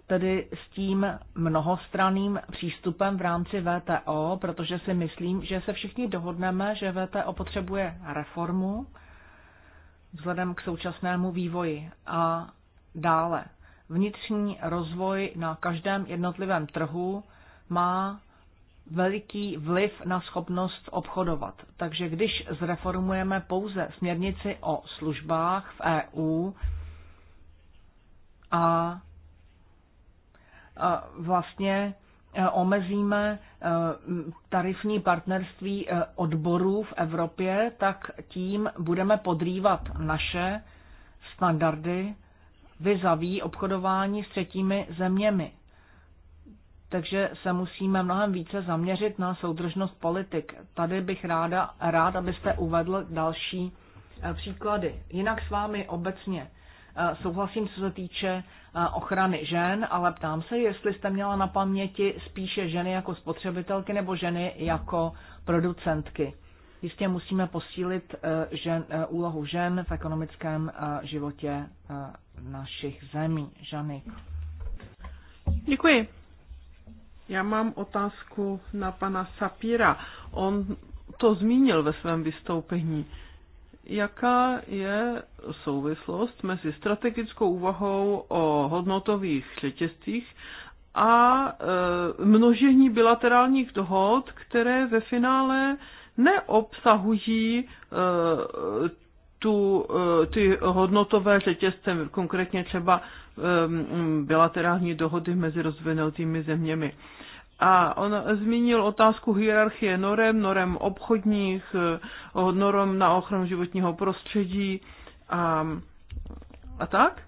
tedy s tím mnohostranným přístupem v rámci VTO, protože si myslím, že se všichni dohodneme, že VTO potřebuje reformu vzhledem k současnému vývoji a dále. Vnitřní rozvoj na každém jednotlivém trhu má veliký vliv na schopnost obchodovat. Takže když zreformujeme pouze směrnici o službách v EU a vlastně e, omezíme e, tarifní partnerství e, odborů v Evropě, tak tím budeme podrývat naše standardy vyzaví obchodování s třetími zeměmi takže se musíme mnohem více zaměřit na soudržnost politik. Tady bych ráda, rád, abyste uvedl další eh, příklady. Jinak s vámi obecně eh, souhlasím, co se týče eh, ochrany žen, ale ptám se, jestli jste měla na paměti spíše ženy jako spotřebitelky nebo ženy jako producentky. Jistě musíme posílit žen, úlohu žen v ekonomickém životě našich zemí. Žanik. Děkuji. Já mám otázku na pana Sapíra. On to zmínil ve svém vystoupení. Jaká je souvislost mezi strategickou úvahou o hodnotových řetězcích a e, množení bilaterálních dohod, které ve finále neobsahují e, tu, e, ty hodnotové řetězce, konkrétně třeba e, bilaterální dohody mezi rozvinutými zeměmi. E, a on zmínil otázku hierarchie norem, norem obchodních, eh, norem na ochranu životního prostředí a, a tak.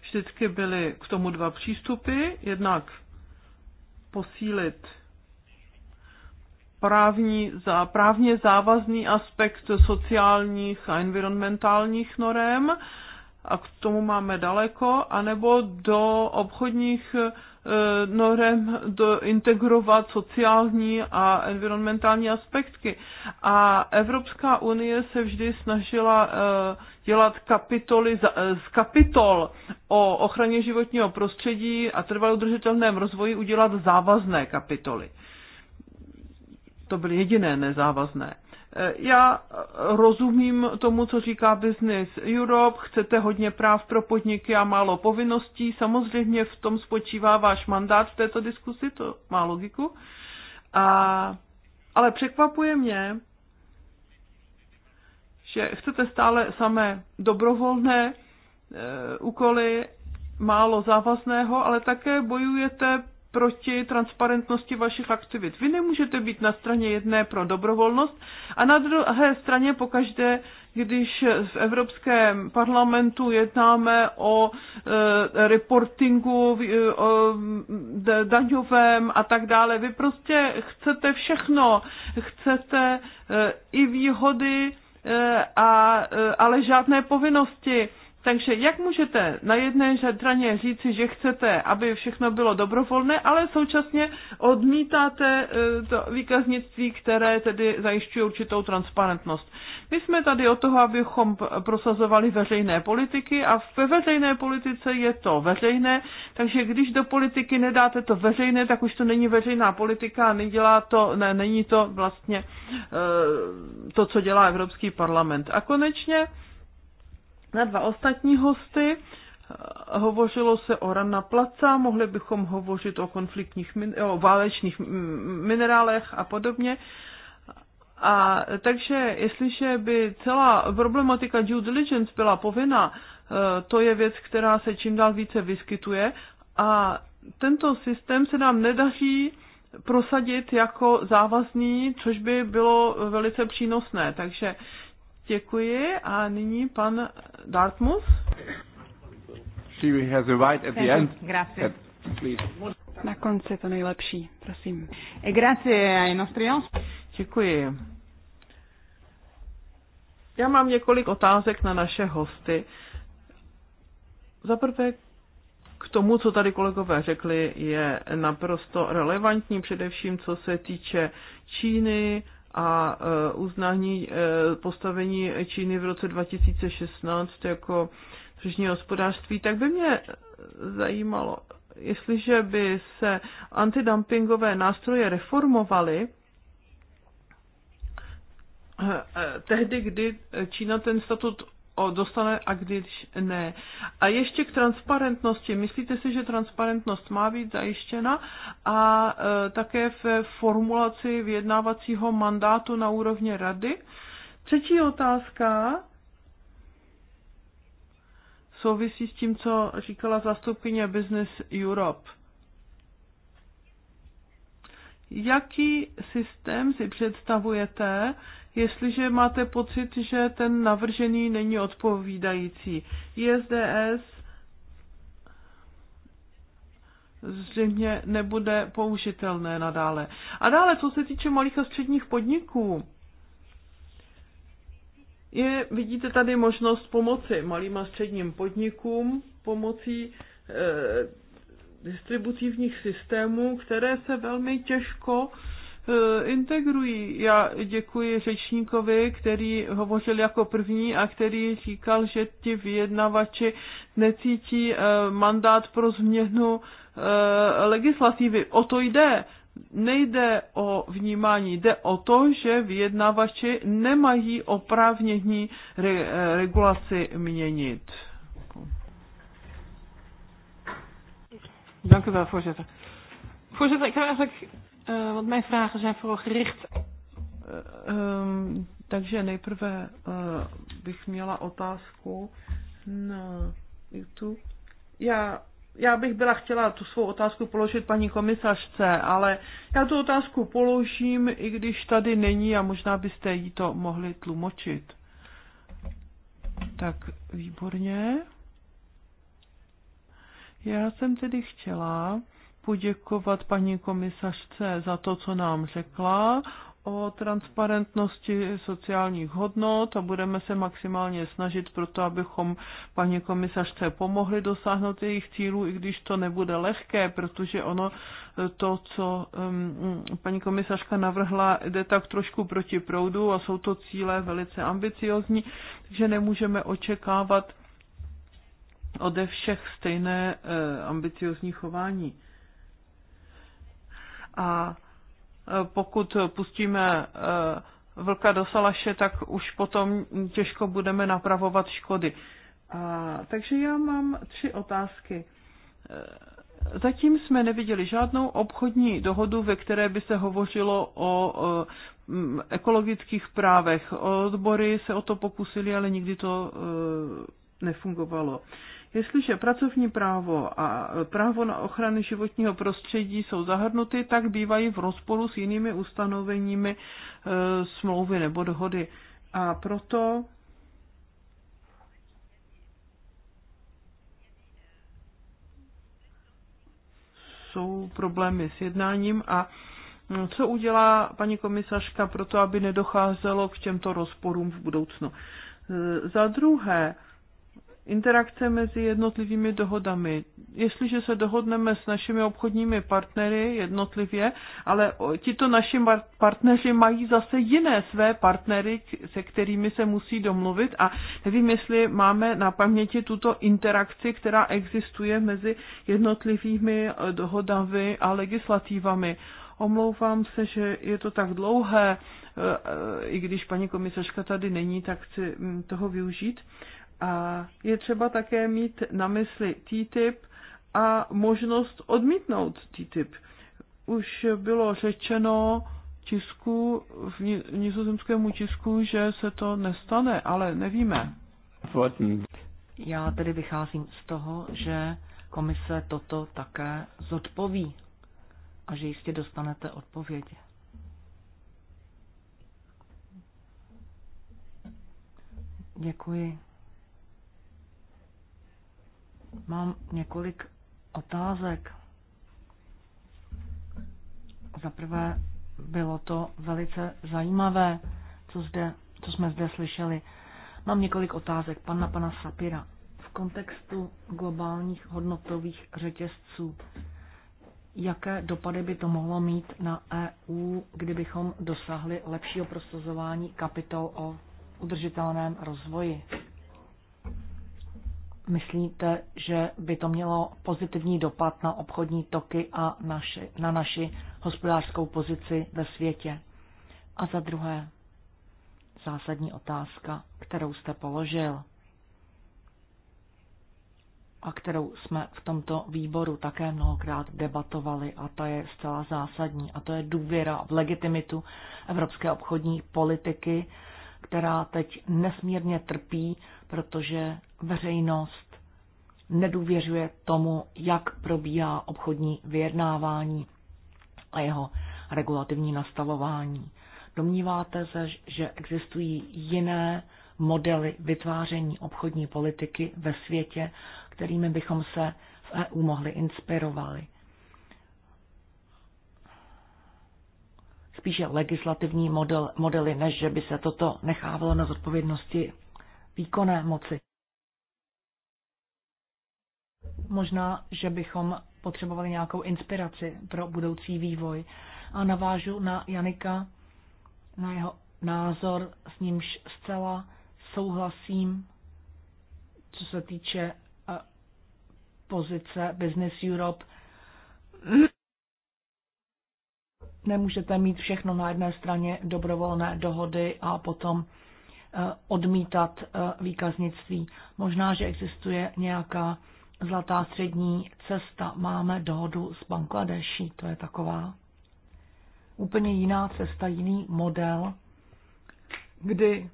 Vždycky byly k tomu dva přístupy. Jednak posílit právní, za, právně závazný aspekt sociálních a environmentálních norem, a k tomu máme daleko, anebo do obchodních e, norem do integrovat sociální a environmentální aspekty. A Evropská unie se vždy snažila e, dělat kapitoly e, z kapitol o ochraně životního prostředí a trvalo udržitelném rozvoji udělat závazné kapitoly. To byly jediné nezávazné. Já rozumím tomu, co říká Business Europe, chcete hodně práv pro podniky a málo povinností. Samozřejmě v tom spočívá váš mandát v této diskusi, to má logiku. A, ale překvapuje mě, že chcete stále samé dobrovolné e, úkoly, málo závazného, ale také bojujete proti transparentnosti vašich aktivit. Vy nemůžete být na straně jedné pro dobrovolnost a na druhé straně pokaždé, když v Evropském parlamentu jednáme o e, reportingu e, o daňovém a tak dále. Vy prostě chcete všechno, chcete e, i výhody, e, a, e, ale žádné povinnosti. E, takže jak můžete na jedné straně říci, že chcete, aby všechno bylo dobrovolné, ale současně odmítáte e, to výkaznictví, které tedy zajišťuje určitou transparentnost. My jsme tady o toho, abychom prosazovali veřejné politiky a ve veřejné politice je to veřejné, takže když do politiky nedáte to veřejné, tak už to není veřejná politika a nedělá to, ne, není to vlastně e, to, co dělá Evropský parlament. A konečně, na dva ostatní hosty. Hovořilo se o Rana Placa, mohli bychom hovořit o konfliktních, o válečných minerálech a podobně. A takže jestliže by celá problematika due diligence byla povinná, e, to je věc, která se čím dál více vyskytuje a tento systém se nám nedaří prosadit jako závazný, což by bylo velice přínosné. Takže Děkuji a nyní pan Dartmouth. She has a right at the end. Gracias. Na konci to nejlepší, prosím. E grazie ai nostri Děkuji. Já mám několik otázek na naše hosty. Za prvé, k tomu, co tady kolegové řekli, je naprosto relevantní, především co se týče Číny a e, uznání e, postavení Číny v roce 2016 jako tržní hospodářství, tak by mě zajímalo, jestliže by se antidumpingové nástroje reformovaly, e, tehdy, kdy Čína ten statut dostane a když ne. A ještě k transparentnosti. Myslíte si, že transparentnost má být zajištěna a e, také v formulaci vyjednávacího mandátu na úrovni rady? Třetí otázka souvisí s tím, co říkala zastupkyně Business Europe. Jaký systém si představujete, jestliže máte pocit, že ten navržený není odpovídající. ISDS zřejmě nebude použitelné nadále. A dále, co se týče malých a středních podniků, je, vidíte tady možnost pomoci malým a středním podnikům pomocí e, distributivních systémů, které se velmi těžko E, integrují. Já děkuji řečníkovi, který hovořil jako první a který říkal, že ti vyjednavači necítí e, mandát pro změnu e, legislativy. O to jde. Nejde o vnímání, jde o to, že vyjednavači nemají oprávnění re, regulaci měnit. Děkuji u wel, voorzitter. Voorzitter, ik heb eigenlijk Uh, want mijn vragen zijn vooral gericht. Uh, um, takže nejprve uh, bych měla otázku na YouTube. Já, já bych byla chtěla tu svou otázku položit paní komisařce, ale já tu otázku položím, i když tady není a možná byste jí to mohli tlumočit. Tak výborně. Já jsem tedy chtěla poděkovat paní komisařce za to, co nám řekla o transparentnosti sociálních hodnot a budeme se maximálně snažit pro to, abychom paní komisařce pomohli dosáhnout jejich cílů, i když to nebude lehké, protože ono eh, to, co um, paní komisařka navrhla, jde tak trošku proti proudu a jsou to cíle velice ambiciozní, takže nemůžeme očekávat ode všech stejné uh, ambiciozní chování. A e, pokud pustíme e, vlka do salaše, tak už potom těžko budeme napravovat škody. A, takže já mám tři otázky. E, zatím jsme neviděli žádnou obchodní dohodu, ve které by se hovořilo o, o ekologických právech. Odbory se o to pokusili, ale nikdy to nefungovalo. Jestliže pracovní právo a právo na ochranu životního prostředí jsou zahrnuty, tak bývají v rozporu s jinými ustanoveními e, smlouvy nebo dohody. A proto jsou problémy s jednáním a e, co udělá paní komisařka pro to, aby nedocházelo k těmto rozporům v budoucnu. E, za druhé, interakce mezi jednotlivými dohodami. Jestliže se dohodneme s našimi obchodními partnery jednotlivě, ale tito naši partneři mají zase jiné své partnery, se kterými se musí domluvit a nevím, jestli máme na paměti tuto interakci, která existuje mezi jednotlivými e, dohodami a legislativami. Omlouvám se, že je to tak dlouhé, e, e, i když paní komisařka tady není, tak chci mm, toho využít. A je třeba také mít na mysli TTIP a možnost odmítnout TTIP. Už bylo řečeno tisku, v nizozemskému tisku, že se to nestane, ale nevíme. Já tedy vycházím z toho, že komise toto také zodpoví a že jistě dostanete odpovědi. Děkuji. Mám několik otázek. Za prvé bylo to velice zajímavé, co, zde, co jsme zde slyšeli. Mám několik otázek. Pan pana Sapira. V kontextu globálních hodnotových řetězců, jaké dopady by to mohlo mít na EU, kdybychom dosahli lepšího prosazování kapitol o udržitelném rozvoji? myslíte, že by to mělo pozitivní dopad na obchodní toky a naši, na naši hospodářskou pozici ve světě? A za druhé, zásadní otázka, kterou jste položil a kterou jsme v tomto výboru také mnohokrát debatovali a ta je zcela zásadní a to je důvěra v legitimitu evropské obchodní politiky která teď nesmírně trpí, protože veřejnost nedůvěřuje tomu, jak probíhá obchodní vyjednávání a jeho regulativní nastavování. Domníváte se, že existují jiné modely vytváření obchodní politiky ve světě, kterými bychom se v EU mohli inspirovali, spíše legislativní model, modely, než že by se toto nechávalo na zodpovědnosti výkonné moci. Možná, že bychom potřebovali nějakou inspiraci pro budoucí vývoj. A navážu na Janika, na jeho názor, s nímž zcela souhlasím, co se týče eh, pozice Business Europe Nemůžete mít všechno na jedné straně dobrovolné dohody a potom eh, odmítat eh, výkaznictví. Možná, že existuje nějaká zlatá střední cesta. Máme dohodu s Bangladeší, to je taková úplně jiná cesta, jiný model, kdy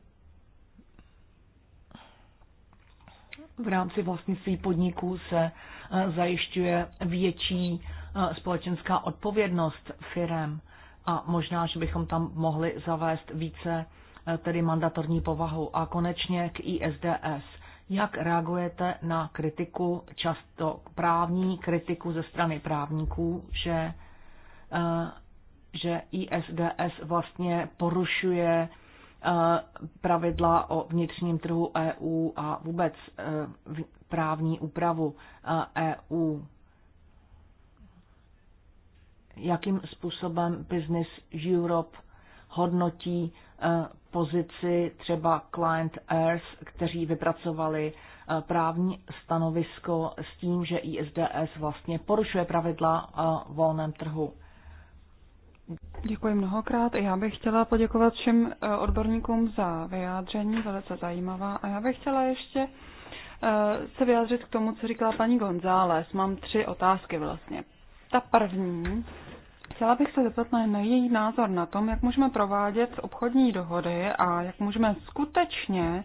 v rámci vlastnictví podniků se eh, zajišťuje větší společenská odpovědnost firem a možná, že bychom tam mohli zavést více e, tedy mandatorní povahu. A konečně k ISDS. Jak reagujete na kritiku, často právní kritiku ze strany právníků, že, e, že ISDS vlastně porušuje e, pravidla o vnitřním trhu EU a vůbec právní úpravu EU jakým způsobem Business Europe hodnotí eh, pozici třeba Client Earth, kteří vypracovali eh, právní stanovisko s tím, že ISDS vlastně porušuje pravidla o eh, volném trhu. Děkuji mnohokrát. Já bych chtěla poděkovat všem odborníkům za vyjádření, velice zajímavá. A já bych chtěla ještě se vyjádřit k tomu, co říkala paní González. Mám tři otázky vlastně. Ta první Chtěla bych se zeptat na její názor na tom, jak můžeme provádět obchodní dohody a jak můžeme skutečně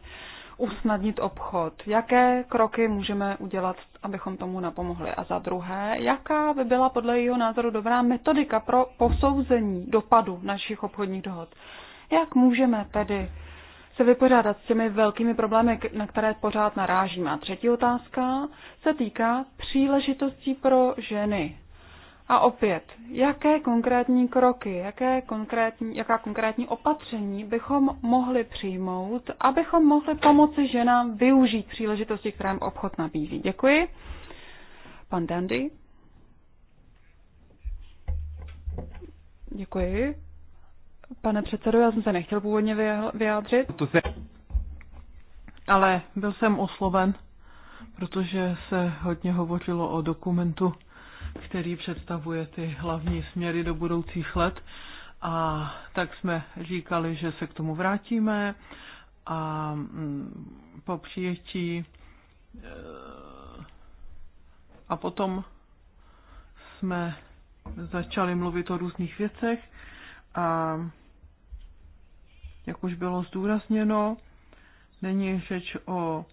usnadnit obchod. Jaké kroky můžeme udělat, abychom tomu napomohli? A za druhé, jaká by byla podle jeho názoru dobrá metodika pro posouzení dopadu našich obchodních dohod? Jak můžeme tedy se vypořádat s těmi velkými problémy, na které pořád narážíme? A třetí otázka se týká příležitostí pro ženy a opět, jaké konkrétní kroky, jaké konkrétní, jaká konkrétní opatření bychom mohli přijmout, abychom mohli pomoci ženám využít příležitosti, které obchod nabízí. Děkuji. Pan Dandy. Děkuji. Pane předsedo, já jsem se nechtěl původně vyjádřit, ale byl jsem osloven, protože se hodně hovořilo o dokumentu který představuje ty hlavní směry do budoucích let. A tak jsme říkali, že se k tomu vrátíme a mm, po přijetí eh, a potom jsme začali mluvit o různých věcech a jak už bylo zdůrazněno, není řeč o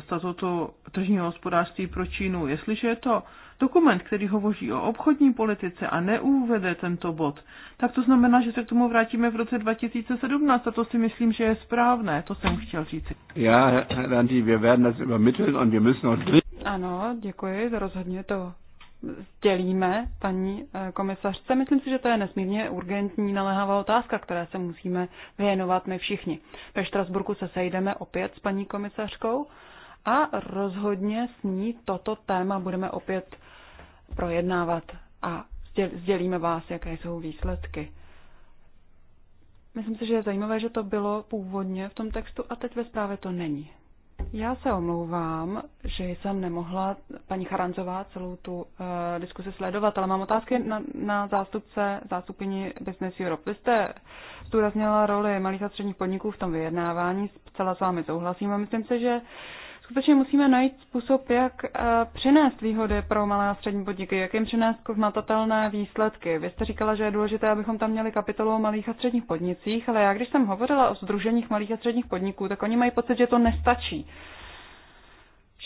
statutu eh, tržního hospodářství pro Čínu. Jestliže je to dokument, který hovoří o obchodní politice a neuvede tento bod, tak to znamená, že se k tomu vrátíme v roce 2017 a to si myslím, že je správné. To jsem chtěl říct. Já, Randi, wir werden das übermitteln und wir müssen auch... Ano, děkuji, rozhodně to sdělíme paní eh, komisařce. Myslím si, že to je nesmírně urgentní, naléhavá otázka, které se musíme věnovat my všichni. Ve Štrasburku se sejdeme opět s paní komisařkou a rozhodně s ní toto téma budeme opět projednávat a sdělíme vás, jaké jsou výsledky. Myslím si, že je zajímavé, že to bylo původně v tom textu a teď ve zprávě to není. Já se omlouvám, že jsem nemohla, paní Charanzová, celou tu uh, diskusi sledovat, ale mám otázky na, na zástupce, zástupkyni Business Europe. Vy jste zdůraznila roli malých a středních podniků v tom vyjednávání, zcela s vámi souhlasím a myslím si, že skutečně musíme najít způsob, jak eh, přinést výhody pro malé a střední podniky, jak jim přinést znatatelné výsledky. Vy jste říkala, že je důležité, abychom tam měli kapitolu o malých a středních podnicích, ale já když jsem hovořila o združeních malých a středních podniků, tak oni mají pocit, že to nestačí.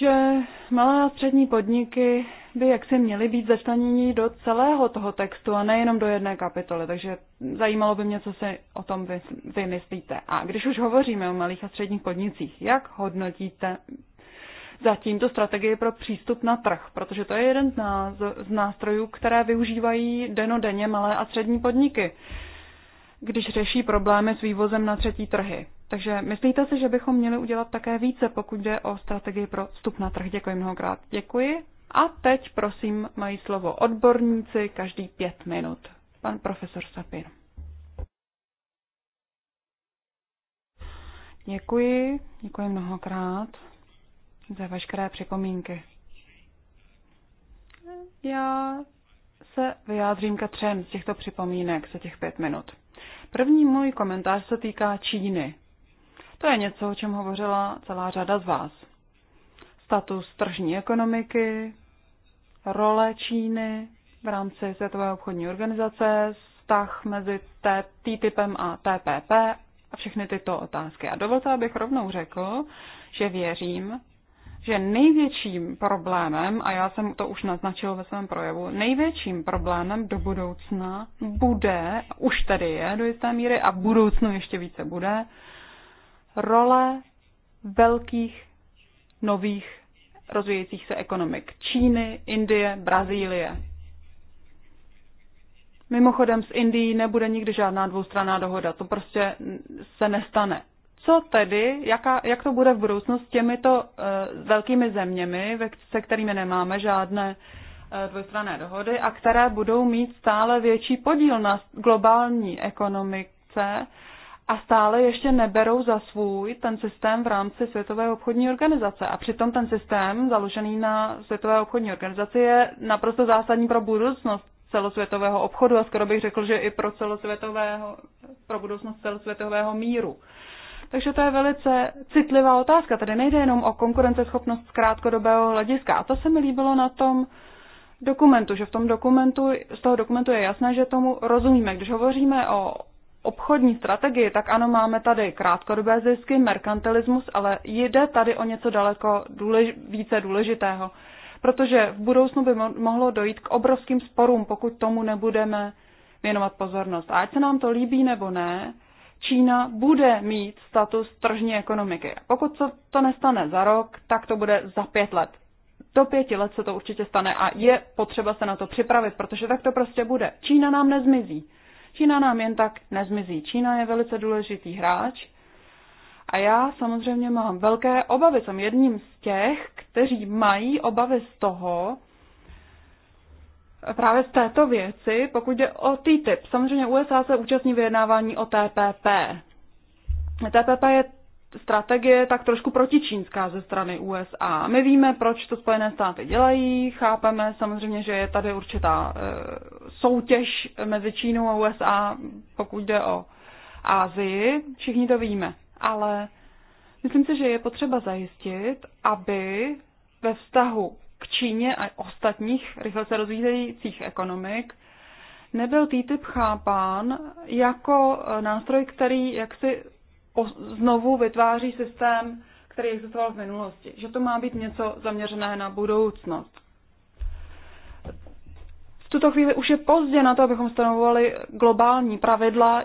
Že malé a střední podniky by jaksi měly být začleněni do celého toho textu a nejenom do jedné kapitoly. Takže zajímalo by mě, co si o tom vy, vy myslíte. A když už hovoříme o malých a středních podnicích, jak hodnotíte Zatím to strategii pro přístup na trh, protože to je jeden z nástrojů, které využívají denodenně malé a střední podniky, když řeší problémy s vývozem na třetí trhy. Takže myslíte si, že bychom měli udělat také více, pokud jde o strategii pro vstup na trh? Děkuji mnohokrát. Děkuji. A teď, prosím, mají slovo odborníci každý pět minut. Pan profesor Sapin. Děkuji, děkuji mnohokrát za veškeré připomínky. Já se vyjádřím ke třem z těchto připomínek za těch pět minut. První můj komentář se týká Číny. To je něco, o čem hovořila celá řada z vás. Status tržní ekonomiky, role Číny v rámci Světové obchodní organizace, vztah mezi TTIPem a TPP a všechny tyto otázky. A dovolte, abych rovnou řekl, že věřím, že největším problémem, a já jsem to už naznačil ve svém projevu, největším problémem do budoucna bude, už tady je do jisté míry a v budoucnu ještě více bude, role velkých nových rozvíjejících se ekonomik. Číny, Indie, Brazílie. Mimochodem s Indií nebude nikdy žádná dvoustranná dohoda. To prostě se nestane. Co tedy, jaká, jak to bude v budoucnu s těmito uh, velkými zeměmi, se kterými nemáme žádné uh, dvojstranné dohody a které budou mít stále větší podíl na globální ekonomice a stále ještě neberou za svůj ten systém v rámci Světové obchodní organizace. A přitom ten systém založený na Světové obchodní organizaci je naprosto zásadní pro budoucnost celosvětového obchodu a skoro bych řekl, že i pro celosvětového, pro budoucnost celosvětového míru. Takže to je velice citlivá otázka. Tady nejde jenom o konkurenceschopnost z krátkodobého hlediska. A to se mi líbilo na tom dokumentu, že v tom dokumentu, z toho dokumentu je jasné, že tomu rozumíme. Když hovoříme o obchodní strategii, tak ano, máme tady krátkodobé zisky, merkantilismus, ale jde tady o něco daleko důlež, více důležitého. Protože v budoucnu by mohlo dojít k obrovským sporům, pokud tomu nebudeme věnovat pozornost. A ať se nám to líbí nebo ne, Čína bude mít status tržní ekonomiky. Pokud se to nestane za rok, tak to bude za pět let. Do pěti let se to určitě stane a je potřeba se na to připravit, protože tak to prostě bude. Čína nám nezmizí. Čína nám jen tak nezmizí. Čína je velice důležitý hráč a já samozřejmě mám velké obavy. Jsem jedním z těch, kteří mají obavy z toho, právě z této věci, pokud jde o TTIP. Samozřejmě USA se účastní vyjednávání o TPP. TPP je strategie tak trošku protičínská ze strany USA. My víme, proč to Spojené státy dělají, chápeme samozřejmě, že je tady určitá e, soutěž mezi Čínou a USA, pokud jde o Ázii, všichni to víme. Ale myslím si, že je potřeba zajistit, aby ve vztahu Číně a ostatních rychle se rozvíjejících ekonomik, nebyl TTIP chápán jako eh, nástroj, který jaksi znovu vytváří systém, který existoval v minulosti. Že to má být něco zaměřené na budoucnost. V tuto chvíli už je pozdě na to, abychom stanovovali globální pravidla,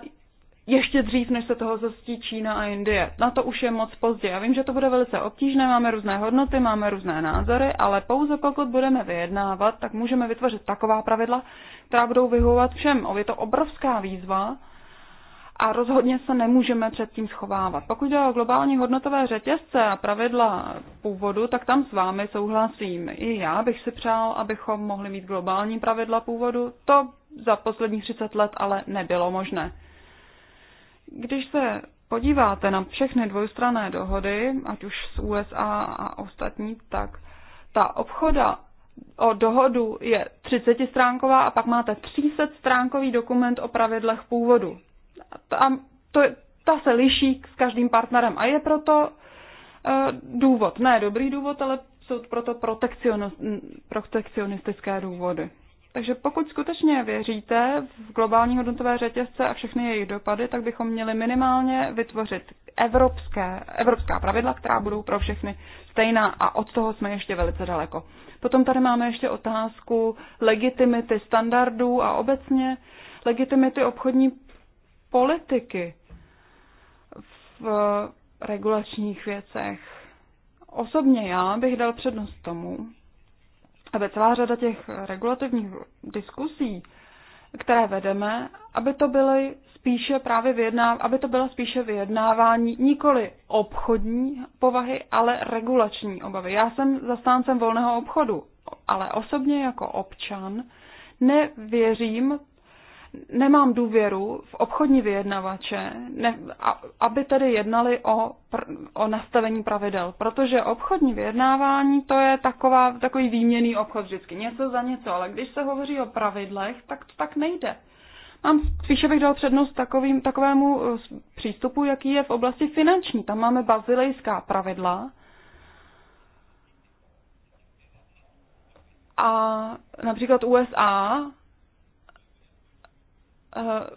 ještě dřív, než se toho zastí Čína a Indie. Na to už je moc pozdě. Já vím, že to bude velice obtížné, máme různé hodnoty, máme různé názory, ale pouze pokud budeme vyjednávat, tak můžeme vytvořit taková pravidla, která budou vyhovovat všem. Je to obrovská výzva a rozhodně se nemůžeme před tím schovávat. Pokud jde o globální hodnotové řetězce a pravidla původu, tak tam s vámi souhlasím. I já bych si přál, abychom mohli mít globální pravidla původu. To za posledních 30 let ale nebylo možné. Když se podíváte na všechny dvojstranné dohody, ať už z USA a ostatní, tak ta obchoda o dohodu je 30-stránková a pak máte 300-stránkový dokument o pravidlech původu. A to, ta se liší s každým partnerem a je proto e, důvod, ne dobrý důvod, ale jsou proto protekcionistické důvody. Takže pokud skutečně věříte v globální hodnotové řetězce a všechny jejich dopady, tak bychom měli minimálně vytvořit evropské, evropská pravidla, která budou pro všechny stejná a od toho jsme ještě velice daleko. Potom tady máme ještě otázku legitimity standardů a obecně legitimity obchodní politiky v regulačních věcech. Osobně já bych dal přednost tomu, aby celá řada těch regulativních diskusí, které vedeme, aby to byly spíše právě vyjednáv- aby to byla spíše vyjednávání nikoli obchodní povahy, ale regulační obavy. Já jsem zastáncem volného obchodu, ale osobně jako občan nevěřím nemám důvěru v obchodní vyjednavače, ne, a, aby tedy jednali o, pr, o nastavení pravidel. Protože obchodní vyjednávání to je taková, takový výměný obchod vždycky. Něco za něco, ale když se hovoří o pravidlech, tak to tak nejde. Mám, spíše bych dal přednost takovým, takovému eh, přístupu, jaký je v oblasti finanční. Tam máme bazilejská pravidla, a například USA Eh,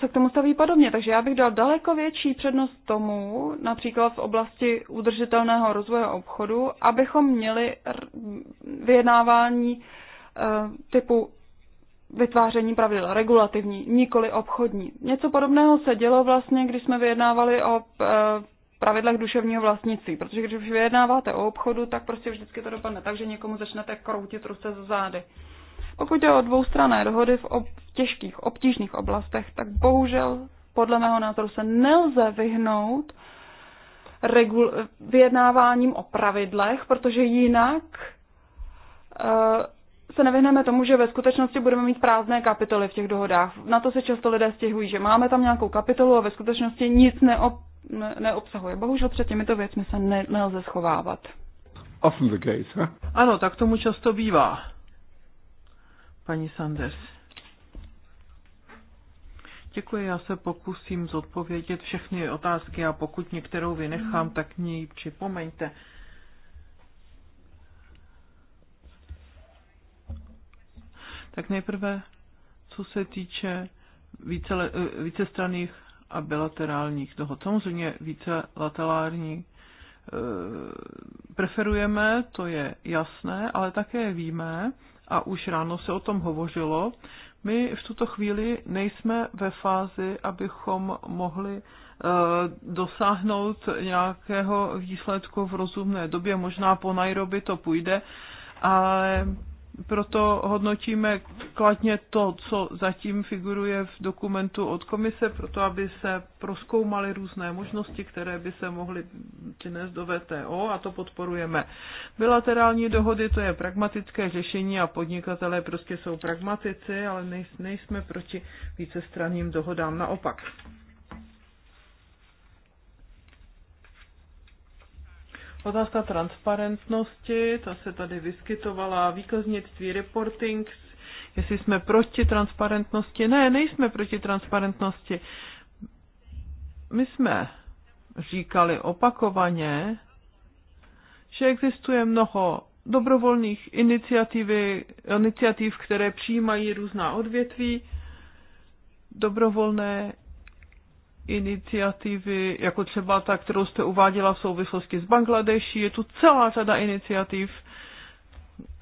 se k tomu staví podobně. Takže já bych dal daleko větší přednost tomu, například v oblasti udržitelného rozvoje obchodu, abychom měli vyjednávání eh, typu vytváření pravidel regulativní, nikoli obchodní. Něco podobného se dělo vlastně, když jsme vyjednávali o eh, pravidlech duševního vlastnictví, protože když vyjednáváte o obchodu, tak prostě vždycky to dopadne tak, že někomu začnete kroutit ruce za zády. Uh, pokud jde o dvoustrané dohody v, ob- v těžkých, obtížných oblastech, tak bohužel podle mého názoru se nelze vyhnout regul- vyjednáváním o pravidlech, protože jinak e se nevyhneme tomu, že ve skutečnosti budeme mít prázdné kapitoly v těch dohodách. Na to se často lidé stěhují, že máme tam nějakou kapitolu a ve skutečnosti nic neob, ne, neobsahuje. Bohužel před těmito věcmi se ne, nelze schovávat. Often the case, huh? Ano, tak tomu často bývá paní Sanders. Děkuji, já se pokusím zodpovědět všechny otázky a pokud některou vynechám, mhm. tak mě ji připomeňte. Tak nejprve, co se týče více, eh, straných a bilaterálních dohod. Samozřejmě vícelaterální eh, preferujeme, to je jasné, ale také víme, a už ráno se o tom hovořilo. My v tuto chvíli nejsme ve fázi, abychom mohli eh, dosáhnout nějakého výsledku v rozumné době. Možná po Nairobi to půjde, ale proto hodnotíme kladně to, co zatím figuruje v dokumentu od komise, proto aby se proskoumaly různé možnosti, které by se mohly přinést do VTO a to podporujeme. Bilaterální dohody to je pragmatické řešení a podnikatelé prostě jsou pragmatici, ale nejsme proti vícestranným dohodám naopak. Otázka transparentnosti, ta se tady vyskytovala, výkaznictví, reporting, jestli jsme proti transparentnosti. Ne, nejsme proti transparentnosti. My jsme říkali opakovaně, že existuje mnoho dobrovolných iniciativy, iniciativ, které přijímají různá odvětví, dobrovolné iniciativy, jako třeba ta, kterou jste uváděla v souvislosti s Bangladeši. Je tu celá řada iniciativ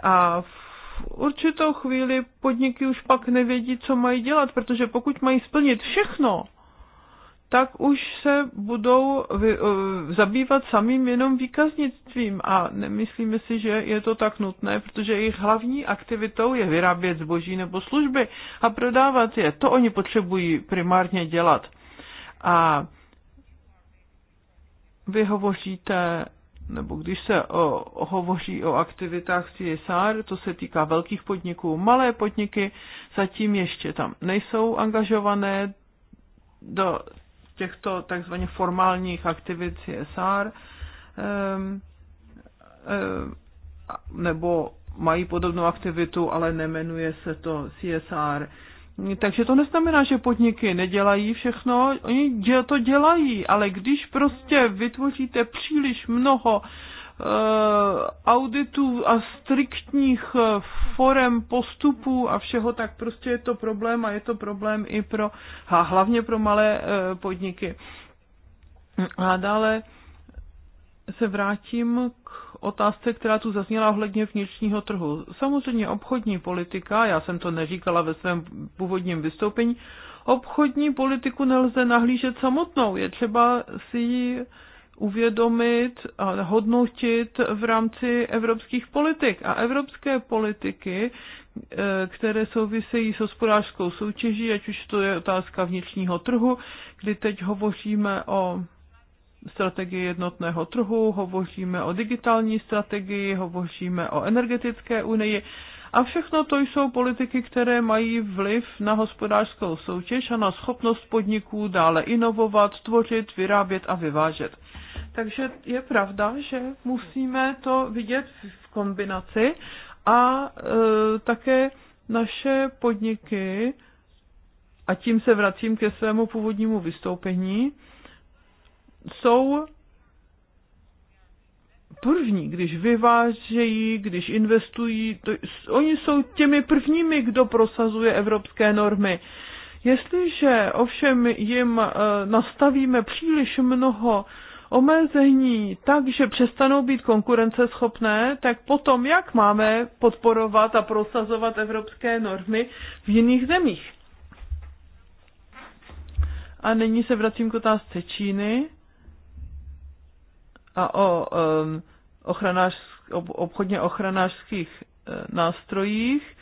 a v určitou chvíli podniky už pak nevědí, co mají dělat, protože pokud mají splnit všechno, tak už se budou vy, uh, zabývat samým jenom výkaznictvím a nemyslíme si, že je to tak nutné, protože jejich hlavní aktivitou je vyrábět zboží nebo služby a prodávat je. To oni potřebují primárně dělat. A vy hovoříte, nebo když se o, o hovoří o aktivitách CSR, to se týká velkých podniků, malé podniky zatím ještě tam nejsou angažované do těchto takzvaně formálních aktivit CSR. Um, ehm, um, ehm, nebo mají podobnou aktivitu, ale nemenuje se to CSR. Takže to neznamená, že podniky nedělají všechno, oni to dělají, ale když prostě vytvoříte příliš mnoho eh, auditů a striktních eh, forem postupů a všeho, tak prostě je to problém a je to problém i pro, a hlavně pro malé eh, podniky. A dále se vrátím k otázce, která tu zazněla ohledně vnitřního trhu. Samozřejmě obchodní politika, já jsem to neříkala ve svém původním vystoupení, obchodní politiku nelze nahlížet samotnou, je třeba si ji uvědomit a hodnotit v rámci evropských politik. A evropské politiky, e, které souvisejí s hospodářskou soutěží, ať už to je otázka vnitřního trhu, kdy teď hovoříme o strategii jednotného trhu, hovoříme o digitální strategii, hovoříme o energetické unii. A všechno to jsou politiky, které mají vliv na hospodářskou soutěž a na schopnost podniků dále inovovat, tvořit, vyrábět a vyvážet. Takže je pravda, že musíme to vidět v kombinaci a e, také naše podniky, a tím se vracím ke svému původnímu vystoupení, jsou první, když vyvážejí, když investují, to, oni jsou těmi prvními, kdo prosazuje evropské normy. Jestliže ovšem jim eh, nastavíme příliš mnoho omezení tak, že přestanou být konkurenceschopné, tak potom jak máme podporovat a prosazovat evropské normy v jiných zemích? A nyní se vracím k otázce Číny a o ochranář, obchodně ochranářských e, nástrojích.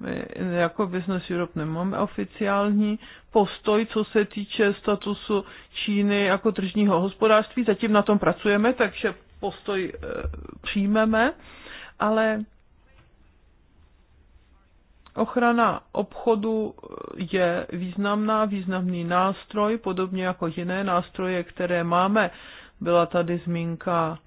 My jako Business Europe nemáme oficiální postoj, co se týče statusu Číny jako tržního hospodářství. Zatím na tom pracujeme, takže postoj e, přijmeme, ale Ochrana obchodu e, je významná, významný nástroj, podobně jako jiné nástroje, které máme byla tady zmínka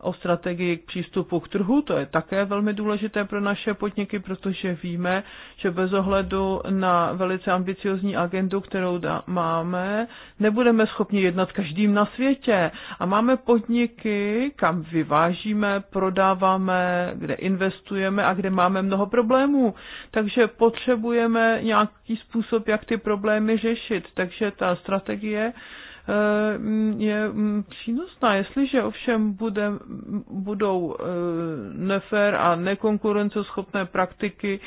o strategii k přístupu k trhu, to je také velmi důležité pro naše podniky, protože víme, že bez ohledu na velice ambiciozní agendu, kterou máme, nebudeme schopni jednat každým na světě. A máme podniky, kam vyvážíme, prodáváme, kde investujeme a kde máme mnoho problémů. Takže potřebujeme nějaký způsob, jak ty problémy řešit. Takže ta strategie je mm, přínosná. Jestliže ovšem bude, budou eh, nefér a nekonkurenceschopné praktiky,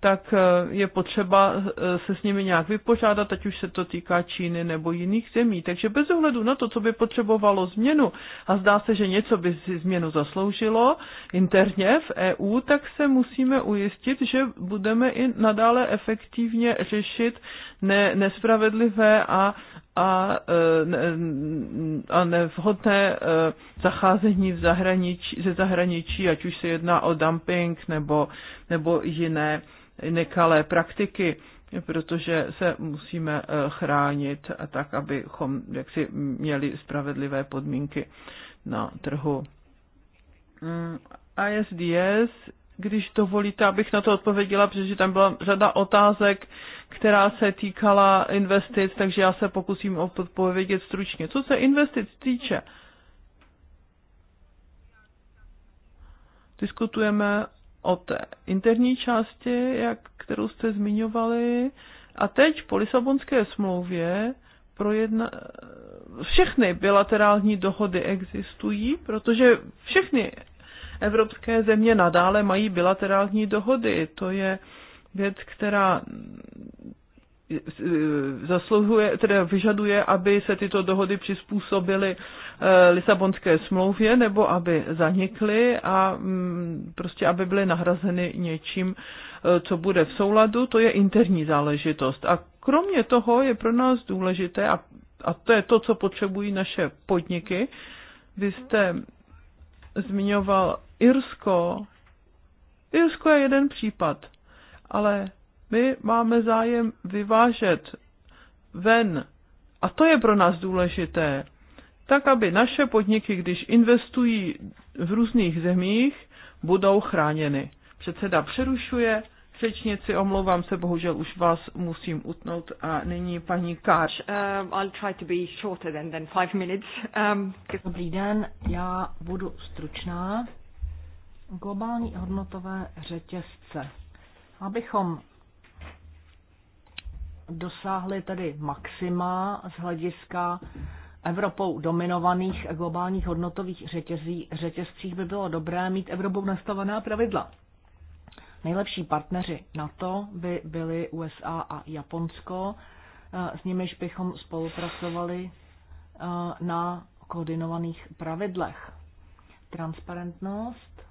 tak eh, je potřeba eh, se s nimi nějak vypořádat, ať už se to týká Číny nebo jiných zemí. Takže bez ohledu na to, co by potřebovalo změnu, a zdá se, že něco by si změnu zasloužilo interně v EU, tak se musíme ujistit, že budeme i nadále efektivně řešit ne, nespravedlivé a a, e, a nevhodné e, zacházení v zahraničí, ze zahraničí, ať už se jedná o dumping nebo, nebo jiné nekalé praktiky, protože se musíme e, chránit a tak, abychom jaksi měli spravedlivé podmínky na trhu. Mm, ISDS když dovolíte, abych na to odpověděla, protože tam byla řada otázek, která se týkala investic, takže já se pokusím odpovědět stručně. Co se investic týče, diskutujeme o té interní části, jak, kterou jste zmiňovali, a teď po Lisabonské smlouvě projedna... všechny bilaterální dohody existují, protože všechny evropské země nadále mají bilaterální dohody. To je věc, která eh, zasluhuje, teda vyžaduje, aby se tyto dohody přizpůsobily eh, Lisabonské smlouvě nebo aby zanikly a mm, prostě aby byly nahrazeny něčím, eh, co bude v souladu, to je interní záležitost. A kromě toho je pro nás důležité, a, a to je to, co potřebují naše podniky, vy jste zmiňoval Irsko. Irsko je jeden případ, ale my máme zájem vyvážet ven, a to je pro nás důležité, tak aby naše podniky, když investují v různých zemích, budou chráněny. Předseda přerušuje řečnici, omlouvám se, bohužel už vás musím utnout a nyní paní Kář. Um, Um, Dobrý den, já budu stručná. Globální hodnotové řetězce. Abychom dosáhli tedy maxima z hlediska Evropou dominovaných globálních hodnotových řetězí, řetězcích by bylo dobré mít Evropou nastavená pravidla. Nejlepší partneři NATO by byly USA a Japonsko, eh, s nimiž bychom spolupracovali eh, na koordinovaných pravidlech. Transparentnost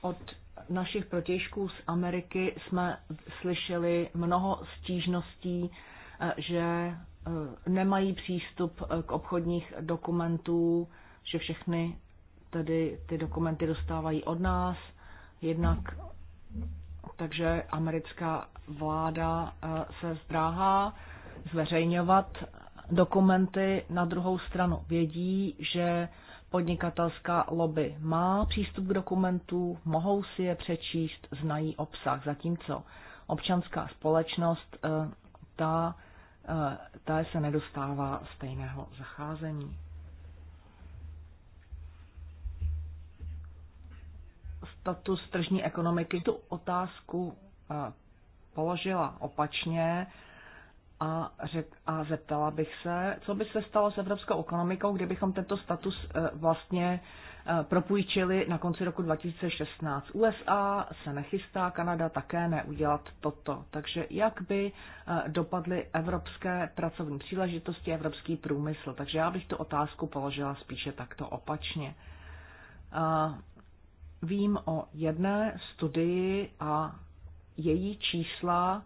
od našich protěžků z Ameriky jsme slyšeli mnoho stížností, eh, že nemají přístup k obchodních dokumentů, že všechny tedy ty dokumenty dostávají od nás, jednak takže americká vláda eh, se zdráhá zveřejňovat dokumenty. Na druhou stranu vědí, že podnikatelská lobby má přístup k dokumentů, mohou si je přečíst, znají obsah, zatímco občanská společnost eh, ta, eh, ta se nedostává stejného zacházení. status tržní ekonomiky. Tu otázku eh, položila opačně a, řek, a zeptala bych se, co by se stalo s evropskou ekonomikou, kdybychom tento status eh, vlastně eh, propůjčili na konci roku 2016. USA se nechystá, Kanada také neudělat toto. Takže jak by dopadly evropské pracovní příležitosti, evropský průmysl? Takže já bych tu otázku položila spíše takto opačně. Vím o jedné studii a její čísla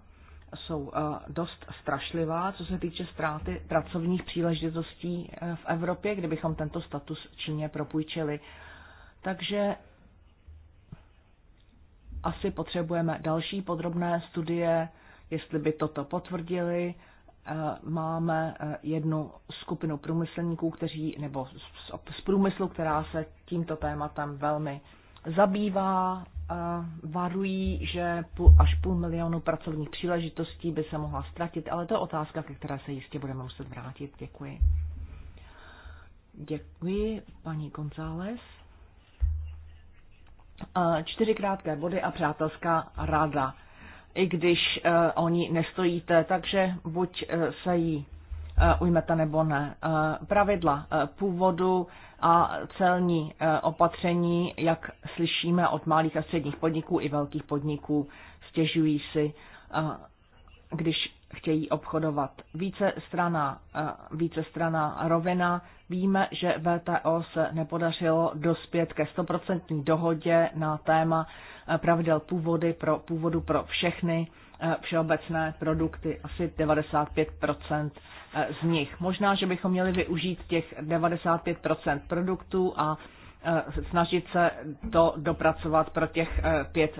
jsou eh, dost strašlivá, co se týče ztráty pracovních příležitostí eh, v Evropě, kdybychom tento status Číně propůjčili. Takže asi potřebujeme další podrobné studie, jestli by toto potvrdili. Eh, máme jednu skupinu průmyslníků, kteří, nebo z průmyslu, která se tímto tématem velmi zabývá, varují, že až půl milionu pracovních příležitostí by se mohla ztratit, ale to je otázka, ke které se jistě budeme muset vrátit. Děkuji. Děkuji, paní González. Čtyři krátké body a přátelská rada. I když e, o ní nestojíte, takže buď e, se jí Eh, ujmete nebo ne. Eh, pravidla eh, původu a celní opatření, jak slyšíme od malých a středních podniků i velkých podniků, stěžují si, když chtějí obchodovat. Více strana, více strana rovina. Víme, že VTO se nepodařilo dospět ke 100% dohodě na téma pravidel původy pro, původu pro všechny Eh, všeobecné produkty, asi 95 eh, z nich. Možná, že bychom měli využít těch 95 produktů a eh, snažit se to dopracovat pro těch 5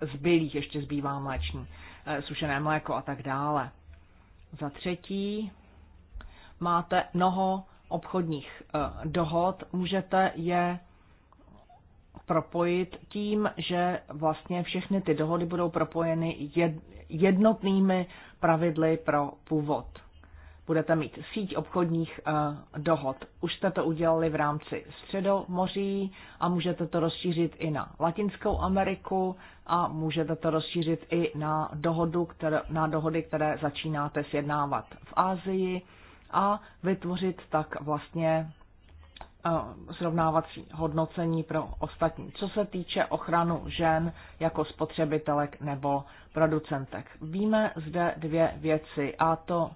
zbylých, ještě zbývá mléční, sušené mléko a tak dále. Za třetí, máte mnoho obchodních dohod, můžete je propojit tím, že vlastně všechny ty dohody budou propojeny jednotnými pravidly pro původ. Budete mít síť obchodních eh, dohod. Už jste to udělali v rámci Středomoří a můžete to rozšířit i na Latinskou Ameriku a můžete to rozšířit i na, dohodu, které, na dohody, které začínáte sjednávat v Ázii a vytvořit tak vlastně srovnávací hodnocení pro ostatní, co se týče ochranu žen jako spotřebitelek nebo producentek. Víme zde dvě věci a to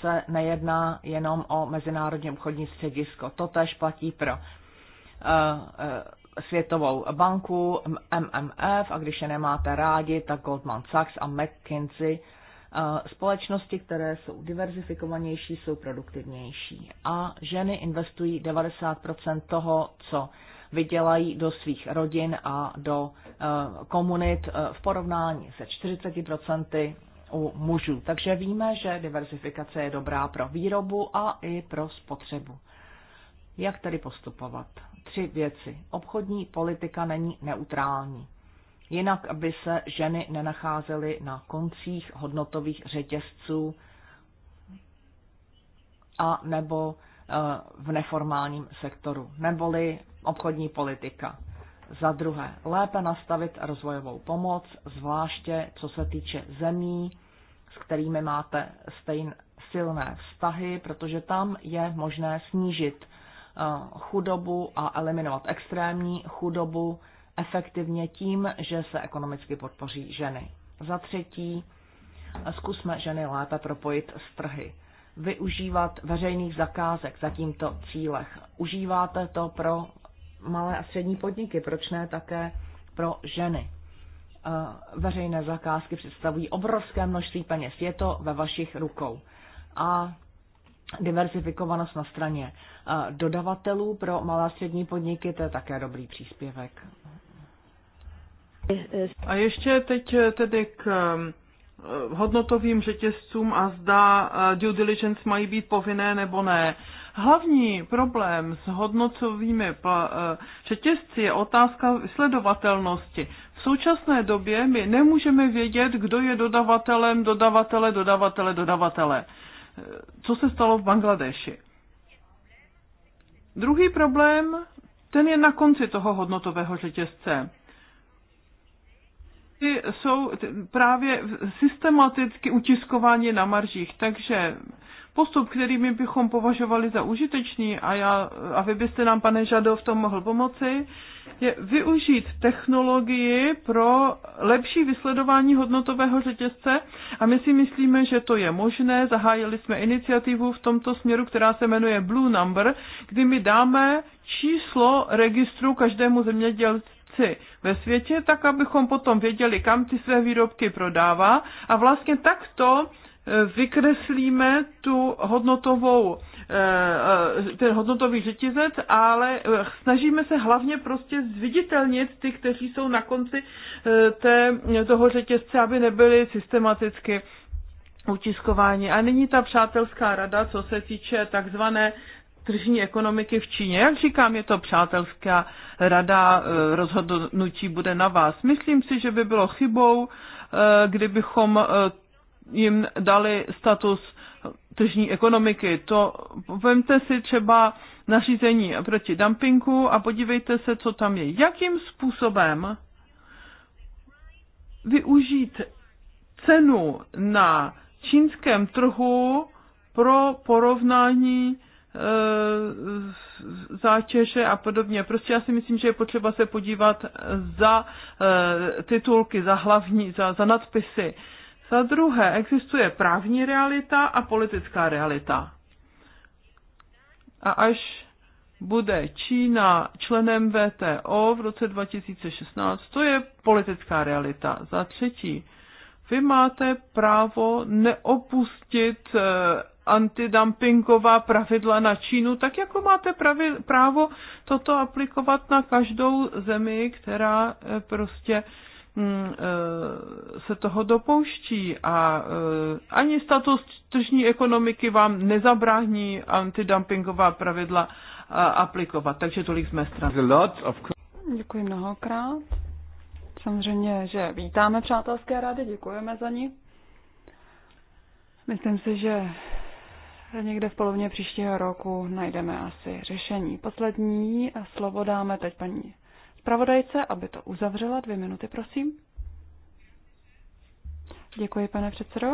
se nejedná jenom o mezinárodní obchodní středisko. To tež platí pro e, e, Světovou banku, MMF a když je nemáte rádi, tak Goldman Sachs a McKinsey Společnosti, které jsou diverzifikovanější, jsou produktivnější. A ženy investují 90 toho, co vydělají do svých rodin a do eh, komunit eh, v porovnání se 40 u mužů. Takže víme, že diverzifikace je dobrá pro výrobu a i pro spotřebu. Jak tedy postupovat? Tři věci. Obchodní politika není neutrální jinak aby se ženy nenacházely na koncích hodnotových řetězců a nebo eh, v neformálním sektoru, neboli obchodní politika. Za druhé, lépe nastavit rozvojovou pomoc, zvláště co se týče zemí, s kterými máte stejn, silné vztahy, protože tam je možné snížit eh, chudobu a eliminovat extrémní chudobu efektivně tím, že se ekonomicky podpoří ženy. Za třetí, zkusme ženy lépe propojit s trhy. Využívat veřejných zakázek za tímto cílech. Užíváte to pro malé a střední podniky, proč ne také pro ženy. Eh, veřejné zakázky představují obrovské množství peněz. Je to ve vašich rukou. A diversifikovanost na straně eh, dodavatelů pro malé a střední podniky, to je také dobrý příspěvek. A ještě teď eh, tedy k eh, hodnotovým řetězcům a zda eh, due diligence mají být povinné nebo ne. Hlavní problém s hodnotovými řetězci je otázka sledovatelnosti. V současné době my nemůžeme vědět, kdo je dodavatelem, dodavatele, dodavatele, dodavatele. Co se stalo v Bangladeši? Druhý problém, ten je na konci toho hodnotového řetězce jsou právě systematicky utiskováni na maržích. Takže postup, který my bychom považovali za užitečný, a, já, a vy byste nám, pane Žado, v tom mohl pomoci, je využít technologii pro lepší vysledování hodnotového řetězce a my si myslíme, že to je možné. Zahájili jsme iniciativu v tomto směru, která se jmenuje Blue Number, kdy my dáme číslo registru každému zemědělci ve světě, tak abychom potom věděli, kam ty své výrobky prodává a vlastně takto vykreslíme tu hodnotovou, eh, eh, ten hodnotový řetězec, ale eh, snažíme se hlavně prostě zviditelnit ty, kteří jsou na konci té, toho řetězce, aby nebyli systematicky utiskování. A nyní ta přátelská rada, co se týče takzvané tržní ekonomiky v Číně. Jak říkám, je to přátelská rada, rozhodnutí bude na vás. Myslím si, že by bylo chybou, kdybychom jim dali status tržní ekonomiky. To vemte si třeba nařízení proti dumpingu a podívejte se, co tam je. Jakým způsobem využít cenu na čínském trhu pro porovnání e, zátěže a podobně. Prostě já si myslím, že je potřeba se podívat za e, titulky, za hlavní, za, za nadpisy. Za druhé, existuje právní realita a politická realita. A až bude Čína členem VTO v roce 2016, to je politická realita. Za třetí, vy máte právo neopustit eh, antidumpingová pravidla na Čínu, tak jako máte pravi, právo toto aplikovat na každou zemi, která eh, prostě Mm, eh, se toho dopouští a eh, ani status tržní ekonomiky vám nezabrání antidumpingová pravidla eh, aplikovat. Takže tolik z mé strany. Děkuji mnohokrát. Samozřejmě, že vítáme přátelské rady, děkujeme za ní. Myslím si, že někde v polovině příštího roku najdeme asi řešení. Poslední slovo dáme teď paní zpravodajce, aby to uzavřela. Dvě minuty, prosím. Děkuji, pane předsedo.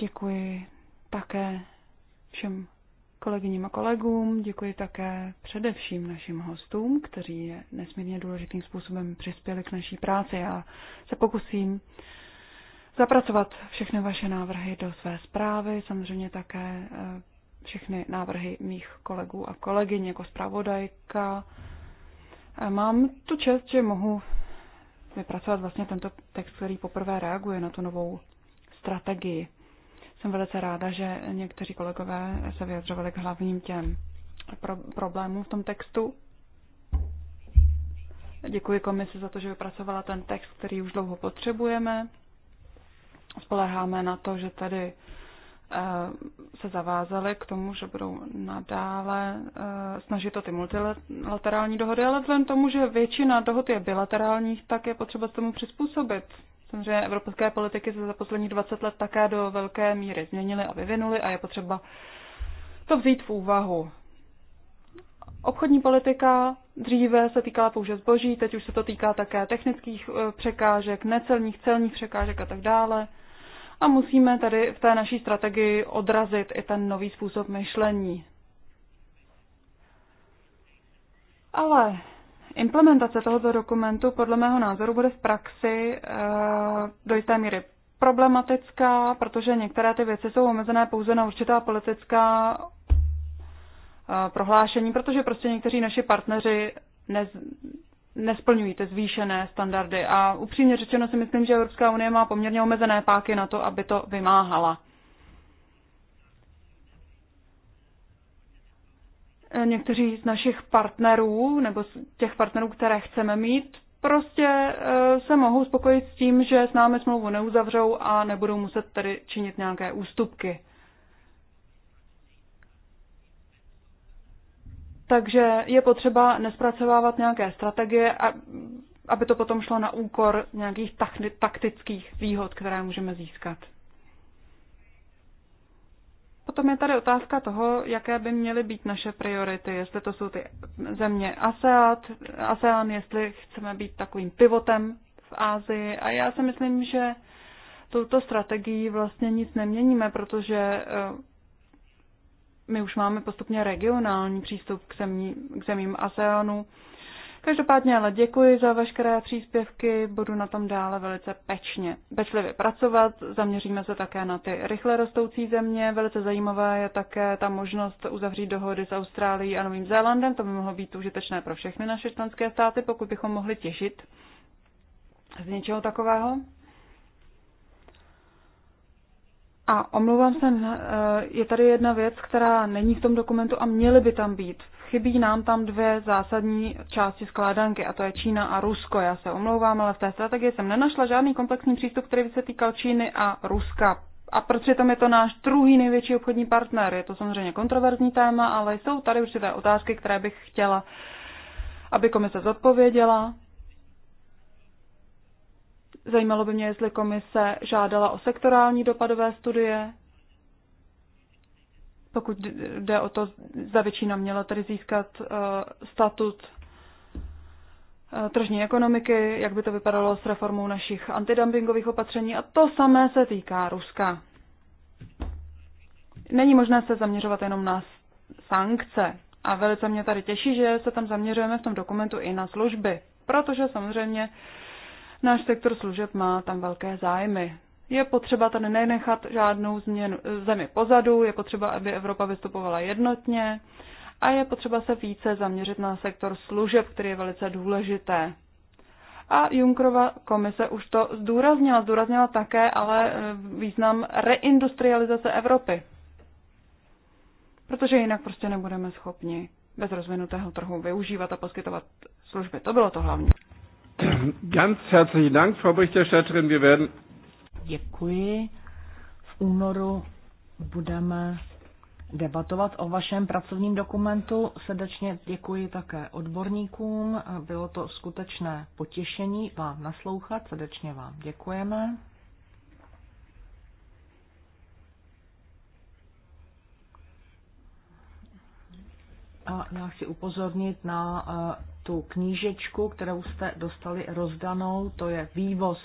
Děkuji také všem kolegyním a kolegům, děkuji také především našim hostům, kteří je nesmírně důležitým způsobem přispěli k naší práci. Já se pokusím zapracovat všechny vaše návrhy do své zprávy, samozřejmě také eh, všechny návrhy mých kolegů a kolegyň jako zpravodajka. Mám tu čest, že mohu vypracovat vlastně tento text, který poprvé reaguje na tu novou strategii. Jsem velice ráda, že někteří kolegové se vyjadřovali k hlavním těm pro- problémům v tom textu. Děkuji komisi za to, že vypracovala ten text, který už dlouho potřebujeme. Spoleháme na to, že tady Eh, se zavázali k tomu, že budou nadále eh, snažit o ty multilaterální dohody, ale vzhledem tomu, že většina dohod je bilaterálních, tak je potřeba se tomu přizpůsobit. Samozřejmě evropské politiky se za poslední 20 let také do velké míry změnily a vyvinuly a je potřeba to vzít v úvahu. Obchodní politika dříve se týkala pouze zboží, teď už se to týká také technických eh, překážek, necelních celních překážek a tak dále a musíme tady v té naší strategii odrazit i ten nový způsob myšlení. Ale implementace tohoto dokumentu podle mého názoru bude v praxi eh, do jisté míry problematická, protože některé ty věci jsou omezené pouze na určitá politická eh, prohlášení, protože prostě někteří naši partneři nez, nesplňují ty zvýšené standardy. A upřímně řečeno si myslím, že Evropská unie má poměrně omezené páky na to, aby to vymáhala. Někteří z našich partnerů, nebo z těch partnerů, které chceme mít, prostě eh, se mohou spokojit s tím, že s námi smlouvu neuzavřou a nebudou muset tedy činit nějaké ústupky. Takže je potřeba nespracovávat nějaké strategie, aby to potom šlo na úkor nějakých taktických výhod, které můžeme získat. Potom je tady otázka toho, jaké by měly být naše priority, jestli to jsou ty země ASEAT, ASEAN, jestli chceme být takovým pivotem v Ázii. A já si myslím, že touto strategií vlastně nic neměníme, protože eh, my už máme postupně regionální přístup k, zemí, k zemím ASEANu. Každopádně ale děkuji za veškeré příspěvky, budu na tom dále velice pečně, pečlivě pracovat, zaměříme se také na ty rychle rostoucí země, velice zajímavá je také ta možnost uzavřít dohody s Austrálií a Novým Zélandem, to by mohlo být užitečné pro všechny naše členské státy, pokud bychom mohli těžit z něčeho takového. A omlouvám se, eh, je tady jedna věc, která není v tom dokumentu a měly by tam být. Chybí nám tam dvě zásadní části skládanky, a to je Čína a Rusko. Já se omlouvám, ale v té strategii jsem nenašla žádný komplexní přístup, který by se týkal Číny a Ruska. A protože tam je to náš druhý největší obchodní partner, je to samozřejmě kontroverzní téma, ale jsou tady určité otázky, které bych chtěla, aby komise zodpověděla Zajímalo by mě, jestli komise žádala o sektorální dopadové studie, pokud jde o to, za většina měla tedy získat eh, statut eh, tržní ekonomiky, jak by to vypadalo s reformou našich antidumpingových opatření a to samé se týká Ruska. Není možné se zaměřovat jenom na sankce a velice mě tady těší, že se tam zaměřujeme v tom dokumentu i na služby, protože samozřejmě uh, Náš sektor služeb má tam velké zájmy. Je potřeba tady nenechat žádnou změnu, eh, zemi pozadu, je potřeba, aby Evropa vystupovala jednotně a je potřeba se více zaměřit na sektor služeb, který je velice důležité. A Junkrova komise už to zdůraznila, zdůraznila také ale eh, význam reindustrializace Evropy. Protože jinak prostě nebudeme schopni bez rozvinutého trhu využívat a poskytovat služby. To bylo to hlavní. Ganz herzlichen Dank, Frau Berichterstatterin. Wir werden. Děkuji. V únoru budeme debatovat o vašem pracovním dokumentu. Srdečně děkuji také odborníkům. Bylo to skutečné potěšení vám naslouchat. Srdečně vám děkujeme. A já chci upozornit na eh, tu knížečku, kterou jste dostali rozdanou, to je vývoz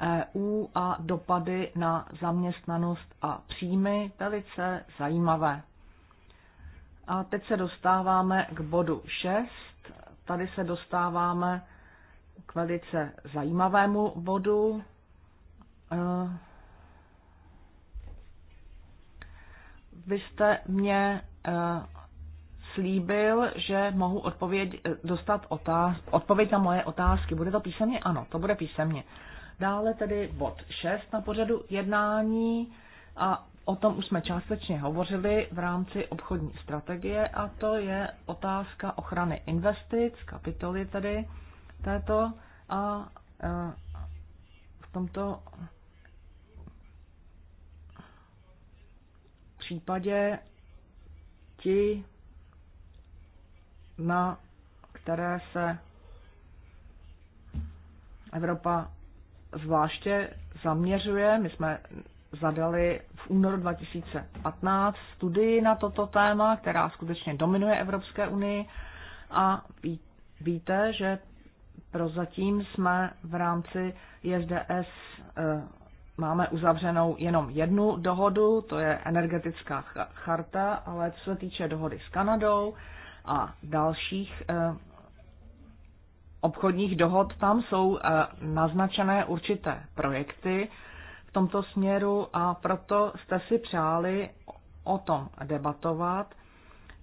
EU eh, a dopady na zaměstnanost a příjmy, velice zajímavé. A teď se dostáváme k bodu 6. Tady se dostáváme k velice zajímavému bodu. Eh, vy jste mě eh, slíbil, že mohu odpověď, dostat otáz, odpověď na moje otázky. Bude to písemně? Ano, to bude písemně. Dále tedy bod 6 na pořadu jednání a o tom už jsme částečně hovořili v rámci obchodní strategie a to je otázka ochrany investic, kapitoly tedy této a e, v tomto případě ti na které se Evropa zvláště zaměřuje. My jsme zadali v únoru 2015 studii na toto téma, která skutečně dominuje Evropské unii a víte, že prozatím jsme v rámci JSDS eh, máme uzavřenou jenom jednu dohodu, to je energetická charta, ale co se týče dohody s Kanadou, a dalších eh, obchodních dohod, tam jsou eh, naznačené určité projekty v tomto směru a proto jste si přáli o tom debatovat,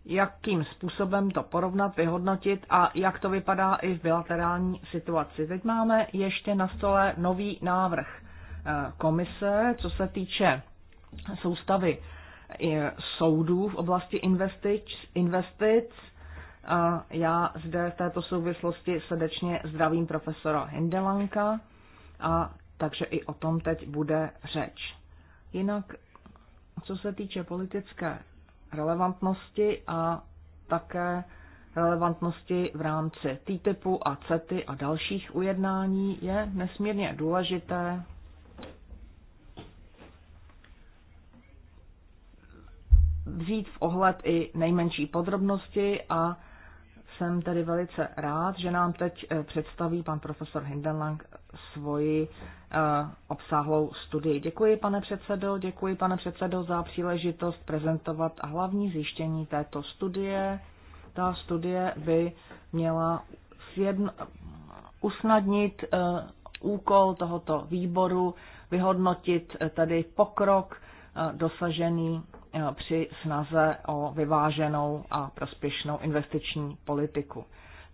jakým způsobem to porovnat, vyhodnotit a jak to vypadá i v bilaterální situaci. Teď máme ještě na stole nový návrh eh, komise, co se týče soustavy soudů v oblasti investic, investic a já zde v této souvislosti srdečně zdravím profesora Hindelanka, a takže i o tom teď bude řeč. Jinak, co se týče politické relevantnosti a také relevantnosti v rámci TTIPu a CETY a dalších ujednání, je nesmírně důležité vzít v ohled i nejmenší podrobnosti a jsem tedy velice rád, že nám teď eh, představí pan profesor Hindenlang svoji eh, obsáhlou studii. Děkuji, pane předsedo, děkuji, pane předsedo, za příležitost prezentovat hlavní zjištění této studie. Ta studie by měla sjedn- usnadnit eh, úkol tohoto výboru, vyhodnotit tedy pokrok dosažený Eh, při snaze o vyváženou a prospěšnou investiční politiku.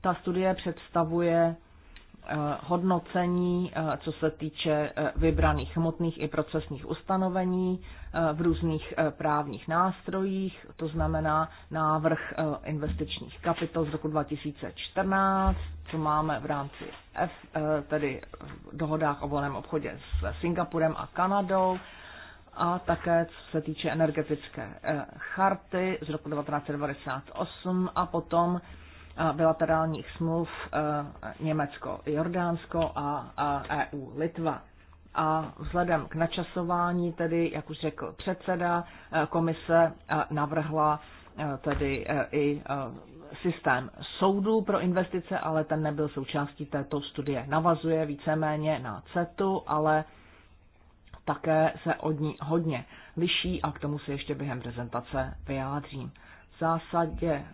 Ta studie představuje eh, hodnocení, eh, co se týče vybraných hmotných i procesních ustanovení v různých právních nástrojích, to znamená návrh investičních kapitol z roku 2014, co máme v rámci F, tedy v dohodách o volném obchodě s Singapurem a Kanadou, a také co se týče energetické eh, charty z roku 1998 a potom eh, bilaterálních smluv eh, Německo-Jordánsko a EU-Litva. A vzhledem k načasování, tedy, jak už řekl předseda, komise navrhla tedy i systém soudů pro investice, ale ten nebyl součástí této studie. Navazuje víceméně na CETu, ale také se od ní hodně liší a k tomu se ještě během prezentace vyjádřím. V zásadě,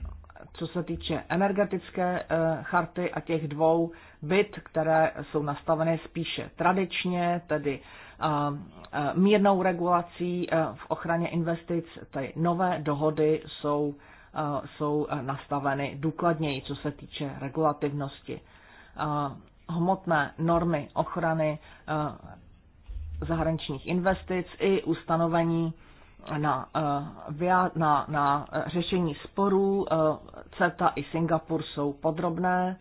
co se týče energetické eh, charty a těch dvou byt, které jsou nastaveny spíše tradičně, tedy eh, eh, mírnou regulací v ochraně investic, ty nové dohody jsou, jsou nastaveny důkladněji, co se týče regulativnosti. Hmotné normy ochrany zahraničních investic i ustanovení na, eh, na, na řešení sporů. Eh, CETA i Singapur jsou podrobné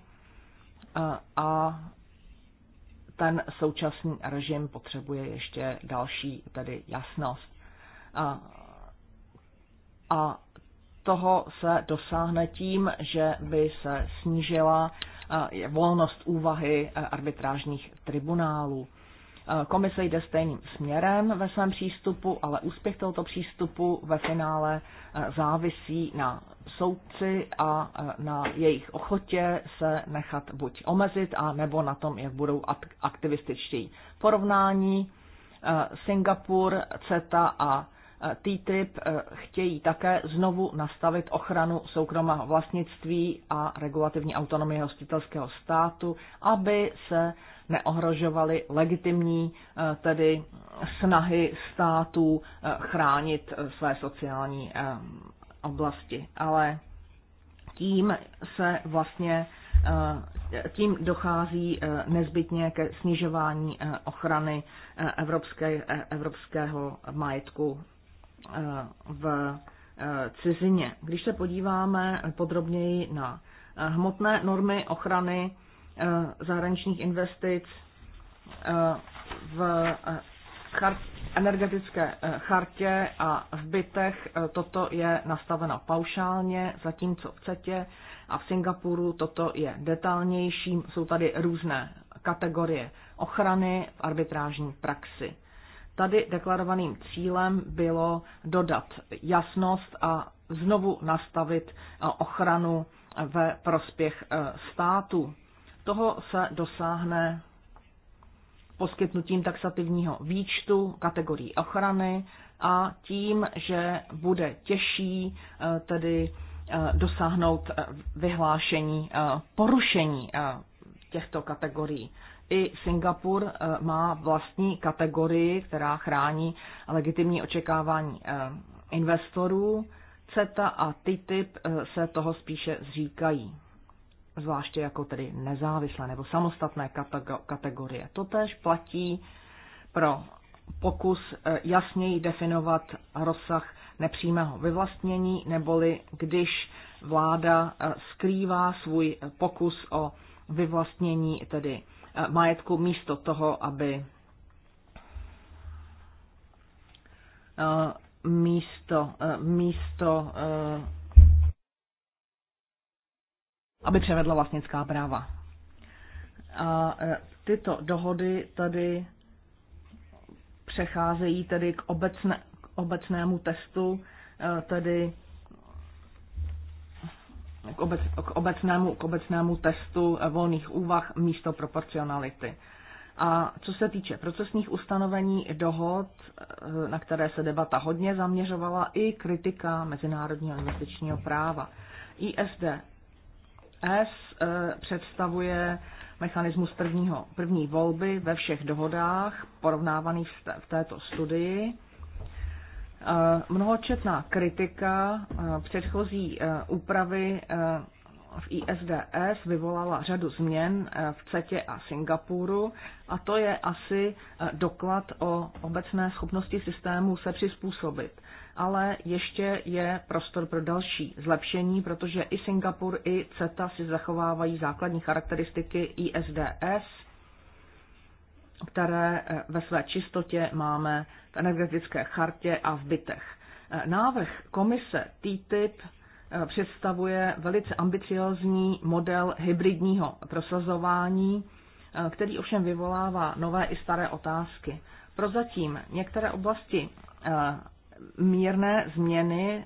eh, a ten současný režim potřebuje ještě další tedy jasnost. A, a toho se dosáhne tím, že by se snížila volnost úvahy arbitrážních tribunálů. Eh, komise jde stejným směrem ve svém přístupu, ale úspěch tohoto přístupu ve finále eh, závisí na soudci a eh, na jejich ochotě se nechat buď omezit, a nebo na tom, jak budou aktivističtí. Porovnání Singapur, CETA a TTIP chtějí také znovu nastavit ochranu soukromého vlastnictví a regulativní autonomie hostitelského státu, aby se neohrožovaly legitimní eh, tedy snahy států eh, chránit eh, své sociální oblasti. Ale tím se vlastně tím dochází nezbytně ke snižování ochrany evropské, evropského majetku v cizině. Když se podíváme podrobněji na hmotné normy ochrany Eh, zahraničních investic eh, v eh, energetické chartě a v bytech toto je nastaveno paušálně, zatímco v CETě a v Singapuru toto je detailnější. Jsou tady různé kategorie ochrany v arbitrážní praxi. Tady deklarovaným cílem bylo dodat jasnost a znovu nastavit ochranu ve prospěch státu toho se dosáhne poskytnutím taxativního výčtu kategorií ochrany a tím, že bude těžší e, tedy e, dosáhnout e, vyhlášení porušení těchto kategorií. I Singapur má vlastní kategorii, která chrání legitimní očekávání investorů. CETA a TTIP se toho spíše zříkají zvláště jako tedy nezávislé nebo samostatné kategorie. Totež platí pro pokus eh, jasněji definovat rozsah nepřímého vyvlastnění, neboli když vláda eh, skrývá svůj pokus o vyvlastnění tedy eh, majetku místo toho, aby místo, místo aby převedla vlastnická práva. A e, tyto dohody tady přecházejí tedy k, obecne, k obecnému testu, e, tedy k, obec, k, obecnému, k obecnému testu e, volných úvah místo proporcionality. A co se týče procesních ustanovení dohod, na které se debata hodně zaměřovala, i kritika mezinárodního investičního práva. ISD s eh, představuje mechanismus prvního, první volby ve všech dohodách porovnávaných v této studii. Eh, mnohočetná kritika eh, předchozí úpravy v ISDS vyvolala řadu změn eh, v CETě a Singapuru a to je asi eh, doklad o obecné schopnosti systému se přizpůsobit. Ale ještě je prostor pro další zlepšení, protože i Singapur, i CETA si zachovávají základní charakteristiky ISDS, které eh, ve své čistotě máme v energetické chartě a v bytech. Návrh komise TTIP Eh, představuje velice ambiciozní model hybridního prosazování, eh, který ovšem vyvolává nové i staré otázky. Prozatím některé oblasti eh, mírné změny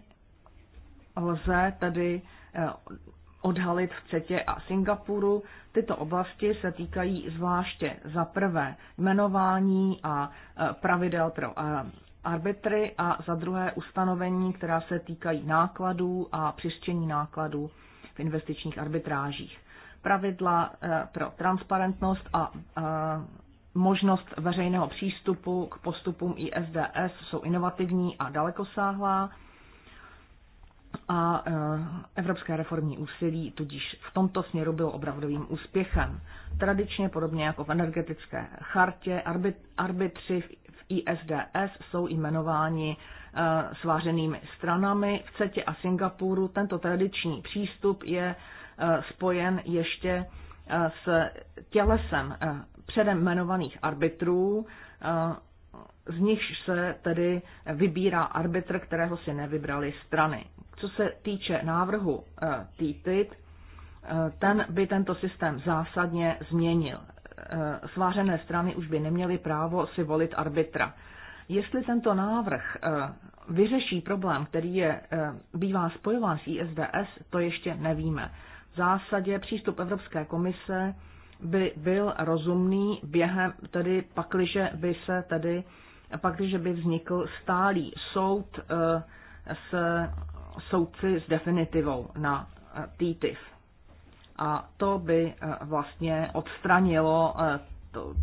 lze tedy odhalit v CETě a Singapuru. Tyto oblasti se týkají zvláště za prvé jmenování a pravidel pro arbitry a za druhé ustanovení, která se týkají nákladů a přištění nákladů v investičních arbitrážích. Pravidla eh, pro transparentnost a eh, možnost veřejného přístupu k postupům ISDS jsou inovativní a dalekosáhlá a eh, evropské reformní úsilí tudíž v tomto směru bylo opravdovým úspěchem. Tradičně, podobně jako v energetické chartě, arbitři v ISDS jsou jmenováni eh, svářenými stranami. V CETě a Singapuru tento tradiční přístup je eh, spojen ještě eh, s tělesem předem jmenovaných arbitrů, z nichž se tedy vybírá arbitr, kterého si nevybrali strany. Co se týče návrhu TTIP, ten by tento systém zásadně změnil. Eh, svářené strany už by neměly právo si volit arbitra. Jestli tento návrh eh, vyřeší problém, který je, eh, bývá spojován s ISDS, to ještě nevíme. V zásadě přístup Evropské komise by byl rozumný během, tedy pakliže by se tedy, pakliže by vznikl stálý soud s soudci s definitivou na TTIP. A to by eh, vlastně odstranilo eh,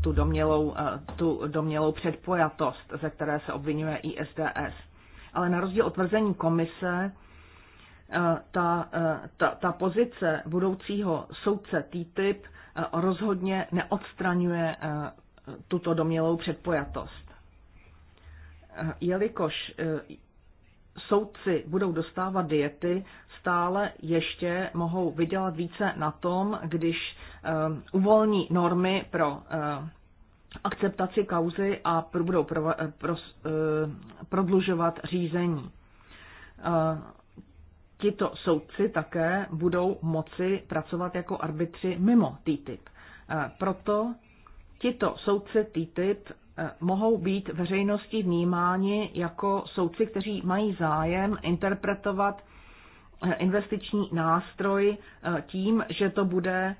tu domělou, eh, tu domělou předpojatost, ze které se obvinuje ISDS. Ale na rozdíl od tvrzení komise, ta, ta, ta pozice budoucího soudce TTIP rozhodně neodstraňuje tuto domělou předpojatost. Jelikož soudci budou dostávat diety, stále ještě mohou vydělat více na tom, když ehm, uvolní normy pro ehm, akceptaci kauzy a budou pro, eh, pro, eh, prodlužovat řízení. Eh, tito soudci také budou moci pracovat jako arbitři mimo TTIP. Proto tito soudci TTIP Eh, mohou být veřejnosti vnímáni jako soudci, kteří mají zájem interpretovat eh, investiční nástroj eh, tím, že to bude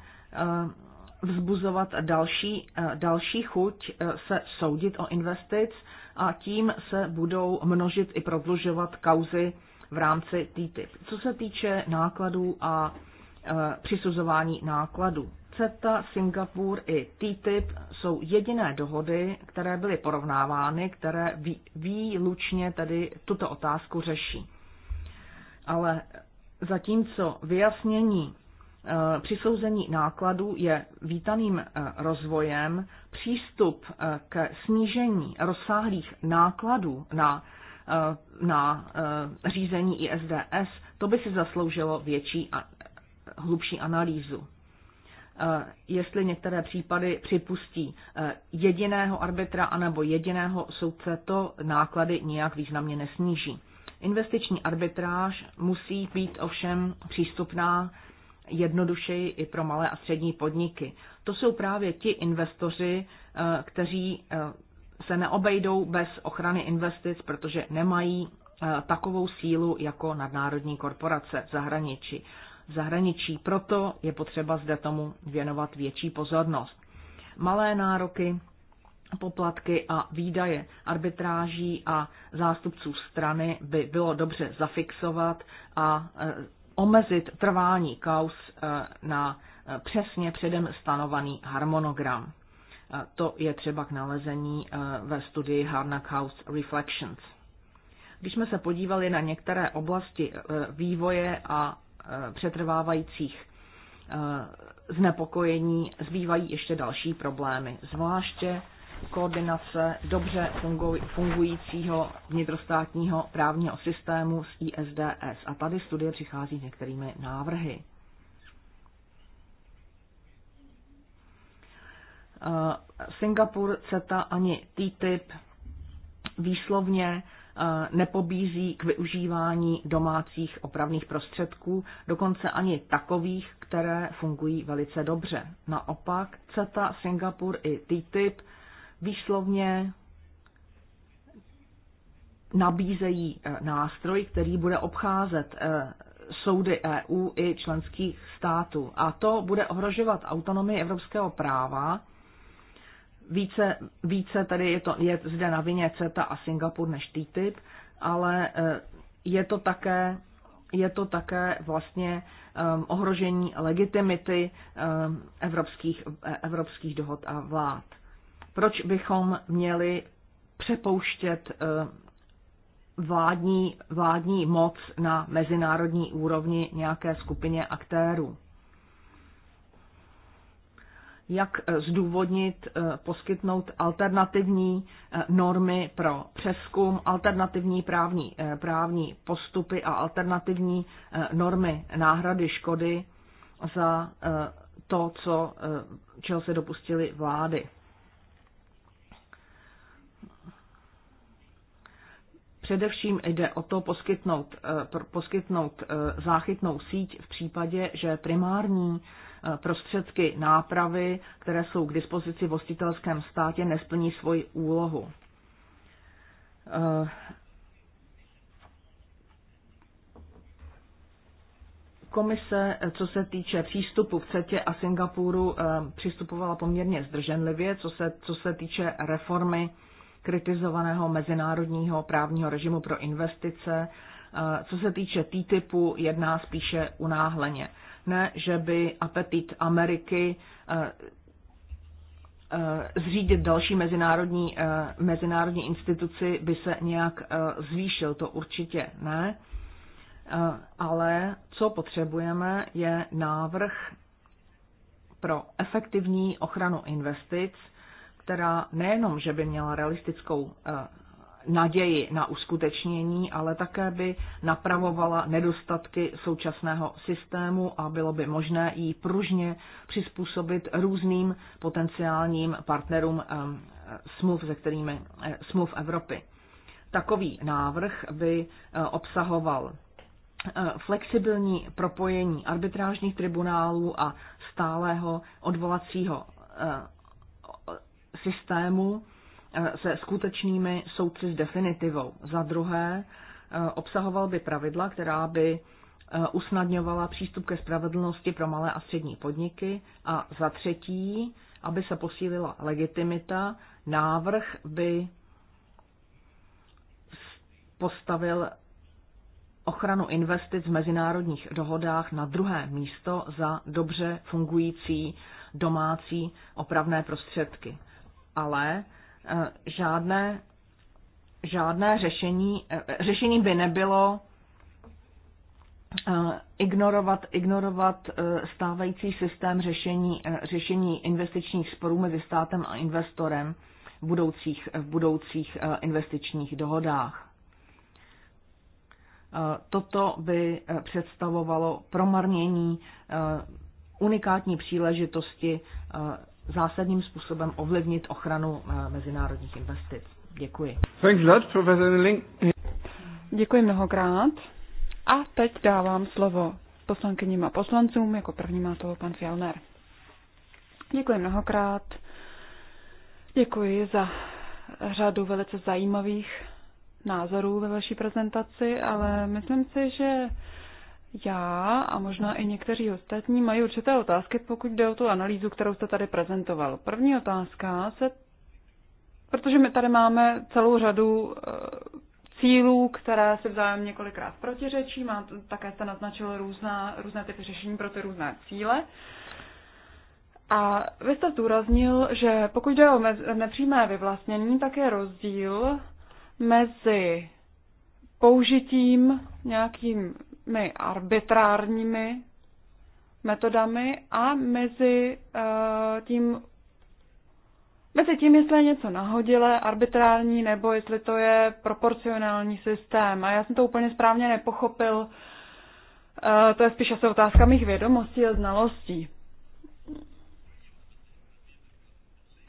vzbuzovat další, další chuť se soudit o investic a tím se budou množit i prodlužovat kauzy v rámci TTIP. Co se týče nákladů a přisuzování nákladů. CETA, Singapur i TTIP jsou jediné dohody, které byly porovnávány, které výlučně tedy tuto otázku řeší. Ale zatímco vyjasnění eh, přisouzení nákladů je vítaným eh, rozvojem, přístup eh, k snížení rozsáhlých nákladů na, na řízení ISDS, to by si zasloužilo větší a hlubší analýzu. Eh, jestli některé případy připustí eh, jediného arbitra anebo jediného soudce, to náklady nijak významně nesníží. Investiční arbitráž musí být ovšem přístupná jednodušeji i pro malé a střední podniky. To jsou právě ti investoři, eh, kteří se neobejdou bez ochrany investic, protože nemají takovou sílu jako nadnárodní korporace v zahraničí v zahraničí. Proto je potřeba zde tomu věnovat větší pozornost. Malé nároky, poplatky a výdaje arbitráží a zástupců strany by bylo dobře zafixovat a e, omezit trvání kaus e, na e, přesně předem stanovaný harmonogram. To je třeba k nalezení ve studii House Reflections. Když jsme se podívali na některé oblasti vývoje a Eh, přetrvávajících eh, znepokojení zbývají ještě další problémy, zvláště koordinace dobře fungujícího vnitrostátního právního systému s ISDS. A tady studie přichází s některými návrhy. Eh, Singapur, CETA ani TTIP výslovně Eh, nepobízí k využívání domácích opravných prostředků, dokonce ani takových, které fungují velice dobře. Naopak CETA, Singapur i TTIP výslovně nabízejí eh, nástroj, který bude obcházet eh, soudy EU i členských států. A to bude ohrožovat autonomii evropského práva, více, více tady je, to, je zde na vině CETA a Singapur než TTIP, ale eh, je to také, je to také vlastně um, ohrožení legitimity um, evropských, eh, evropských dohod a vlád. Proč bychom měli přepouštět um, vládní, vládní moc na mezinárodní úrovni nějaké skupině aktérů? jak eh, zdůvodnit, eh, poskytnout alternativní eh, normy pro přeskum, alternativní právní, právní postupy a alternativní normy náhrady škody za to, co, čeho se dopustili vlády. Především jde o to poskytnout, poskytnout záchytnou síť v případě, že primární Eh, prostředky nápravy, které jsou k dispozici v hostitelském státě, nesplní svoji úlohu. Eh, komise, eh, co se týče přístupu v CETě a Singapuru, přistupovala poměrně zdrženlivě, co se, co se týče reformy kritizovaného mezinárodního právního režimu pro investice. Co se týče TTIPu, jedná spíše unáhleně. Ne, že by apetit Ameriky eh, eh, zřídit další mezinárodní, eh, mezinárodní instituci by se nějak zvýšil, to určitě ne. Ale co potřebujeme, je návrh pro efektivní ochranu investic, která nejenom, že by měla realistickou naději na uskutečnění, ale také by napravovala nedostatky současného systému a bylo by možné ji pružně přizpůsobit různým potenciálním partnerům smluv, ze kterými eh, smluv Evropy. Takový návrh by eh, obsahoval eh, flexibilní propojení arbitrážních tribunálů a stálého odvolacího systému, Eh, se skutečnými soudci s definitivou. Za druhé, eh, obsahoval by pravidla, která by eh, usnadňovala přístup ke spravedlnosti pro malé a střední podniky a za třetí, aby se posílila legitimita, návrh by postavil ochranu investic v mezinárodních dohodách na druhé místo za dobře fungující domácí opravné prostředky. Ale Eh, žádné, žádné řešení, eh, řešení by nebylo eh, ignorovat, ignorovat stávající systém řešení, řešení investičních sporů mezi státem a investorem v budoucích, v budoucích investičních dohodách. Toto by představovalo promarnění unikátní příležitosti zásadním způsobem ovlivnit ochranu eh, mezinárodních investic. Děkuji. Thanks a lot, professor Děkuji mnohokrát. A teď dávám slovo poslankyním a poslancům. Jako první má slovo pan Fjellner. Děkuji mnohokrát. Děkuji za řadu velice zajímavých názorů ve vaší prezentaci, ale myslím si, že já a možná i někteří ostatní mají určité otázky, pokud jde o tu analýzu, kterou jste tady prezentoval. První otázka se, protože my tady máme celou řadu eh, cílů, které se vzájemně několikrát protiřečí, má, také jste naznačil různá, různé typy řešení pro ty různé cíle. A vy jste zdůraznil, že pokud jde o nepřímé vyvlastnění, tak je rozdíl mezi použitím nějakým mezi arbitrárními metodami a mezi eh, tím Mezi tím, jestli je něco nahodilé, arbitrální, nebo jestli to je proporcionální systém. A já jsem to úplně správně nepochopil. Eh, to je spíš asi otázka mých vědomostí a znalostí.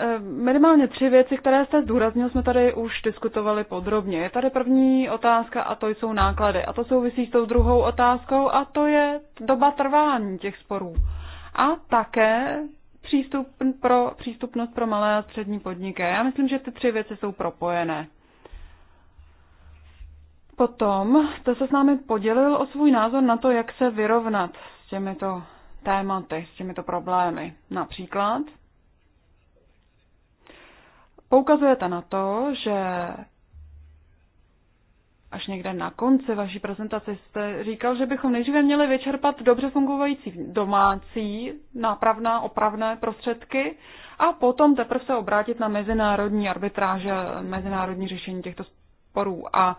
Eh, minimálně tři věci, které jste zdůraznil, jsme tady už diskutovali podrobně. Je tady první otázka a to jsou náklady. A to souvisí s tou druhou otázkou a to je doba trvání těch sporů. A také přístup pro, přístupnost pro malé a střední podniky. Já myslím, že ty tři věci jsou propojené. Potom jste se s námi podělil o svůj názor na to, jak se vyrovnat s těmito tématy, s těmito problémy. Například Poukazujete na to, že až někde na konci vaší prezentace jste říkal, že bychom nejdříve měli vyčerpat dobře fungující domácí nápravná opravné prostředky a potom teprve se obrátit na mezinárodní arbitráže, mezinárodní řešení těchto sporů. A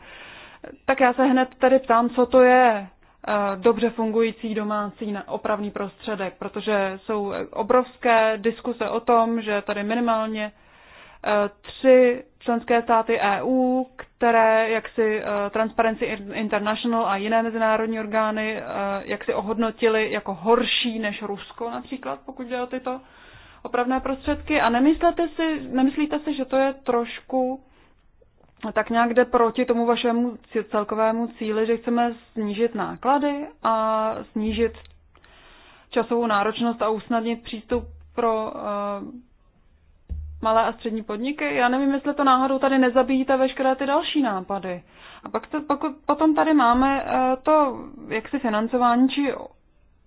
tak já se hned tady ptám, co to je eh, dobře fungující domácí opravný prostředek, protože jsou eh, obrovské diskuse o tom, že tady minimálně Eh, tři členské státy EU, které jaksi eh, Transparency International a jiné mezinárodní orgány eh, jaksi ohodnotili jako horší než Rusko například, pokud jde o tyto opravné prostředky. A nemyslíte si, nemyslíte si, že to je trošku tak nějak jde proti tomu vašemu celkovému cíli, že chceme snížit náklady a snížit časovou náročnost a usnadnit přístup pro malé a střední podniky. Já nevím, jestli to náhodou tady ta veškeré ty další nápady. A pak to, pokud, potom tady máme eh, to jaksi financování či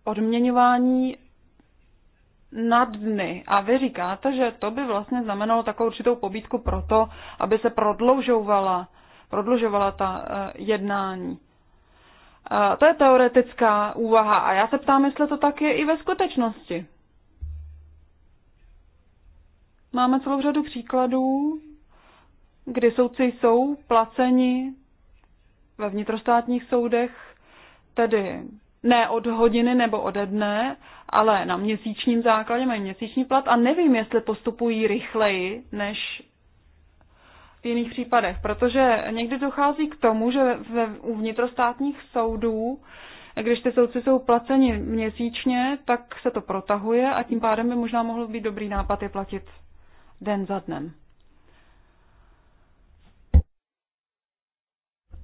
odměňování na dny. A vy říkáte, že to by vlastně znamenalo takovou určitou pobídku pro to, aby se prodloužovala, prodlužovala ta eh, jednání. Eh, to je teoretická úvaha a já se ptám, jestli to tak je i ve skutečnosti. Máme celou řadu příkladů, kdy soudci jsou placeni ve vnitrostátních soudech, tedy ne od hodiny nebo ode dne, ale na měsíčním základě mají měsíční plat a nevím, jestli postupují rychleji než v jiných případech, protože někdy dochází k tomu, že ve, u vnitrostátních soudů, když ty soudci jsou placeni měsíčně, tak se to protahuje a tím pádem by možná mohl být dobrý nápad je platit den za dnem.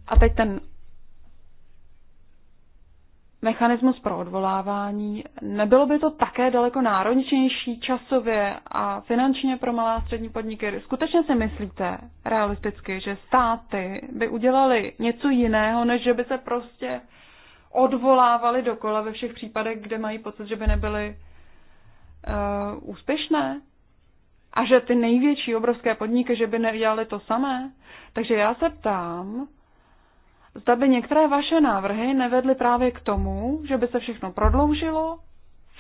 A teď ten mechanismus pro odvolávání. Nebylo by to také daleko náročnější časově a finančně pro malé a střední podniky? Skutečně si myslíte realisticky, že státy by udělali něco jiného, než že by se prostě odvolávali dokola ve všech případech, kde mají pocit, že by nebyly uh, úspěšné? a že ty největší obrovské podniky, že by nedělali to samé. Takže já se ptám, zda by některé vaše návrhy nevedly právě k tomu, že by se všechno prodloužilo,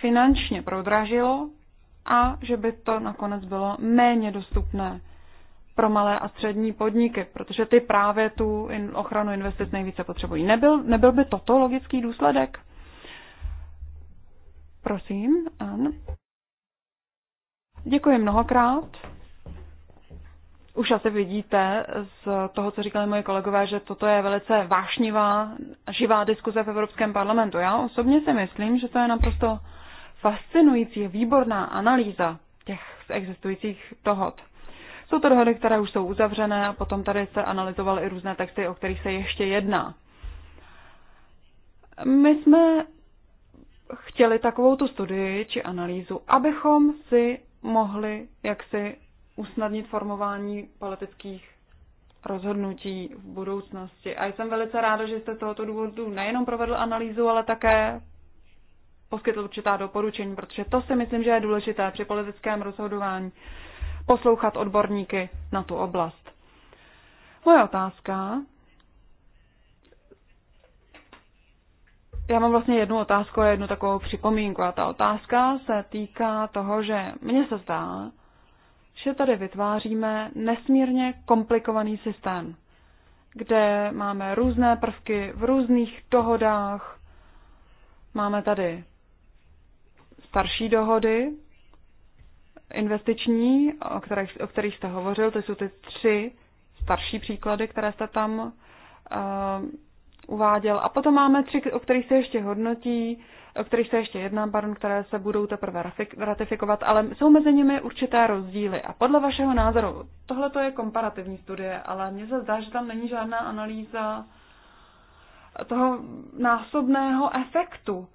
finančně prodražilo a že by to nakonec bylo méně dostupné pro malé a střední podniky, protože ty právě tu ochranu investic nejvíce potřebují. Nebyl, nebyl by toto logický důsledek? Prosím, An. Děkuji mnohokrát. Už asi vidíte z toho, co říkali moje kolegové, že toto je velice vášnivá, živá diskuze v Evropském parlamentu. Já osobně si myslím, že to je naprosto fascinující, výborná analýza těch existujících dohod. Jsou to dohody, které už jsou uzavřené a potom tady se analyzovaly i různé texty, o kterých se ještě jedná. My jsme chtěli takovou tu studii či analýzu, abychom si mohly jaksi usnadnit formování politických rozhodnutí v budoucnosti. A jsem velice ráda, že jste z tohoto důvodu nejenom provedl analýzu, ale také poskytl určitá doporučení, protože to si myslím, že je důležité při politickém rozhodování poslouchat odborníky na tu oblast. Moje otázka já mám vlastně jednu otázku a jednu takovou připomínku. A ta otázka se týká toho, že mně se zdá, že tady vytváříme nesmírně komplikovaný systém, kde máme různé prvky v různých dohodách. Máme tady starší dohody, investiční, o kterých, o kterých jste hovořil, to jsou ty tři starší příklady, které jste tam uh, uváděl. A potom máme tři, o kterých se ještě hodnotí, o kterých se ještě jedná, pardon, které se budou teprve ratifikovat, ale jsou mezi nimi určité rozdíly. A podle vašeho názoru, tohle to je komparativní studie, ale mně se zdá, že tam není žádná analýza toho násobného efektu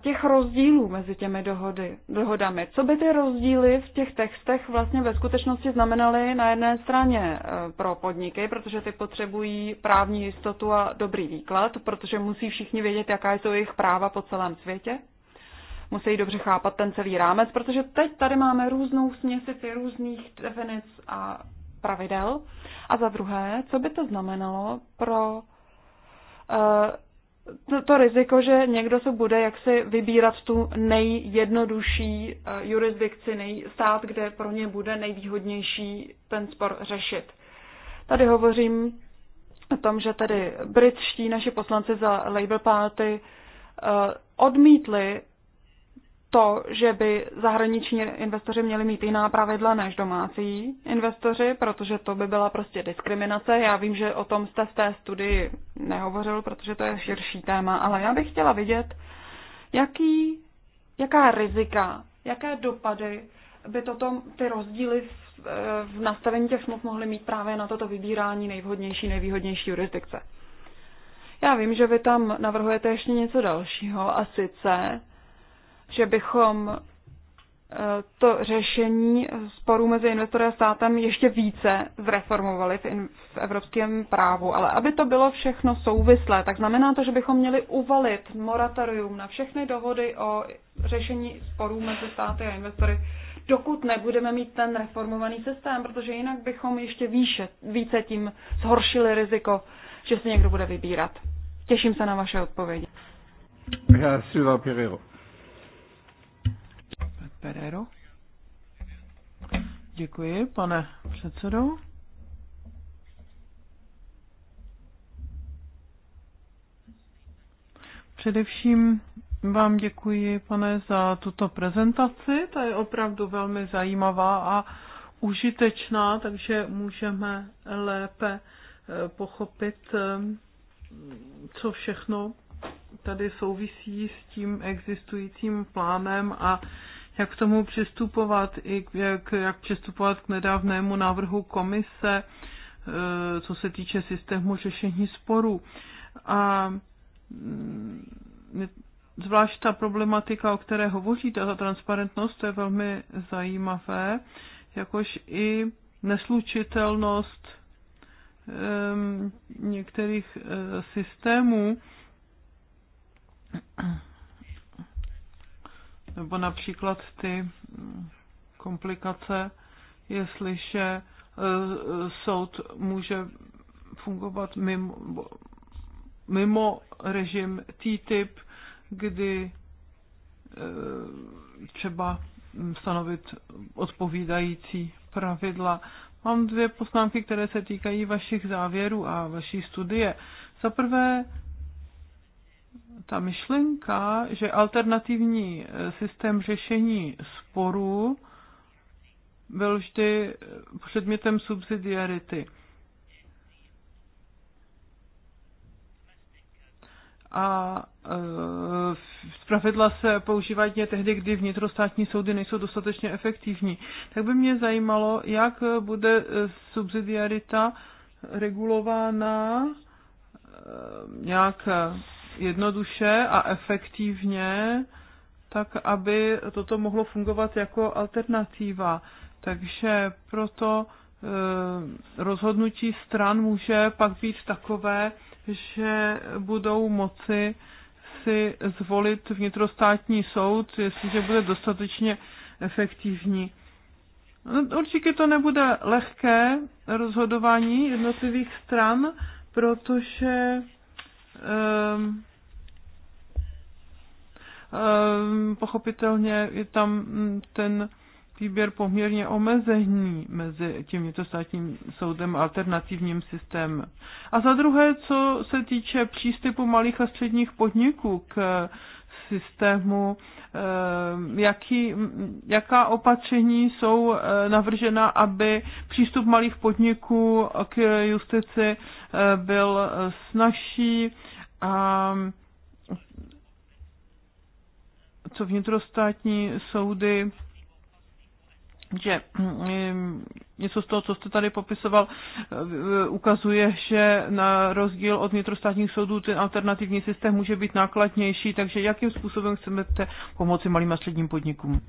těch rozdílů mezi těmi dohody, dohodami. Co by ty rozdíly v těch textech vlastně ve skutečnosti znamenaly na jedné straně e, pro podniky, protože ty potřebují právní jistotu a dobrý výklad, protože musí všichni vědět, jaká jsou jejich práva po celém světě? Musí dobře chápat ten celý rámec, protože teď tady máme různou směsici různých definic a pravidel. A za druhé, co by to znamenalo pro e, to, to riziko, že někdo se bude jaksi vybírat tu nejjednodušší eh, jurisdikci, nejstát, stát, kde pro ně bude nejvýhodnější ten spor řešit. Tady hovořím o tom, že tady britští naši poslanci za Labour Party eh, odmítli to, že by zahraniční investoři měli mít jiná pravidla než domácí investoři, protože to by byla prostě diskriminace. Já vím, že o tom jste v té studii nehovořil, protože to je širší téma, ale já bych chtěla vidět, jaký, jaká rizika, jaké dopady by to tom ty rozdíly v, v nastavení těch smluv mohly mít právě na toto vybírání nejvhodnější, nejvýhodnější jurisdikce. Já vím, že vy tam navrhujete ještě něco dalšího a sice že bychom eh, to řešení sporů mezi investorem a státem ještě více zreformovali v, evropském právu. Ale aby to bylo všechno souvislé, tak znamená to, že bychom měli uvalit moratorium na všechny dohody o řešení sporů mezi státy a investory, dokud nebudeme mít ten reformovaný systém, protože jinak bychom ještě výše, více tím zhoršili riziko, že se někdo bude vybírat. Těším se na vaše odpovědi. Já, Silva Pereiro. Pereiro. Děkuji, pane předsedo. Především vám děkuji, pane, za tuto prezentaci. Ta je opravdu velmi zajímavá a užitečná, takže můžeme lépe eh, pochopit, eh, co všechno tady souvisí s tím existujícím plánem a jak k tomu přistupovat, i jak, jak přistupovat k nedávnému návrhu komise, e, co se týče systému řešení sporů. A mm, zvlášť ta problematika, o které hovoříte, ta transparentnost, to je velmi zajímavé, jakož i neslučitelnost některých e, systémů nebo například ty komplikace, jestliže e, soud může fungovat mimo, mimo režim TTIP, kdy e, třeba stanovit odpovídající pravidla. Mám dvě poznámky, které se týkají vašich závěrů a vaší studie. Za prvé ta myšlenka, že alternativní eh, systém řešení sporů byl vždy eh, předmětem subsidiarity. a e, eh, pravidla se používají tehdy, kdy vnitrostátní soudy nejsou dostatečně efektivní. Tak by mě zajímalo, jak bude subsidiarita regulována e, nějak jednoduše a efektivně, tak aby toto mohlo fungovat jako alternativa. Takže proto e, rozhodnutí stran může pak být takové, že budou moci si zvolit vnitrostátní soud, jestliže bude dostatečně efektivní. No, určitě to nebude lehké rozhodování jednotlivých stran, protože Ehm, ehm, pochopitelně je tam mm, ten výběr poměrně omezený mezi tím státním soudem a alternativním systémem. A za druhé, co se týče přístupu malých a středních podniků k systému, eh, jaký, jaká opatření jsou eh, navržena, aby přístup malých podniků k justici eh, byl snažší a co vnitrostátní soudy že mm, mm, něco z toho, co jste tady popisoval, eh, ukazuje, že na rozdíl od vnitrostátních soudů ten alternativní systém může být nákladnější, takže jakým způsobem chceme pomoci malým a středním podnikům?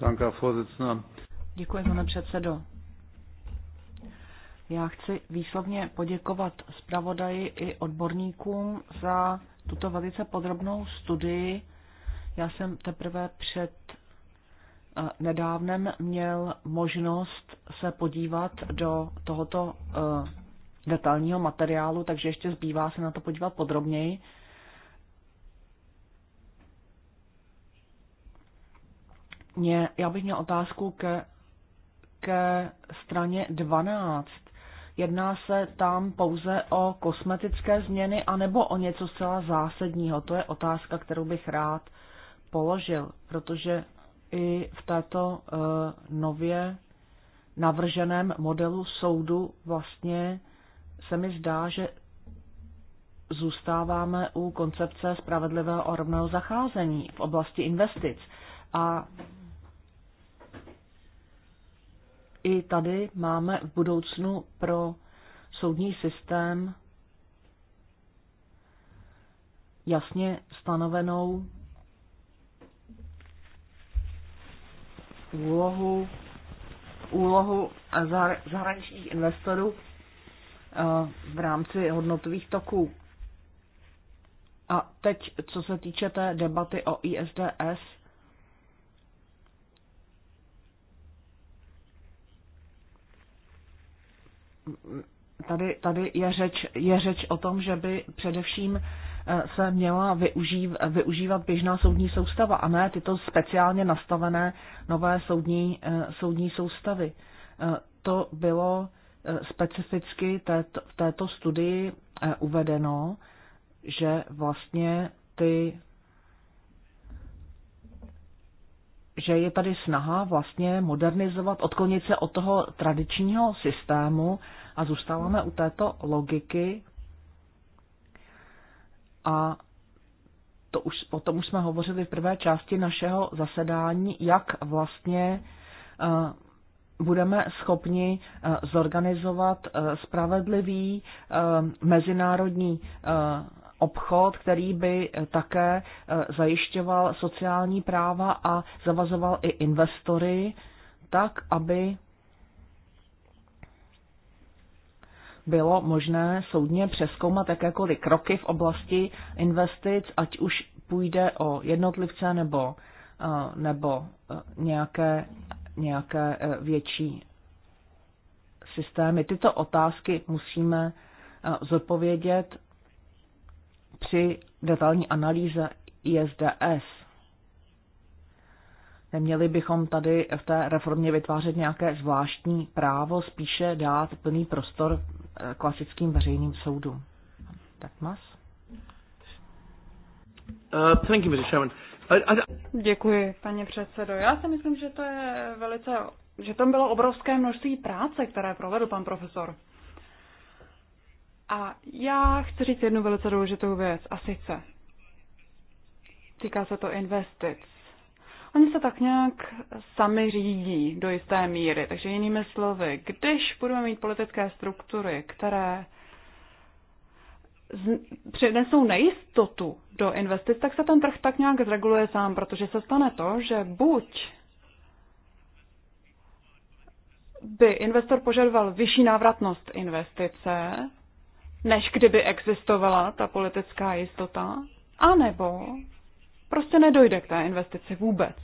Danke, Děkuji, pane předsedo. Já chci výslovně poděkovat zpravodaji i odborníkům za tuto velice podrobnou studii. Já jsem teprve před nedávnem měl možnost se podívat do tohoto eh, detailního materiálu, takže ještě zbývá se na to podívat podrobněji. Mě, já bych měl otázku ke, ke straně 12. Jedná se tam pouze o kosmetické změny anebo o něco zcela zásadního? To je otázka, kterou bych rád položil, protože i v této eh, nově navrženém modelu soudu vlastně se mi zdá, že zůstáváme u koncepce spravedlivého a rovného zacházení v oblasti investic. A i tady máme v budoucnu pro soudní systém jasně stanovenou úlohu, úlohu zahraničních investorů eh, v rámci hodnotových toků. A teď, co se týče té debaty o ISDS, tady, tady je, řeč, je řeč o tom, že by především Eh, se měla využív, využívat běžná soudní soustava a ne tyto speciálně nastavené nové soudní, eh, soudní soustavy. Eh, to bylo specificky této, v této studii uvedeno, že vlastně ty že je tady snaha vlastně modernizovat, odklonit se od toho tradičního systému a zůstáváme u této logiky a to už, o tom už jsme hovořili v prvé části našeho zasedání, jak vlastně eh, budeme schopni eh, zorganizovat eh, spravedlivý mezinárodní obchod, který by také zajišťoval sociální práva a zavazoval i investory, tak, aby bylo možné soudně přeskoumat jakékoliv kroky v oblasti investic, ať už půjde o jednotlivce nebo, eh, nebo eh, nějaké, nějaké eh, větší systémy. Tyto otázky musíme zodpovědět při detailní analýze ISDS. Neměli bychom tady v té reformě vytvářet nějaké zvláštní právo, spíše dát plný prostor Eh, klasickým veřejným soudům. Tak mas. Uh, eh, thank you, Mr. Chairman. Děkuji, paní předsedo. Já si myslím, že to je velice, že tam bylo obrovské množství práce, které provedl pan profesor. A já chci říct jednu velice důležitou věc, a sice týká se to investic. Oni se tak nějak sami řídí do jisté míry. Takže jinými slovy, když budeme mít politické struktury, které přinesou nejistotu do investic, tak se ten trh tak nějak zreguluje sám, protože se stane to, že buď by investor požadoval vyšší návratnost investice, než kdyby existovala ta politická jistota, anebo prostě nedojde k té investici vůbec.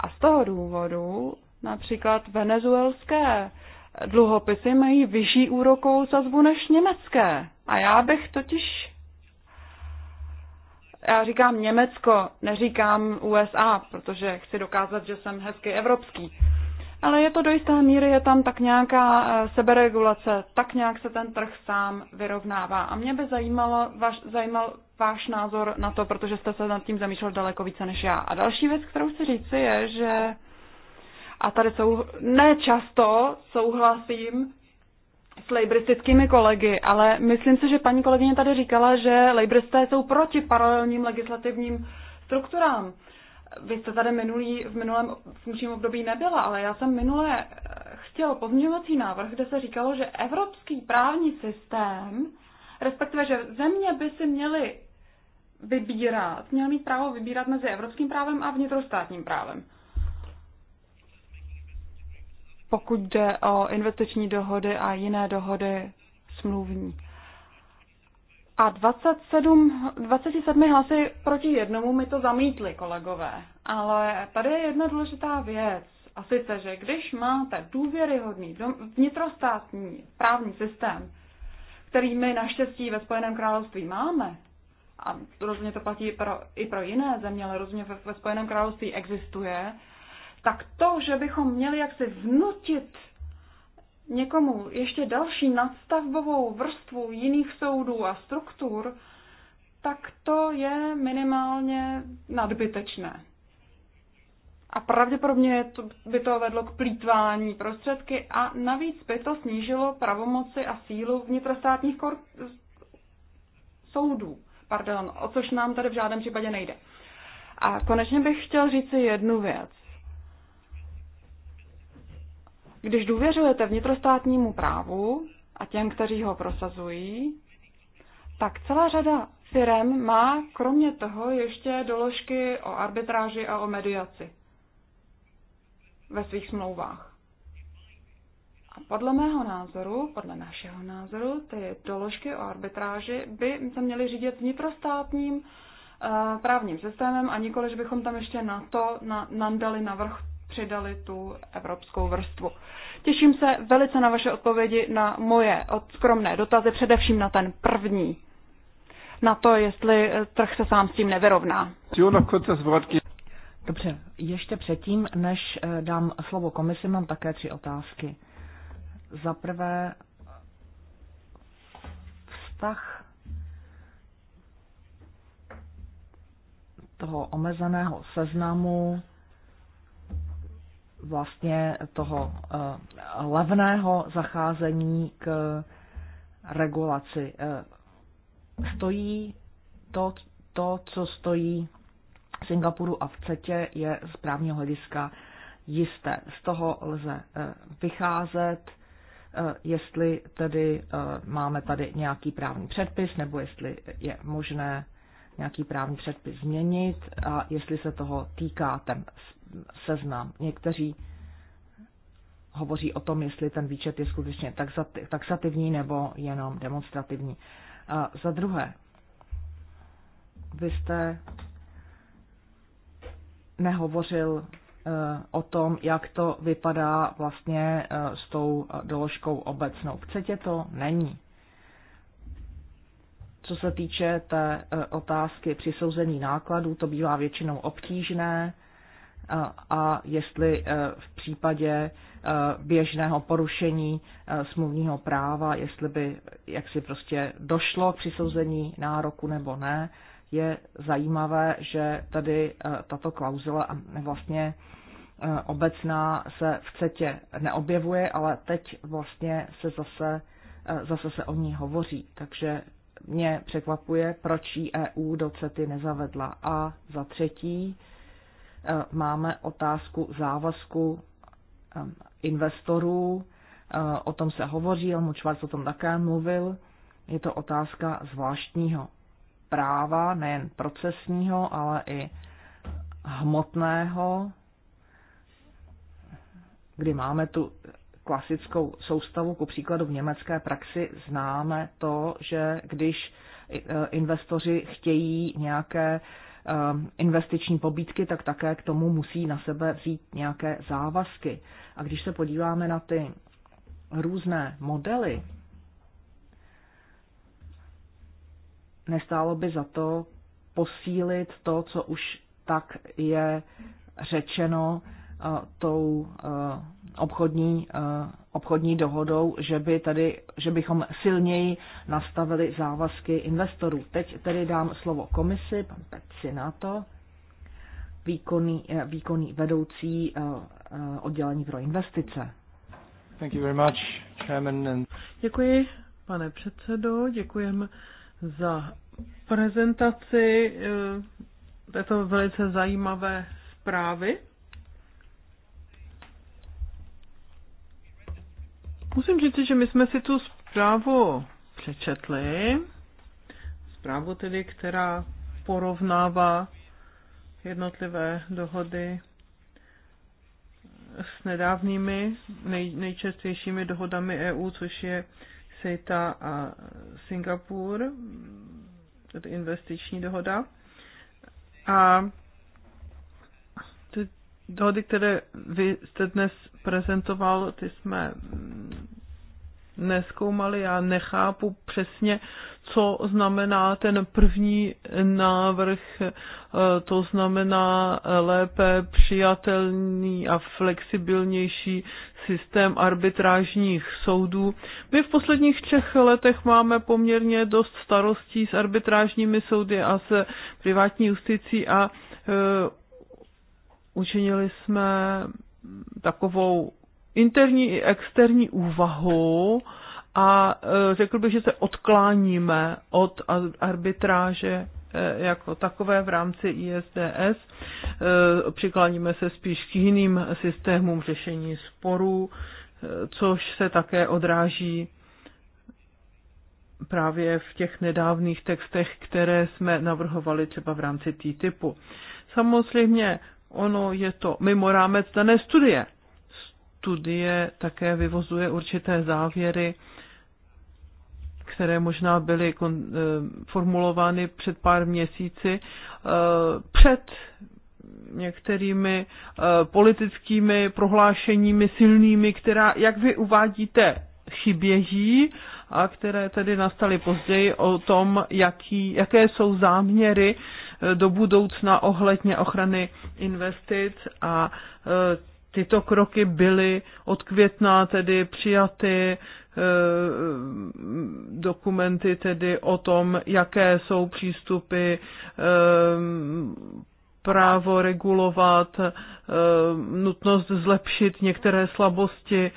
A z toho důvodu například venezuelské dluhopisy mají vyšší úrokovou sazbu než německé. A já bych totiž já říkám Německo, neříkám USA, protože chci dokázat, že jsem hezky evropský. Ale je to do jisté míry, je tam tak nějaká eh, seberegulace, tak nějak se ten trh sám vyrovnává. A mě by zajímalo, vaš, zajímal váš názor na to, protože jste se nad tím zamýšlel daleko více než já. A další věc, kterou chci říci, je, že a tady jsou nečasto souhlasím s lejbristickými kolegy, ale myslím si, že paní kolegyně tady říkala, že lejbristé jsou proti paralelním legislativním strukturám. Vy jste tady minulý, v minulém funkčním období nebyla, ale já jsem minule chtěl pozměňovací návrh, kde se říkalo, že evropský právní systém, respektive, že země by si měly vybírat, měl mít právo vybírat mezi evropským právem a vnitrostátním právem. Pokud jde o investiční dohody a jiné dohody smluvní. A 27, 27 hlasy proti jednomu mi to zamítli, kolegové. Ale tady je jedna důležitá věc. A sice, že když máte důvěryhodný vnitrostátní právní systém, který my naštěstí ve Spojeném království máme, a rozhodně to platí pro, i pro jiné země, ale rozhodně ve, ve Spojeném království existuje, tak to, že bychom měli jaksi vnutit někomu ještě další nadstavbovou vrstvu jiných soudů a struktur, tak to je minimálně nadbytečné. A pravděpodobně by to vedlo k plítvání prostředky a navíc by to snížilo pravomoci a sílu vnitrostátních soudů pardon, o což nám tady v žádném případě nejde. A konečně bych chtěl říct si jednu věc. Když důvěřujete vnitrostátnímu právu a těm, kteří ho prosazují, tak celá řada firm má kromě toho ještě doložky o arbitráži a o mediaci ve svých smlouvách. A podle mého názoru, podle našeho názoru, ty doložky o arbitráži by se měly řídit vnitrostátním uh, právním systémem a nikoli, že bychom tam ještě na to na, nandali navrh přidali tu evropskou vrstvu. Těším se velice na vaše odpovědi na moje odskromné dotazy, především na ten první. Na to, jestli eh, trh se sám s tím nevyrovná. Dobře, ještě předtím, než eh, dám slovo komisi, mám také tři otázky. Za prvé vztah toho omezeného seznamu vlastně toho eh, levného zacházení k regulaci. Eh, stojí to, to co stojí v Singapuru a v CETě, je z právního hlediska jisté. Z toho lze eh, vycházet Eh, jestli tedy eh, máme tady nějaký právní předpis, nebo jestli je možné nějaký právní předpis změnit a jestli se toho týká ten seznam. Někteří hovoří o tom, jestli ten výčet je skutečně taxativní nebo jenom demonstrativní. A eh, za druhé, vy jste nehovořil o tom, jak to vypadá vlastně eh, s tou eh, doložkou obecnou. Chcete to není. Co se týče té eh, otázky přisouzení nákladů, to bývá většinou obtížné a jestli v případě běžného porušení smluvního práva, jestli by jak si prostě došlo k přisouzení nároku nebo ne, je zajímavé, že tady eh, tato klauzule vlastně eh, obecná se v CETě neobjevuje, ale teď vlastně se zase, eh, zase se o ní hovoří. Takže mě překvapuje, proč ji EU do CETy nezavedla. A za třetí máme otázku závazku investorů. O tom se hovoří, Helmut Čvarc o tom také mluvil. Je to otázka zvláštního práva, nejen procesního, ale i hmotného, kdy máme tu klasickou soustavu, ku příkladu v německé praxi známe to, že když eh, investoři chtějí nějaké eh, investiční pobídky, tak také k tomu musí na sebe vzít nějaké závazky. A když se podíváme na ty různé modely nestálo by za to posílit to, co už tak je řečeno eh, tou eh, obchodní, eh, obchodní dohodou, že, by tady, že bychom silněji nastavili závazky investorů. Teď tedy dám slovo komisi, pan to výkonný, výkonný vedoucí oddělení pro investice. Thank you very much, Chairman. Děkuji, pane předsedo, děkujeme za prezentaci eh, této velice zajímavé zprávy. Musím říct, že my jsme si tu zprávu přečetli. Zprávu tedy, která porovnává jednotlivé dohody s nedávnými nej, nejčastějšími dohodami EU, což je CETA a Singapur, tedy investiční dohoda. A ty dohody, které vy jste dnes prezentoval, ty jsme mm, neskoumali, já nechápu přesně, co znamená ten první návrh, eh, to znamená lépe přijatelný a flexibilnější systém arbitrážních soudů. My v posledních třech letech máme poměrně dost starostí s arbitrážními soudy a se privátní justicí a eh, učinili jsme takovou interní i externí úvahu, a e, řekl bych, že se odkláníme od arbitráže e, jako takové v rámci ISDS. E, Přikláníme se spíš k jiným systémům řešení sporů, což se také odráží právě v těch nedávných textech, které jsme navrhovali třeba v rámci TTIPu. Samozřejmě ono je to mimo rámec dané studie. Studie také vyvozuje určité závěry které možná byly eh, formulovány před pár měsíci, eh, před některými eh, politickými prohlášeními silnými, která, jak vy uvádíte, chybějí a které tedy nastaly později o tom, jaký, jaké jsou záměry do budoucna ohledně ochrany investic a tyto kroky byly od května tedy přijaty e, dokumenty tedy o tom, jaké jsou přístupy e, právo regulovat, e, nutnost zlepšit některé slabosti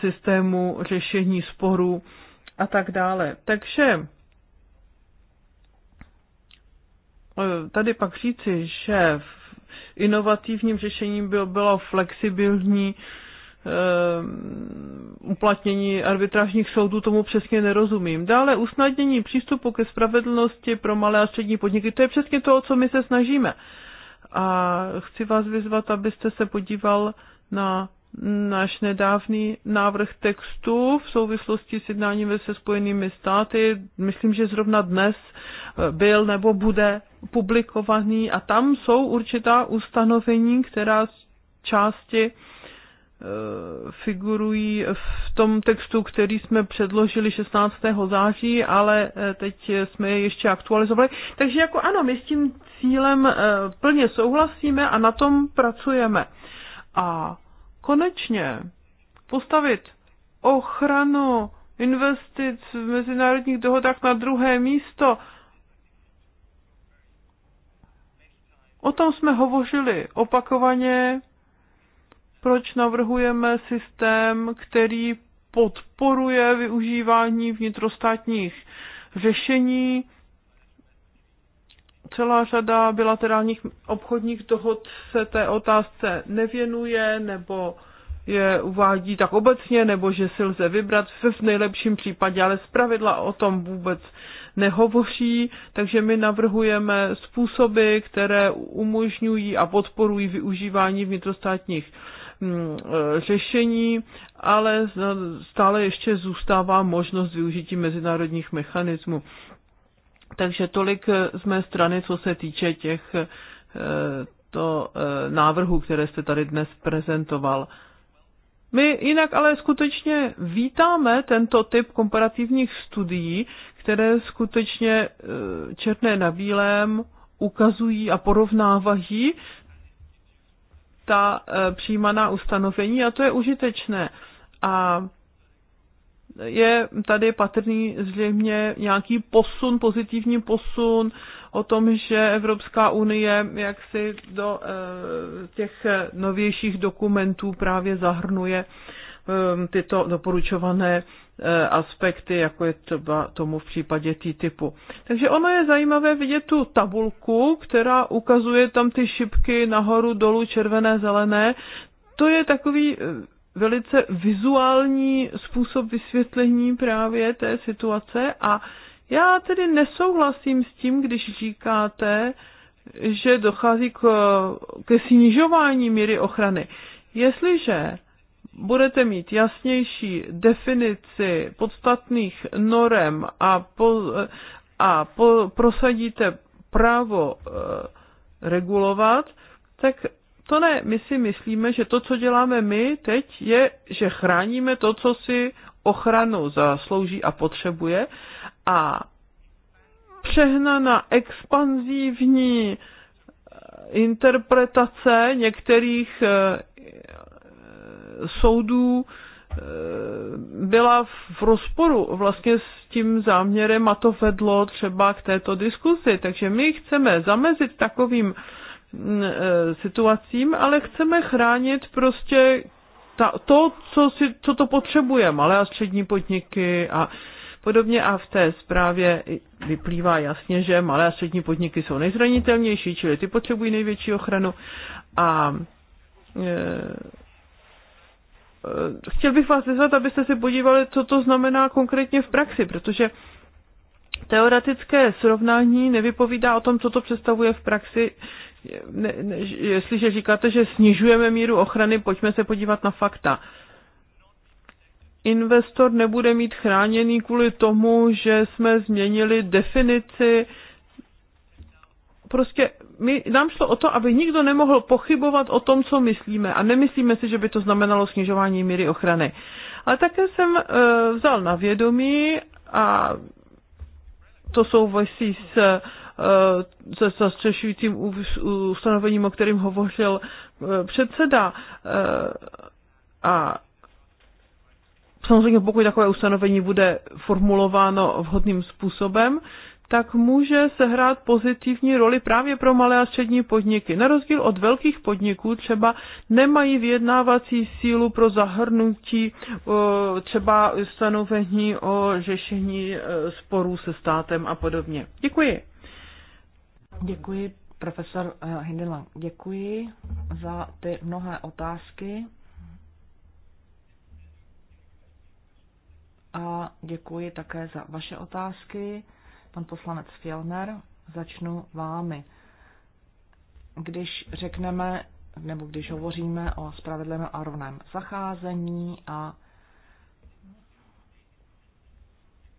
systému řešení sporů a tak dále. Takže tady pak říci, že v inovativním řešením bylo, bylo flexibilní eh, uplatnění arbitrážních soudů, tomu přesně nerozumím. Dále usnadnění přístupu ke spravedlnosti pro malé a střední podniky, to je přesně to, o co my se snažíme. A chci vás vyzvat, abyste se podíval na náš nedávný návrh textu v souvislosti s jednáním se Spojenými státy. Myslím, že zrovna dnes byl nebo bude publikovaný a tam jsou určitá ustanovení, která části e, figurují v tom textu, který jsme předložili 16. září, ale e, teď jsme je ještě aktualizovali. Takže jako ano, my s tím cílem e, plně souhlasíme a na tom pracujeme. A konečně postavit ochranu investic v mezinárodních dohodách na druhé místo, O tom jsme hovořili opakovaně, proč navrhujeme systém, který podporuje využívání vnitrostátních řešení. Celá řada bilaterálních obchodních dohod se té otázce nevěnuje nebo je uvádí tak obecně, nebo že si lze vybrat v nejlepším případě, ale zpravidla o tom vůbec nehovoří, takže my navrhujeme způsoby, které umožňují a podporují využívání vnitrostátních mm, eh, řešení, ale stále ještě zůstává možnost využití mezinárodních mechanismů. Takže tolik eh, z mé strany, co se týče těch eh, to návrhů, které jste tady dnes prezentoval. My jinak ale skutečně vítáme tento typ komparativních studií, které skutečně e, černé na bílém ukazují a porovnávají ta e, přijímaná ustanovení a to je užitečné. A je tady patrný zřejmě nějaký posun, pozitivní posun o tom, že Evropská unie jaksi do e, těch novějších dokumentů právě zahrnuje tyto doporučované Eh, aspekty, jako je třeba tomu v případě T-typu. Takže ono je zajímavé vidět tu tabulku, která ukazuje tam ty šipky nahoru, dolů, červené, zelené. To je takový eh, velice vizuální způsob vysvětlení právě té situace a já tedy nesouhlasím s tím, když říkáte, že dochází k, ke snižování míry ochrany. Jestliže budete mít jasnější definici podstatných norem a, po, a po, prosadíte právo e, regulovat, tak to ne, my si myslíme, že to, co děláme my teď, je, že chráníme to, co si ochranu zaslouží a potřebuje a přehnaná expanzívní eh, interpretace některých eh, soudů eh, byla v rozporu vlastně s tím záměrem a to vedlo třeba k této diskusi. Takže my chceme zamezit takovým mm, eh, situacím, ale chceme chránit prostě ta, to, co, si, co to potřebuje, malé a střední podniky a podobně. A v té zprávě vyplývá jasně, že malé a střední podniky jsou nejzranitelnější, čili ty potřebují největší ochranu. A e, Eh, chtěl bych vás vyzvat, abyste si podívali, co to znamená konkrétně v praxi, protože teoretické srovnání nevypovídá o tom, co to představuje v praxi. Ne, ne, jestliže říkáte, že snižujeme míru ochrany, pojďme se podívat na fakta. Investor nebude mít chráněný kvůli tomu, že jsme změnili definici. Prostě my, nám šlo o to, aby nikdo nemohl pochybovat o tom, co myslíme. A nemyslíme si, že by to znamenalo snižování míry ochrany. Ale také jsem e, vzal na vědomí a to souvisí s eh, se zastřešujícím ustanovením, o kterém hovořil eh, předseda. A samozřejmě pokud takové ustanovení bude formulováno vhodným způsobem, tak může sehrát pozitivní roli právě pro malé a střední podniky. Na rozdíl od velkých podniků třeba nemají vyjednávací sílu pro zahrnutí eh, třeba stanovení o řešení eh, sporů se státem a podobně. Děkuji. Děkuji, profesor eh, Hindela. Děkuji za ty mnohé otázky. A děkuji také za vaše otázky pan poslanec Fjellner, začnu vámi. Když řekneme, nebo když hovoříme o spravedlivém a rovném zacházení a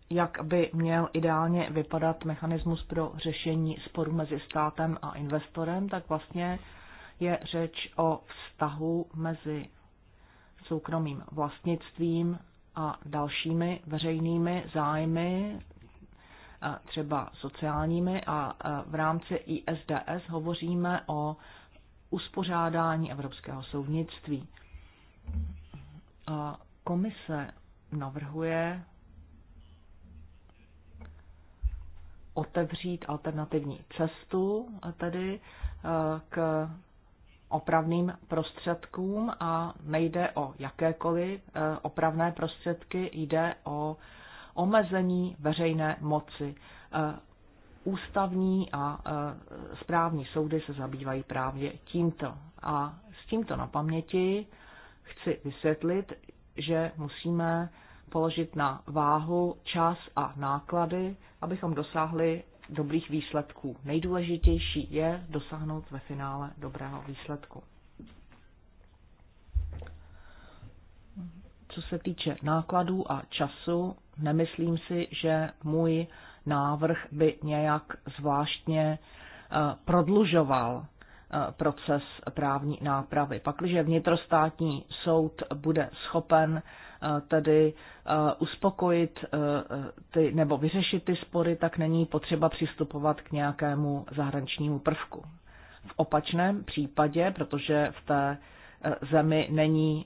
jak by měl ideálně vypadat mechanismus pro řešení sporu mezi státem a investorem, tak vlastně je řeč o vztahu mezi soukromým vlastnictvím a dalšími veřejnými zájmy, třeba sociálními a v rámci ISDS hovoříme o uspořádání Evropského soudnictví. Komise navrhuje otevřít alternativní cestu tedy e, k opravným prostředkům a nejde o jakékoliv e, opravné prostředky, jde o omezení veřejné moci. E, ústavní a e, správní soudy se zabývají právě tímto. A s tímto na paměti chci vysvětlit, že musíme položit na váhu čas a náklady, abychom dosáhli dobrých výsledků. Nejdůležitější je dosáhnout ve finále dobrého výsledku. Co se týče nákladů a času, Nemyslím si, že můj návrh by nějak zvláštně eh, prodlužoval eh, proces právní nápravy. Pakliže vnitrostátní soud bude schopen eh, tedy uspokojit ty, nebo vyřešit ty spory, tak není potřeba přistupovat k nějakému zahraničnímu prvku. V opačném případě, protože v té zemi není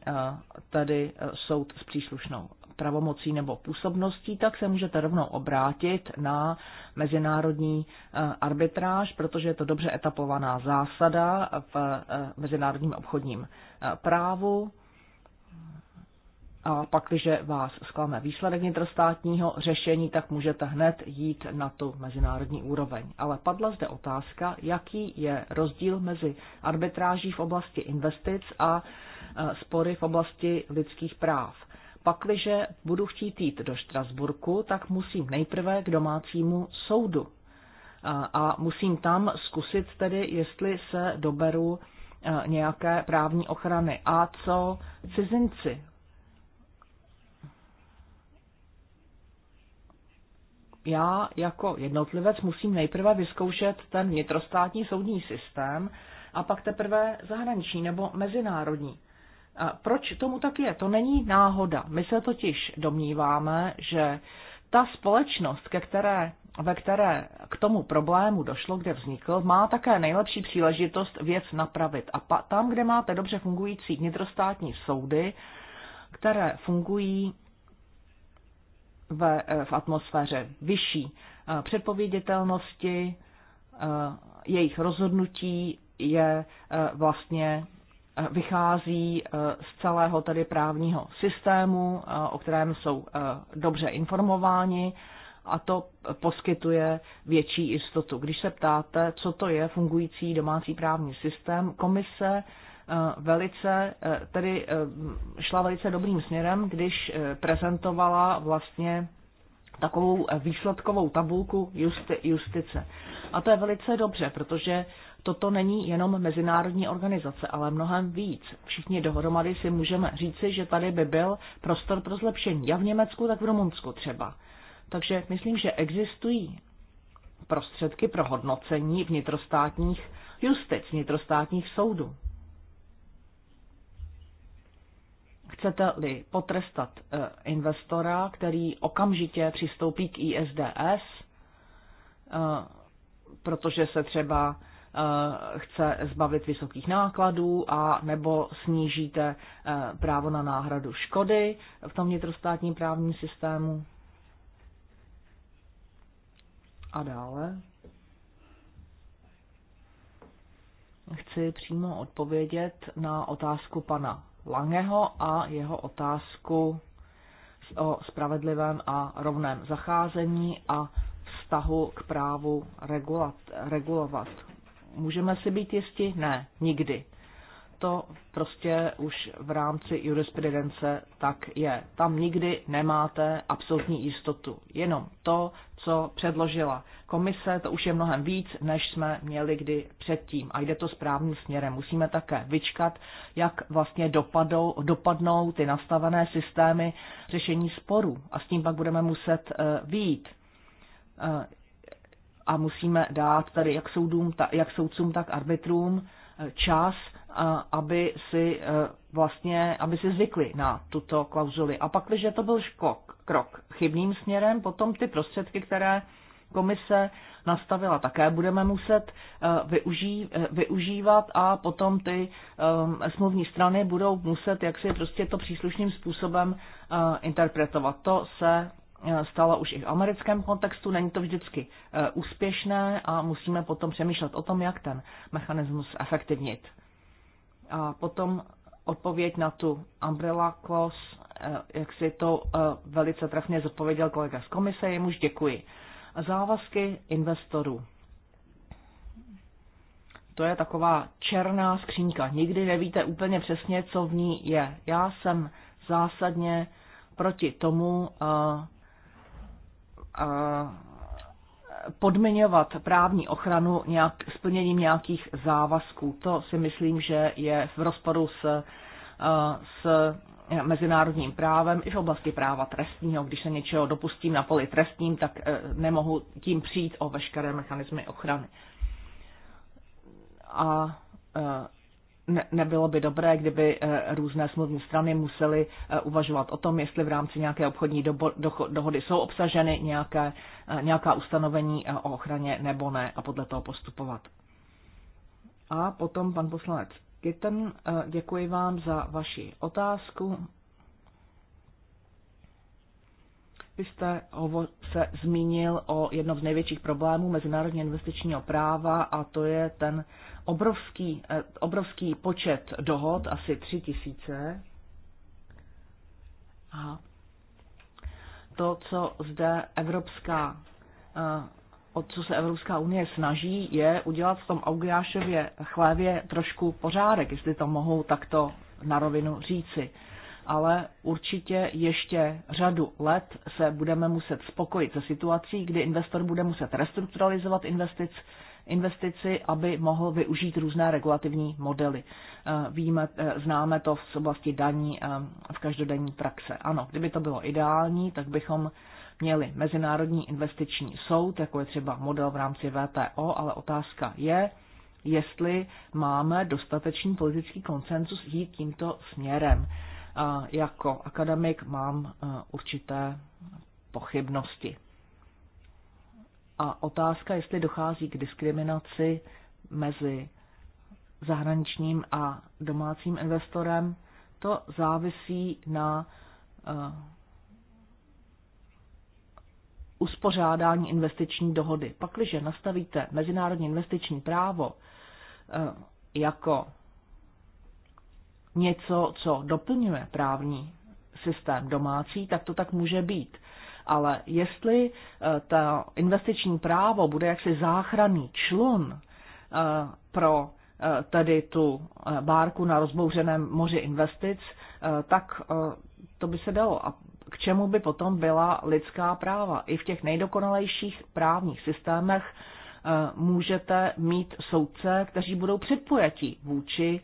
tedy soud s příslušnou pravomocí nebo působností, tak se můžete rovnou obrátit na mezinárodní eh, arbitráž, protože je to dobře etapovaná zásada v eh, mezinárodním obchodním eh, právu. A pak, když vás zklame výsledek vnitrostátního řešení, tak můžete hned jít na tu mezinárodní úroveň. Ale padla zde otázka, jaký je rozdíl mezi arbitráží v oblasti investic a spory v oblasti lidských práv pakliže budu chtít jít do Štrasburku, tak musím nejprve k domácímu soudu. A musím tam zkusit tedy, jestli se doberu e, nějaké právní ochrany. A co cizinci? Já jako jednotlivec musím nejprve vyzkoušet ten vnitrostátní soudní systém a pak teprve zahraniční nebo mezinárodní proč tomu tak je? To není náhoda. My se totiž domníváme, že ta společnost, ke které, ve které k tomu problému došlo, kde vznikl, má také nejlepší příležitost věc napravit. A pa, tam, kde máte dobře fungující vnitrostátní soudy, které fungují ve, eh, v atmosféře vyšší eh, předpověditelnosti, eh, jejich rozhodnutí je vlastně vychází eh, z celého tedy právního systému, eh, o kterém jsou eh, dobře informováni a to poskytuje větší jistotu. Když se ptáte, co to je fungující domácí právní systém, komise velice, tedy šla velice dobrým směrem, když prezentovala vlastně takovou výsledkovou tabulku justi, justice. A to je velice dobře, protože Toto není jenom mezinárodní organizace, ale mnohem víc. Všichni dohromady si můžeme říci, že tady by byl prostor pro zlepšení, jak v Německu, tak v Rumunsku třeba. Takže myslím, že existují prostředky pro hodnocení vnitrostátních justic, vnitrostátních soudů. Chcete-li potrestat eh, investora, který okamžitě přistoupí k ISDS, eh, protože se třeba Eh, chce zbavit vysokých nákladů a nebo snížíte eh, právo na náhradu škody v tom vnitrostátním právním systému? A dále. Chci přímo odpovědět na otázku pana Langeho a jeho otázku o spravedlivém a rovném zacházení a vztahu k právu regulat, regulovat. Můžeme si být jisti? Ne, nikdy. To prostě už v rámci jurisprudence tak je. Tam nikdy nemáte absolutní jistotu. Jenom to, co předložila komise, to už je mnohem víc, než jsme měli kdy předtím. A jde to správným směrem. Musíme také vyčkat, jak vlastně dopadou, dopadnou ty nastavené systémy řešení sporů. A s tím pak budeme muset uh, eh, výjít eh, a musíme dát tady jak, soudům, ta, jak soudcům, tak arbitrům eh, čas, eh, aby si eh, vlastně, aby si zvykli na tuto klauzuli. A pak, když to byl škok, krok chybným směrem, potom ty prostředky, které komise nastavila, také budeme muset využí, využívat a potom ty um, smluvní strany budou muset jak si prostě to příslušným způsobem uh, interpretovat. To se Eh, stala už i v americkém kontextu, není to vždycky eh, úspěšné a musíme potom přemýšlet o tom, jak ten mechanismus efektivnit. A potom odpověď na tu umbrella clause, eh, jak si to velice trefně zodpověděl kolega z komise, jemuž děkuji. Závazky investorů. To je taková černá skřínka. Nikdy nevíte úplně přesně, co v ní je. Já jsem zásadně proti tomu, podmiňovat právní ochranu nějak, splněním nějakých závazků. To si myslím, že je v rozporu s, s mezinárodním právem i v oblasti práva trestního. Když se něčeho dopustím na poli trestním, tak e, nemohu tím přijít o veškeré mechanismy ochrany. A e, ne, nebylo by dobré, kdyby eh, různé smluvní strany musely eh, uvažovat o tom, jestli v rámci nějaké obchodní dobo, do, dohody jsou obsaženy nějaké, eh, nějaká ustanovení o ochraně nebo ne a podle toho postupovat. A potom pan poslanec Gitten, děkuji vám za vaši otázku. Vy jste se zmínil o jednom z největších problémů mezinárodně investičního práva a to je ten obrovský, eh, obrovský počet dohod, asi tři tisíce. A to, co zde Evropská, eh, o co se Evropská unie snaží, je udělat v tom Augiášově chlévě trošku pořádek, jestli to mohou takto na rovinu říci ale určitě ještě řadu let se budeme muset spokojit se situací, kdy investor bude muset restrukturalizovat investic, investici, aby mohl využít různé regulativní modely. Eh, víme, eh, známe to z oblasti daní eh, v každodenní praxe. Ano, kdyby to bylo ideální, tak bychom měli Mezinárodní investiční soud, jako je třeba model v rámci VTO, ale otázka je, jestli máme dostatečný politický konsenzus jít tímto směrem jako akademik mám e, určité pochybnosti. A otázka, jestli dochází k diskriminaci mezi zahraničním a domácím investorem, to závisí na e, uspořádání investiční dohody. Pakliže nastavíte mezinárodní investiční právo e, jako něco, co doplňuje právní systém domácí, tak to tak může být. Ale jestli eh, ta investiční právo bude jaksi záchranný člun eh, pro eh, tedy tu bárku na rozbouřeném moři investic, tak to by se dalo. A k čemu by potom byla lidská práva? I v těch nejdokonalejších právních systémech můžete mít soudce, kteří budou předpojatí vůči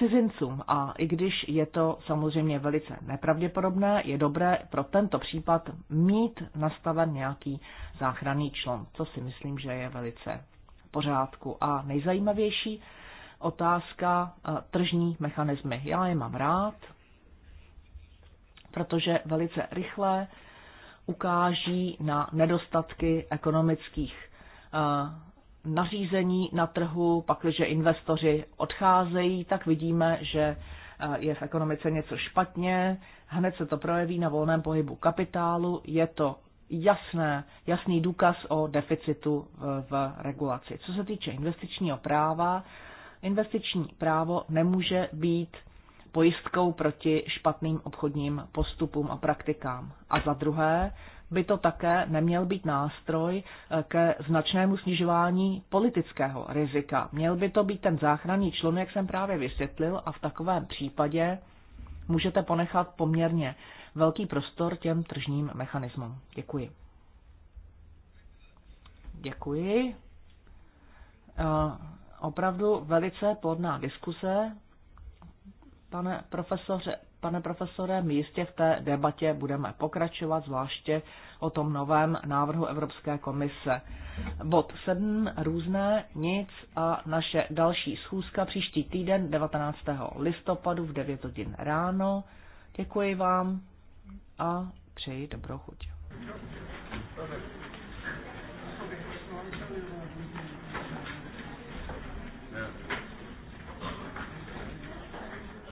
cizincům. A i když je to samozřejmě velice nepravděpodobné, je dobré pro tento případ mít nastaven nějaký záchranný člon, co si myslím, že je velice v pořádku. A nejzajímavější otázka e, tržní mechanismy. Já je mám rád, protože velice rychle ukáží na nedostatky ekonomických e, nařízení na trhu, pakliže investoři odcházejí, tak vidíme, že eh, je v ekonomice něco špatně, hned se to projeví na volném pohybu kapitálu, je to jasné, jasný důkaz o deficitu v, eh, v regulaci. Co se týče investičního práva, investiční právo nemůže být pojistkou proti špatným obchodním postupům a praktikám. A za druhé, by to také neměl být nástroj eh, ke značnému snižování politického rizika. Měl by to být ten záchranný člun, jak jsem právě vysvětlil, a v takovém případě můžete ponechat poměrně velký prostor těm tržním mechanismům. Děkuji. Děkuji. Eh, opravdu velice plodná diskuse. Pane profesore, pane profesore. My jistě v té debatě budeme pokračovat, zvláště o tom novém návrhu Evropské komise. Bod 7, různé, nic a naše další schůzka příští týden 19. listopadu v 9 hodin ráno. Děkuji vám a přeji dobrou chuť.